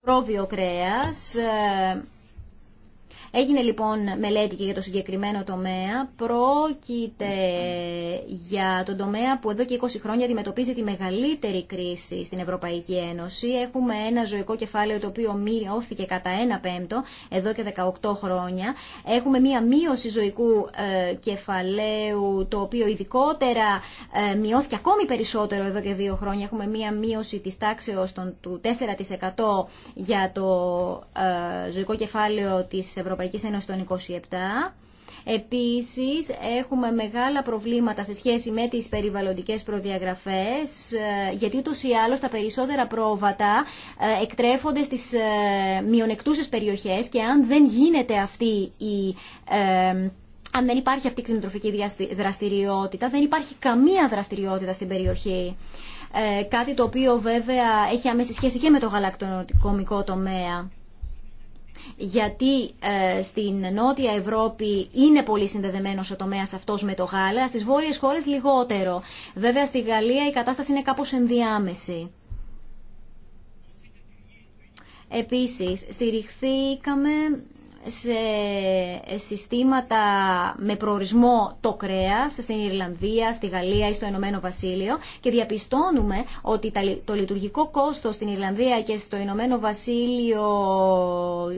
πρόβιο κρέας ε, Έγινε λοιπόν μελέτη και για το συγκεκριμένο τομέα. Πρόκειται για τον τομέα που εδώ και 20 χρόνια αντιμετωπίζει τη μεγαλύτερη κρίση στην Ευρωπαϊκή Ένωση. Έχουμε ένα ζωικό κεφάλαιο το οποίο μειώθηκε κατά 1 πέμπτο εδώ και 18 χρόνια. Έχουμε μία μείωση ζωικού ε, κεφαλαίου το οποίο ειδικότερα ε, μειώθηκε ακόμη περισσότερο εδώ και δύο χρόνια. Έχουμε μία μείωση της τάξεως του 4% για το ε, ζωικό κεφάλαιο της Ευρωπαϊκής Ευρωπαϊκή Ένωση των 27. Επίσης έχουμε μεγάλα προβλήματα σε σχέση με τις περιβαλλοντικές προδιαγραφές ε, γιατί ούτως ή άλλως τα περισσότερα πρόβατα ε, εκτρέφονται στις ε, μειονεκτούσες περιοχές και αν δεν γίνεται αυτή η αν δεν υπάρχει αυτή η κτηνοτροφική δραστηριότητα, δεν υπάρχει καμία δραστηριότητα στην περιοχή. κάτι το οποίο βέβαια έχει αμέσως σχέση και με το γαλακτοκομικό τομέα γιατί ε, στην Νότια Ευρώπη είναι πολύ συνδεδεμένο ο τομέα αυτός με το γάλα, στις βόρειες χώρες λιγότερο. Βέβαια στη Γαλλία η κατάσταση είναι κάπως ενδιάμεση. Επίσης, στηριχθήκαμε σε συστήματα με προορισμό το κρέα, στην Ιρλανδία, στη Γαλλία ή στο Ηνωμένο Βασίλειο και διαπιστώνουμε ότι το λειτουργικό κόστος στην Ιρλανδία και στο Ηνωμένο Βασίλειο ε,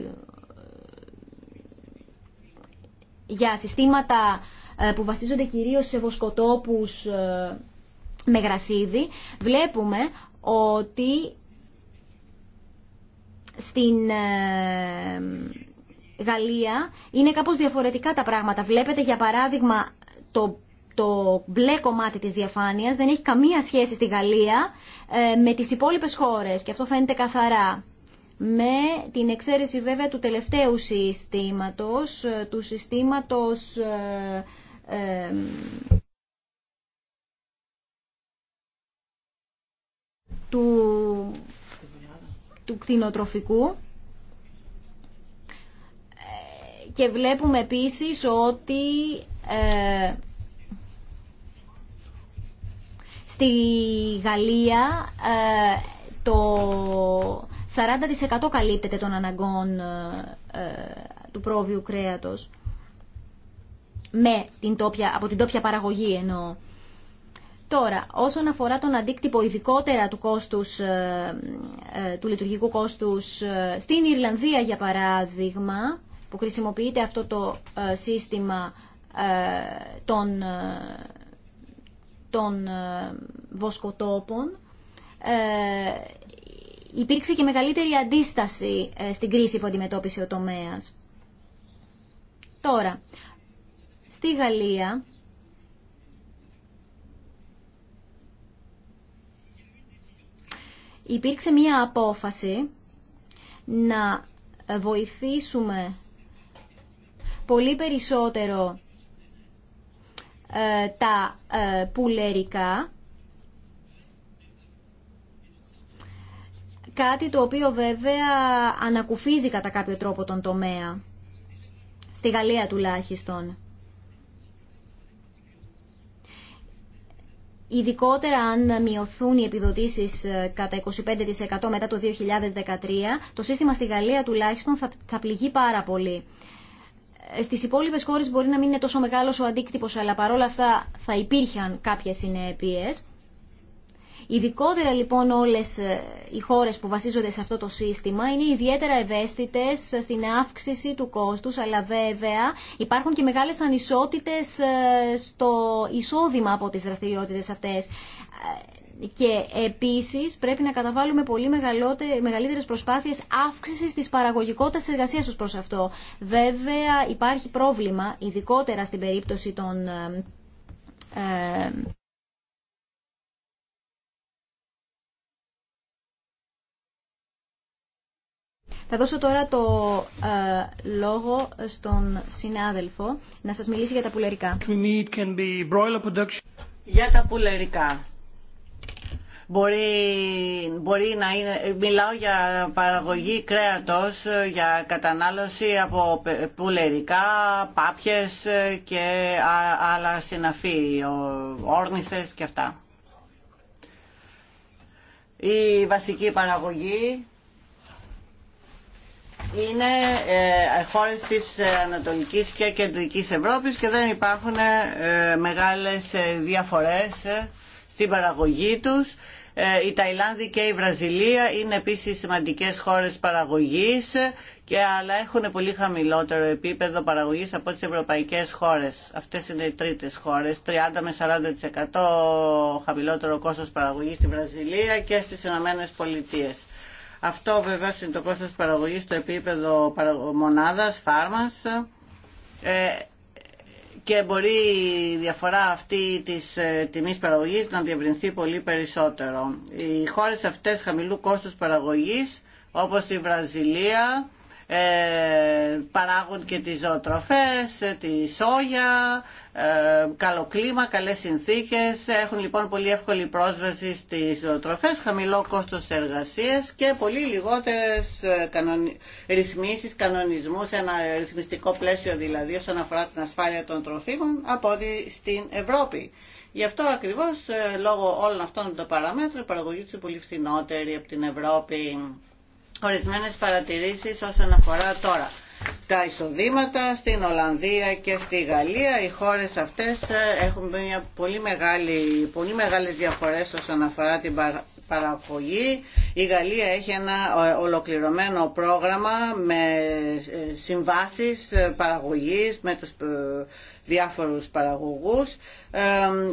για συστήματα ε, που βασίζονται κυρίως σε βοσκοτόπους ε, με γρασίδι, βλέπουμε ότι στην Γαλλία είναι κάπως διαφορετικά τα πράγματα. Βλέπετε για παράδειγμα το, το μπλε κομμάτι της διαφάνειας δεν έχει καμία σχέση στη Γαλλία ε, με τις υπόλοιπες χώρες και αυτό φαίνεται καθαρά. Με την εξαίρεση βέβαια του τελευταίου συστήματος, ε, του συστήματος... Ε, του, του κτηνοτροφικού και βλέπουμε επίσης ότι ε, στη Γαλλία ε, το 40% καλύπτεται των αναγκών ε, του πρόβειου κρέατος με την τόπια, από την τόπια παραγωγή ενώ. Τώρα, όσον αφορά τον αντίκτυπο ειδικότερα του, κόστους, του λειτουργικού κόστους στην Ιρλανδία, για παράδειγμα, που χρησιμοποιείται αυτό το ε, σύστημα ε, των, ε, των βοσκοτόπων υπήρξε και μεγαλύτερη αντίσταση στην κρίση που αντιμετώπισε ο τομέας. Τώρα, στη Γαλλία υπήρξε μία απόφαση να βοηθήσουμε πολύ περισσότερο ε, τα ε, πουλερικά, κάτι το οποίο βέβαια ανακουφίζει κατά κάποιο τρόπο τον τομέα, στη Γαλλία τουλάχιστον. Ειδικότερα αν μειωθούν οι επιδοτήσεις ε, κατά 25% μετά το 2013, το σύστημα στη Γαλλία τουλάχιστον θα, θα πληγεί πάρα πολύ στις υπόλοιπες χώρες μπορεί να μην είναι τόσο μεγάλος ο αντίκτυπος, αλλά παρόλα αυτά θα υπήρχαν κάποιες συνέπειες. Ειδικότερα λοιπόν όλες ε, οι χώρες που βασίζονται σε αυτό το σύστημα είναι ιδιαίτερα ευαίσθητες στην αύξηση του κόστους, αλλά βέβαια υπάρχουν και μεγάλες ανισότητες ε, στο εισόδημα από τις δραστηριότητες αυτές. Ε, και επίσης πρέπει να καταβάλουμε πολύ μεγαλύτερε προσπάθειες αύξησης της παραγωγικότητας της εργασίας ως προς αυτό. Βέβαια υπάρχει πρόβλημα, ειδικότερα στην περίπτωση των... Ε, ε, Θα δώσω τώρα το ε, λόγο στον συνάδελφο να σας μιλήσει για τα πουλερικά. Για τα πουλερικά. Μπορεί, μπορεί να είναι, μιλάω για παραγωγή κρέατος, για κατανάλωση από πουλερικά, πάπιες και άλλα συναφή, όρνησες και αυτά. Η βασική παραγωγή είναι ε, χώρες της Ανατολικής και Κεντρικής Ευρώπης και δεν υπάρχουν ε, μεγάλες ε, διαφορές ε, στην παραγωγή τους. Ε, η Ταϊλάνδη και η Βραζιλία είναι επίσης σημαντικές χώρες παραγωγής και αλλά έχουν πολύ χαμηλότερο επίπεδο παραγωγής από τις ευρωπαϊκές χώρες. Αυτές είναι οι τρίτες χώρες, 30 με 40% χαμηλότερο κόστος παραγωγής στη Βραζιλία και στις Ηνωμένες Πολιτείες. Αυτό βέβαια είναι το κόστος παραγωγής στο επίπεδο μονάδας, φάρμας. Ε, και μπορεί η διαφορά αυτή της ε, τιμής παραγωγής να διευρυνθεί πολύ περισσότερο. Οι χώρες αυτές χαμηλού κόστους παραγωγής όπως η Βραζιλία ε, παράγουν και τις ζωοτροφές, ε, τη σόγια, ε, καλό κλίμα, καλές συνθήκες. Έχουν λοιπόν πολύ εύκολη πρόσβαση στις ζωοτροφές, χαμηλό κόστος εργασίας και πολύ λιγότερες κανονι... ρυθμίσεις, κανονισμούς, ένα ρυθμιστικό πλαίσιο δηλαδή όσον αφορά την ασφάλεια των τροφίμων από ότι στην Ευρώπη. Γι' αυτό ακριβώς λόγω όλων αυτών των παραμέτρων η παραγωγή του είναι πολύ φθηνότερη από την Ευρώπη ορισμένες παρατηρήσεις όσον αφορά τώρα τα εισοδήματα στην Ολλανδία και στη Γαλλία. Οι χώρες αυτές ε, έχουν μια πολύ, μεγάλη, πολύ μεγάλες διαφορές όσον αφορά την παραγωγή. Η Γαλλία έχει ένα ε, ολοκληρωμένο πρόγραμμα με ε, συμβάσεις ε, παραγωγής με τους διάφορους παραγωγούς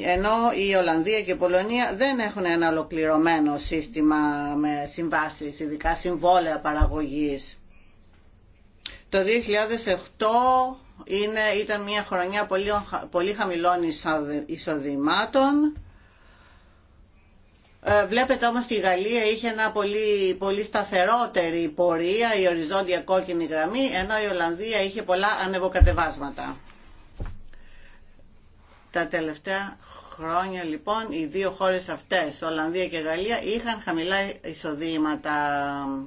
ενώ η Ολλανδία και η Πολωνία δεν έχουν ένα ολοκληρωμένο σύστημα με συμβάσεις, ειδικά συμβόλαια παραγωγής. Το 2008 είναι, ήταν μια χρονιά πολύ, πολύ χαμηλών εισοδημάτων ε, βλέπετε όμως η Γαλλία είχε ένα πολύ, πολύ σταθερότερη πορεία, η οριζόντια κόκκινη γραμμή, ενώ η Ολλανδία είχε πολλά ανεβοκατεβάσματα. Τα τελευταία χρόνια λοιπόν οι δύο χώρες αυτές, Ολλανδία και Γαλλία, είχαν χαμηλά εισοδήματα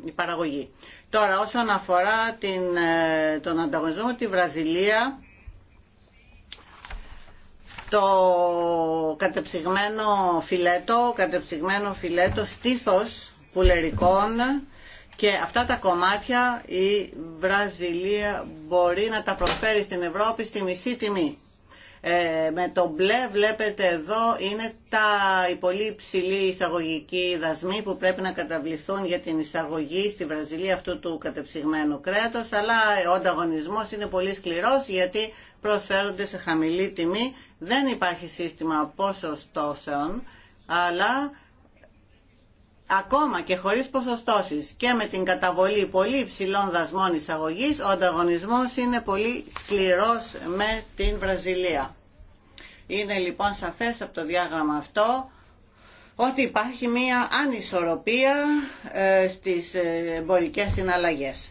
η παραγωγή. Τώρα όσον αφορά την, ε, τον ανταγωνισμό, τη Βραζιλία το κατεψυγμένο φιλέτο, κατεψυγμένο φιλέτο στήθος πουλερικών και αυτά τα κομμάτια η Βραζιλία μπορεί να τα προσφέρει στην Ευρώπη στη μισή τιμή. Ε, με το μπλε βλέπετε εδώ είναι τα, οι πολύ υψηλοί εισαγωγικοί δασμή που πρέπει να καταβληθούν για την εισαγωγή στη Βραζιλία αυτού του κατεψυγμένου κρέατος αλλά ο ανταγωνισμός είναι πολύ σκληρός γιατί προσφέρονται σε χαμηλή τιμή. Δεν υπάρχει σύστημα ποσοστώσεων, αλλά ακόμα και χωρίς ποσοστώσεις και με την καταβολή πολύ υψηλών δασμών εισαγωγής, ο ανταγωνισμός είναι πολύ σκληρός με την Βραζιλία. Είναι λοιπόν σαφές από το διάγραμμα αυτό ότι υπάρχει μία ανισορροπία ε, στις ε, εμπορικές συναλλαγές.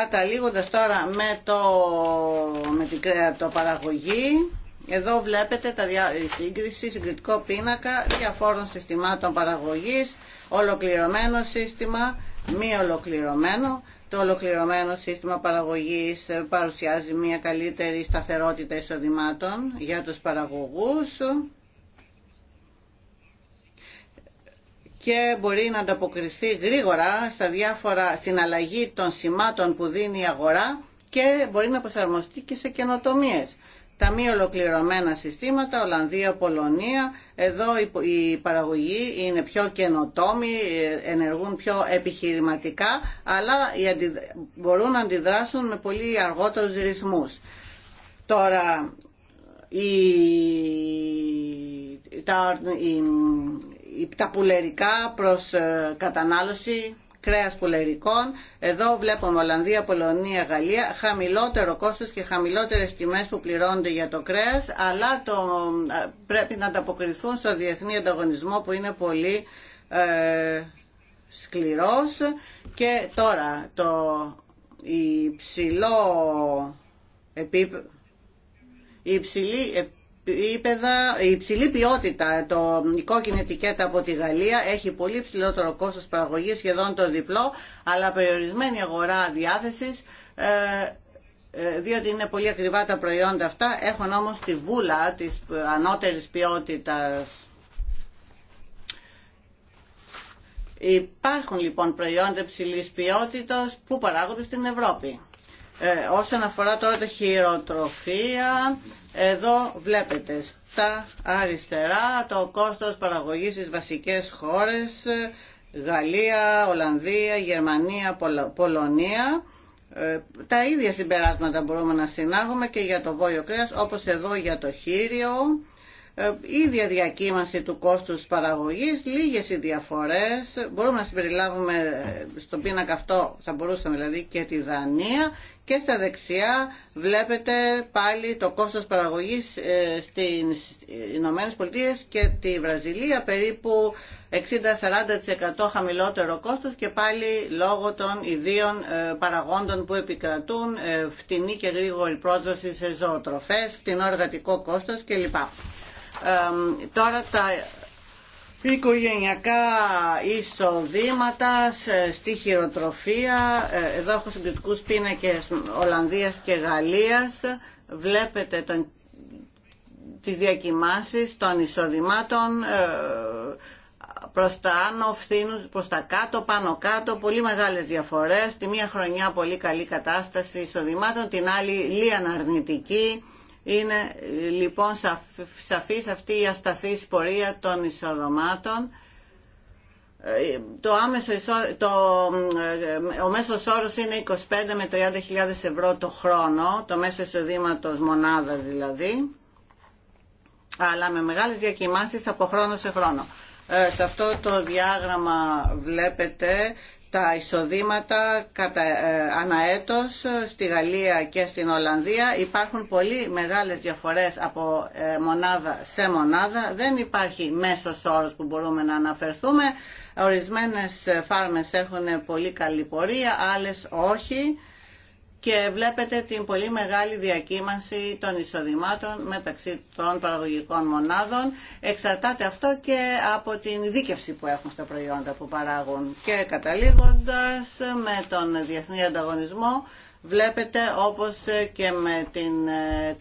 Καταλήγοντας τώρα με το, με την παραγωγή. εδώ βλέπετε τα διά, η σύγκριση, συγκριτικό πίνακα διαφόρων συστημάτων παραγωγής, ολοκληρωμένο σύστημα, μη ολοκληρωμένο. Το ολοκληρωμένο σύστημα παραγωγής ε, παρουσιάζει μια καλύτερη σταθερότητα εισοδημάτων για τους παραγωγούς και μπορεί να ανταποκριθεί γρήγορα στα διάφορα, στην αλλαγή των σημάτων που δίνει η αγορά και μπορεί να προσαρμοστεί και σε καινοτομίε. Τα μη ολοκληρωμένα συστήματα, Ολλανδία, Πολωνία, εδώ η παραγωγή είναι πιο καινοτόμοι, ενεργούν πιο επιχειρηματικά, αλλά μπορούν να αντιδράσουν με πολύ αργότερους ρυθμούς. Τώρα, η, η, τα πουλερικά προς ε, κατανάλωση κρέας πουλερικών. Εδώ βλέπουμε Ολλανδία, Πολωνία, Γαλλία, χαμηλότερο κόστος και χαμηλότερες τιμές που πληρώνονται για το κρέας, αλλά το, ε, πρέπει να ανταποκριθούν στο διεθνή ανταγωνισμό που είναι πολύ ε, σκληρός. Και τώρα το υψηλό επίπεδο η υψηλή η υψηλή ποιότητα, το, η κόκκινη ετικέτα από τη Γαλλία έχει πολύ ψηλότερο κόστος παραγωγής, σχεδόν το διπλό, αλλά περιορισμένη αγορά διάθεσης, ε, ε, διότι είναι πολύ ακριβά τα προϊόντα αυτά, έχουν όμως τη βούλα της ανώτερης ποιότητας. Υπάρχουν λοιπόν προϊόντα ψηλής ποιότητας που παράγονται στην Ευρώπη. Ε, όσον αφορά τώρα τη χειροτροφία, εδώ βλέπετε στα αριστερά το κόστος παραγωγής στις βασικές χώρες, Γαλλία, Ολλανδία, Γερμανία, Πολωνία. Ε, τα ίδια συμπεράσματα μπορούμε να συνάγουμε και για το βόλιο κρέας, όπως εδώ για το χείριο. Ε, ίδια διακύμαση του κόστους παραγωγής, λίγες οι διαφορές. Μπορούμε να συμπεριλάβουμε στον πίνακα αυτό, θα μπορούσαμε δηλαδή και τη Δανία και στα δεξιά βλέπετε πάλι το κόστος παραγωγής ε, στις Ηνωμένες Πολιτείες και τη Βραζιλία περίπου 60-40% χαμηλότερο κόστος και πάλι λόγω των ιδίων ε, παραγόντων που επικρατούν ε, φτηνή και γρήγορη πρόσδοση σε ζωοτροφές, φτηνό εργατικό κόστος κλπ. τώρα τα οικογενειακά εισοδήματα στη χειροτροφία. Ε, εδώ έχω συγκριτικούς πίνακες Ολλανδίας και Γαλλίας. Βλέπετε τον, τις διακοιμάνσεις των εισοδημάτων ε, προς τα άνω προς τα κάτω, πάνω κάτω, πολύ μεγάλες διαφορές. Τη μία χρονιά πολύ καλή κατάσταση εισοδημάτων, την άλλη λίαν αρνητική. Είναι λοιπόν σαφής αυτή η ασταθής πορεία των εισοδομάτων. Ε, το άμεσο, το, ε, ο μέσος όρος είναι 25 με 30.000 ευρώ το χρόνο, το μέσο εισοδήματος μονάδα δηλαδή, αλλά με μεγάλες διακοιμάνσεις από χρόνο σε χρόνο. Ε, σε αυτό το διάγραμμα βλέπετε τα εισοδήματα κατά ε, αναέτος στη Γαλλία και στην Ολλανδία υπάρχουν πολύ μεγάλες διαφορές από ε, μονάδα σε μονάδα. Δεν υπάρχει μέσος όρος που μπορούμε να αναφερθούμε. Ορισμένες ε, φάρμες έχουν πολύ καλή πορεία, άλλες όχι και βλέπετε την πολύ μεγάλη διακύμανση των εισοδημάτων μεταξύ των παραγωγικών μονάδων. Εξαρτάται αυτό και από την δίκευση που έχουν στα προϊόντα που παράγουν. Και καταλήγοντας με τον διεθνή ανταγωνισμό, βλέπετε όπως και με την, ε,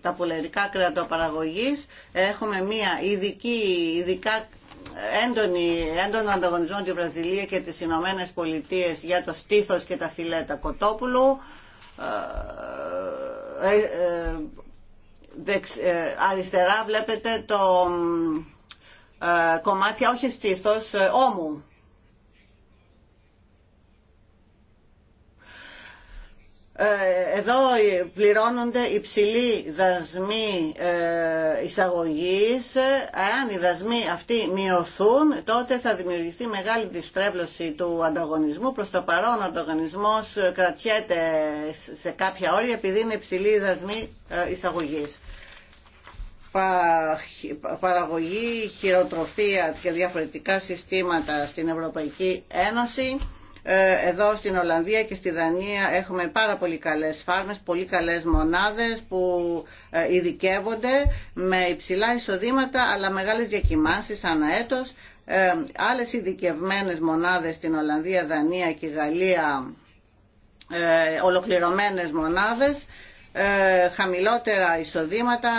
τα πουλερικά κρεατοπαραγωγής έχουμε μια ειδική, ειδικά έντονη, έντονο ανταγωνισμό τη Βραζιλία και τις Ηνωμένε Πολιτείε για το στήθος και τα φιλέτα κοτόπουλου, ε, ε, ε, αριστερά βλέπετε το κομμάτι όχι στήθος, όμου Ε, εδώ πληρώνονται υψηλοί δασμοί ε, εισαγωγής. Αν οι δασμοί αυτοί μειωθούν, τότε θα δημιουργηθεί μεγάλη διστρέβλωση του ανταγωνισμού. Προς το παρόν ο ανταγωνισμός κρατιέται σε κάποια όρια επειδή είναι υψηλοί δασμοί ε, εισαγωγής. Παραγωγή, χειροτροφία και διαφορετικά συστήματα στην Ευρωπαϊκή Ένωση ε, εδώ στην Ολλανδία και στη Δανία έχουμε πάρα πολύ καλές φάρμες, πολύ καλές μονάδες που ε, ειδικεύονται με υψηλά εισοδήματα αλλά μεγάλες διακοιμάνσεις ανά έτος. Ε, άλλες ειδικευμένες μονάδες στην Ολλανδία, Δανία και Γαλλία, ολοκληρωμένες μονάδες ε, χαμηλότερα εισοδήματα,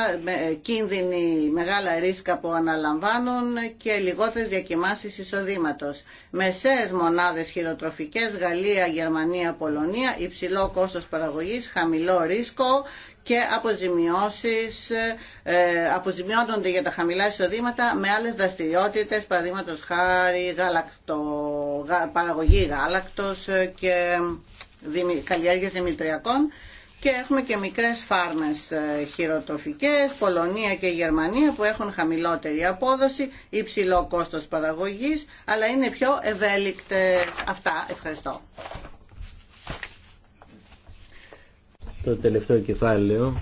ε, κίνδυνοι μεγάλα ρίσκα που αναλαμβάνουν και λιγότερες διακοιμάσεις εισοδήματος. Μεσαίες μονάδες χειροτροφικές, Γαλλία, Γερμανία, Πολωνία, υψηλό κόστος παραγωγής, χαμηλό ρίσκο και αποζημιώσεις ε, αποζημιώνονται για τα χαμηλά εισοδήματα με άλλες δραστηριότητες, παραδείγματο χάρη, γα, παραγωγή γάλακτος ε, και δημι, καλλιέργειας δημητριακών και έχουμε και μικρές φάρμες ε, χειροτροφικές, Πολωνία και Γερμανία που έχουν χαμηλότερη απόδοση, υψηλό κόστος παραγωγής, αλλά είναι πιο ευέλικτες. Αυτά, ευχαριστώ. Το τελευταίο κεφάλαιο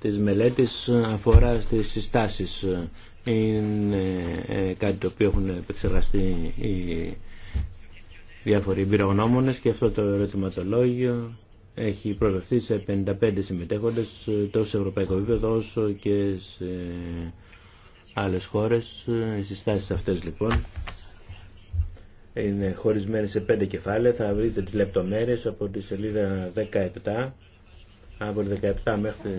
της μελέτης αφορά στις συστάσεις. Είναι ε, κάτι το οποίο έχουν επεξεργαστεί οι διάφοροι εμπειρογνώμονες και αυτό το ερωτηματολόγιο έχει προσδοθεί σε 55 συμμετέχοντες ε, τόσο σε ευρωπαϊκό επίπεδο όσο και σε άλλες χώρες. Ε, οι συστάσεις αυτές λοιπόν είναι χωρισμένες σε πέντε κεφάλαια. Θα βρείτε τις λεπτομέρειες από τη σελίδα 17 από τη 17 μέχρι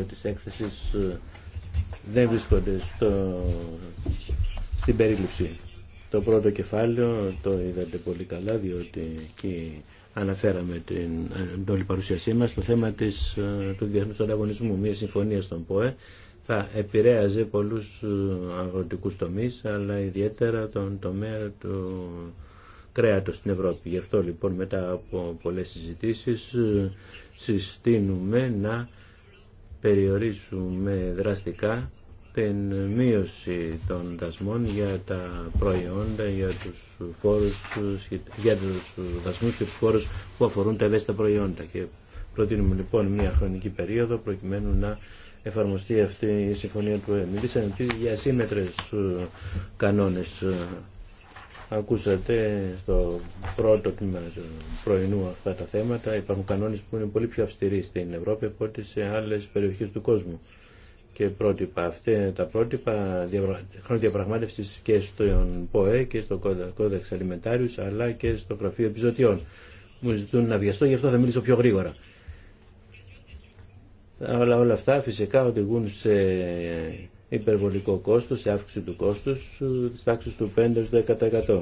22 της έκθεσης ε, δεν βρίσκονται στο, στην περίληψη. Το πρώτο κεφάλαιο το είδατε πολύ καλά διότι εκεί αναφέραμε την, ε, την όλη παρουσίασή μας το θέμα της, ε, του διεθνούς ανταγωνισμού. Μία συμφωνία στον ΠΟΕ θα επηρέαζε πολλούς ε, αγροτικούς τομείς αλλά ιδιαίτερα τον τομέα του κρέατος στην Ευρώπη. Γι' αυτό λοιπόν μετά από πολλές συζητήσεις συστήνουμε να περιορίσουμε δραστικά την μείωση των δασμών για τα προϊόντα, για τους, φόρους, για τους δασμούς και τους φόρους που αφορούν τα ευαίσθητα προϊόντα. Και προτείνουμε λοιπόν μια χρονική περίοδο προκειμένου να εφαρμοστεί αυτή η συμφωνία του ΕΕ. Μιλήσαμε επίσης για σύμμετρες κανόνες. Ακούσατε στο πρώτο τμήμα του πρωινού αυτά τα θέματα. Υπάρχουν κανόνες που είναι πολύ πιο αυστηροί στην Ευρώπη από ό,τι σε άλλες περιοχές του κόσμου και πρότυπα. Αυτά είναι τα πρότυπα χρονοδιαπραγμάτευση και στον ΠΟΕ και στο Κόδεξ Αλιμεντάριου αλλά και στο Γραφείο Επιζωτιών. Μου ζητούν να βιαστώ, γι' αυτό θα μιλήσω πιο γρήγορα. Αλλά όλα αυτά φυσικά οδηγούν σε υπερβολικό κόστο, σε αύξηση του κόστου, τη τάξη του 5-10%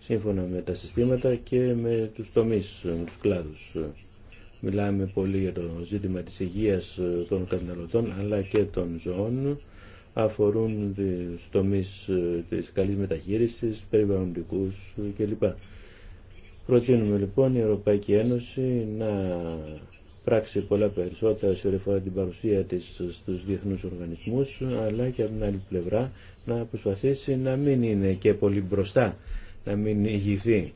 σύμφωνα με τα συστήματα και με του τομεί, του κλάδου. Μιλάμε πολύ για το ζήτημα της υγείας ε, των καταναλωτών αλλά και των ζώων αφορούν τις τομείς ε, της καλής μεταχείρισης, περιβαλλοντικούς ε, κλπ. Προτείνουμε λοιπόν η Ευρωπαϊκή Ένωση να πράξει πολλά περισσότερα σε ό,τι την παρουσία της στους διεθνούς οργανισμούς, αλλά και από την άλλη πλευρά να προσπαθήσει να μην είναι και πολύ μπροστά, να μην ηγηθεί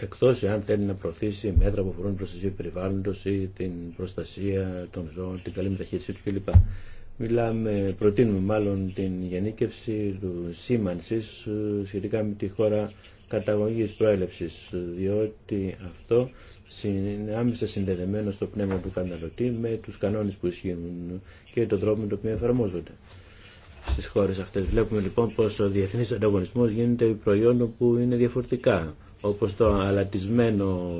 Εκτό αν θέλει να προωθήσει μέτρα που αφορούν προστασία περιβάλλοντο ή την προστασία των ζώων, την καλή μεταχείρισή του κλπ. Μιλάμε, προτείνουμε μάλλον την γενίκευση του σήμανσης ε, σχετικά με τη χώρα καταγωγή πρόέλευση, διότι αυτό είναι άμεσα συνδεδεμένο στο πνεύμα του καταναλωτή με του κανόνε που ισχύουν και τον τρόπο με τον οποίο εφαρμόζονται στι χώρε αυτέ. Βλέπουμε λοιπόν πω ο διεθνή ανταγωνισμό γίνεται προϊόν που είναι διαφορετικά όπως το αλατισμένο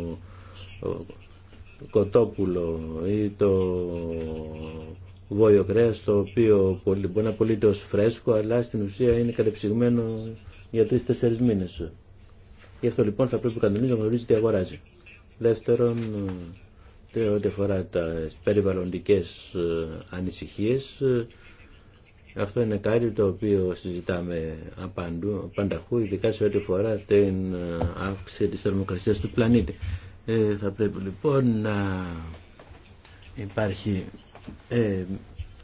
κοτόπουλο ή το βόλιο κρέας το οποίο μπορεί να πωλείται ως φρέσκο αλλά στην ουσία είναι κατεψυγμένο για τρεις-τέσσερις μήνες. Γι' αυτό λοιπόν θα πρέπει ο κανονής να γνωρίζει τι αγοράζει. Δεύτερον, ε, ό,τι αφορά τι περιβαλλοντικές ε, ανησυχίες, ε, αυτό είναι κάτι το οποίο συζητάμε απαντού, πανταχού, ειδικά σε ό,τι φορά την ε, αύξηση της θερμοκρασίας του πλανήτη. Ε, θα πρέπει λοιπόν να υπάρχει ε,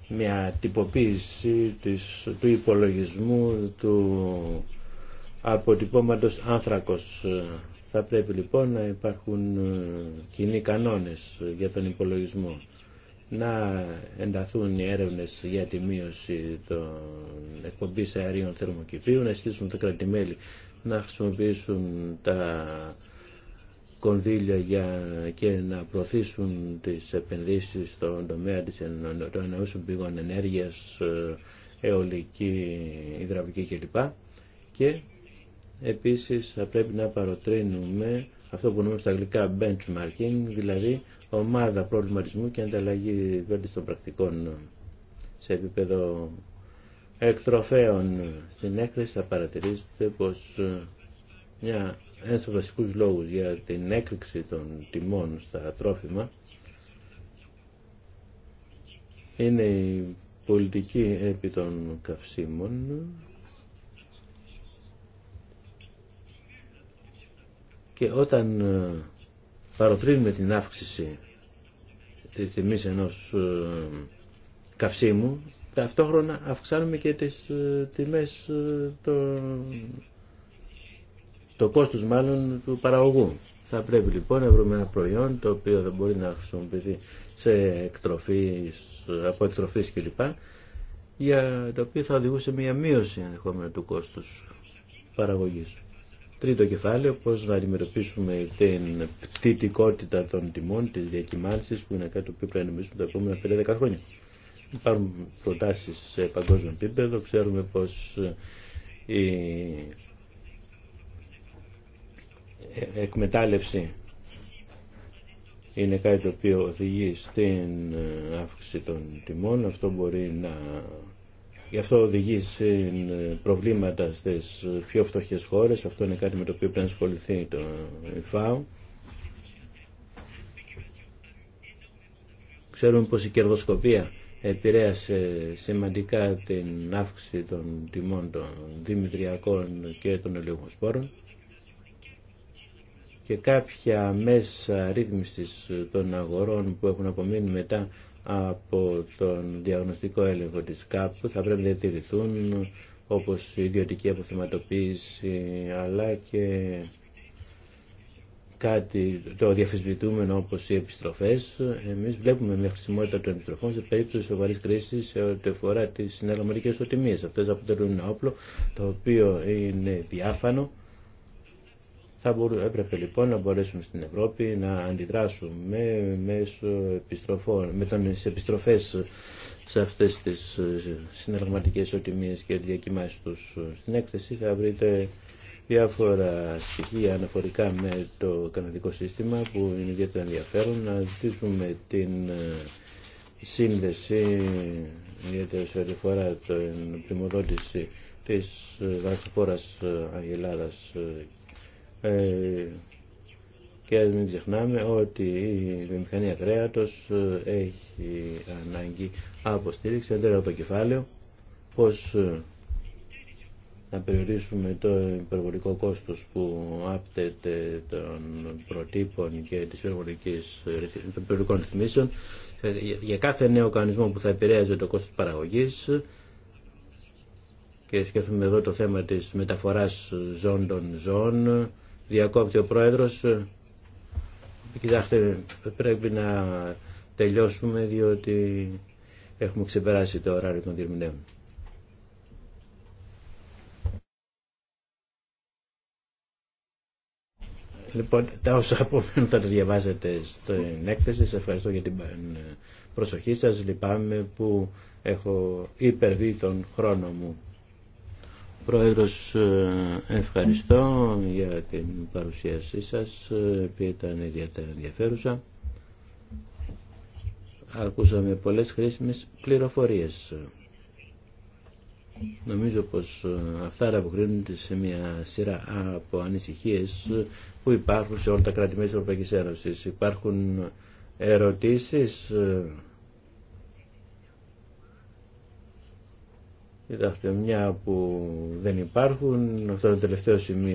μια τυποποίηση της, του υπολογισμού του αποτυπώματος άνθρακος. Θα πρέπει λοιπόν να υπάρχουν κοινοί κανόνες για τον υπολογισμό να ενταθούν οι έρευνες για τη μείωση των εκπομπής αερίων θερμοκηπίου, να ισχύσουν τα κρατημέλη να χρησιμοποιήσουν τα κονδύλια για και να προωθήσουν τις επενδύσεις στον τομέα της εννοούσεων πηγών ενέργειας, ε, αιωλική, υδραυλική κλπ. Και επίσης θα πρέπει να παροτρύνουμε αυτό που ονομάζουμε στα αγγλικά benchmarking, δηλαδή ομάδα προβληματισμού και ανταλλαγή βέλτιστων πρακτικών σε επίπεδο εκτροφέων στην έκθεση θα παρατηρήσετε πως ε, μια, ένας από βασικούς λόγους για την έκρηξη των τιμών στα τρόφιμα είναι η πολιτική επί των καυσίμων και όταν ε, παροτρύνουμε την αύξηση της τιμής ενός ε, καυσίμου ταυτόχρονα αυξάνουμε και τις ε, τιμές το, το κόστος μάλλον του παραγωγού. Θα πρέπει λοιπόν να βρούμε ένα προϊόν το οποίο δεν μπορεί να χρησιμοποιηθεί σε εκτροφής, από εκτροφής κλπ. για το οποίο θα οδηγούσε μια μείωση ενδεχόμενα του κόστους παραγωγής. Τρίτο κεφάλαιο, πώς να αντιμετωπίσουμε την πτήτικότητα των τιμών, της διακυμάνσεις που είναι κάτι που πρέπει να νομίσουμε τα επόμενα 5-10 χρόνια. Υπάρχουν προτάσεις σε παγκόσμιο επίπεδο, ξέρουμε πως ε, η εκμετάλλευση είναι κάτι το οποίο οδηγεί στην αύξηση των τιμών. Αυτό μπορεί να Γι' αυτό οδηγεί σε προβλήματα στις ε, πιο φτωχές χώρες. Αυτό είναι κάτι με το οποίο πρέπει να ασχοληθεί το ΙΦΑΟ. Ξέρουμε πως η κερδοσκοπία επηρέασε σημαντικά την αύξηση των τιμών των δημητριακών και των ελίγων και κάποια μέσα ρύθμισης των αγορών που έχουν απομείνει μετά από τον διαγνωστικό έλεγχο της ΚΑΠ θα πρέπει να διατηρηθούν όπως η ιδιωτική αποθεματοποίηση αλλά και κάτι το διαφυσβητούμενο όπως οι επιστροφές. Εμείς βλέπουμε μια χρησιμότητα των επιστροφών σε περίπτωση σοβαρής κρίσης σε ό,τι αφορά τις συνεργαμερικές οτιμίες. Αυτές αποτελούν ένα όπλο το οποίο είναι διάφανο θα μπορού, έπρεπε λοιπόν να μπορέσουμε στην Ευρώπη να αντιδράσουμε μέσω με τις επιστροφές σε αυτές τις ε, συναλλαγματικές οτιμίες και διακοιμάσεις τους. Στην έκθεση θα βρείτε διάφορα στοιχεία αναφορικά με το καναδικό σύστημα που είναι ιδιαίτερα ενδιαφέρον να ζητήσουμε την ε, σύνδεση ιδιαίτερα σε ό,τι την πλημμυρότηση της ε, δραστηφόρας Αγελάδας ε, και μην ξεχνάμε ότι η βιομηχανία κρέατος ε, έχει ανάγκη από στήριξη, αντέρα από το κεφάλαιο, πως ε, να περιορίσουμε το υπερβολικό κόστος που άπτεται των προτύπων και της υπερβολικής, υπερβολικών ρυθμίσεων για κάθε νέο κανονισμό που θα επηρέαζε το κόστος παραγωγής και σκέφτομαι εδώ το θέμα της μεταφοράς ζών των ζών διακόπτει ο Πρόεδρος. Κοιτάξτε, πρέπει να τελειώσουμε διότι έχουμε ξεπεράσει το ωράριο των διερμηνέων. Λοιπόν, τα όσα απομένουν θα τα διαβάζετε στην έκθεση. Σας ευχαριστώ για την προσοχή σας. Λυπάμαι που έχω υπερβεί τον χρόνο μου. Πρόεδρος, ε, ευχαριστώ για την παρουσίασή σας, ε, που ήταν ιδιαίτερα ενδιαφέρουσα. Ακούσαμε πολλές χρήσιμες πληροφορίες. Νομίζω πως ε, αυτά αποκρίνονται σε μια σειρά από ανησυχίες που υπάρχουν σε όλα τα κράτη-μέλη της Ευρωπαϊκής Ένωσης. Υπάρχουν ερωτήσεις Κοιτάξτε, μια που δεν υπάρχουν, αυτό είναι το τελευταίο σημείο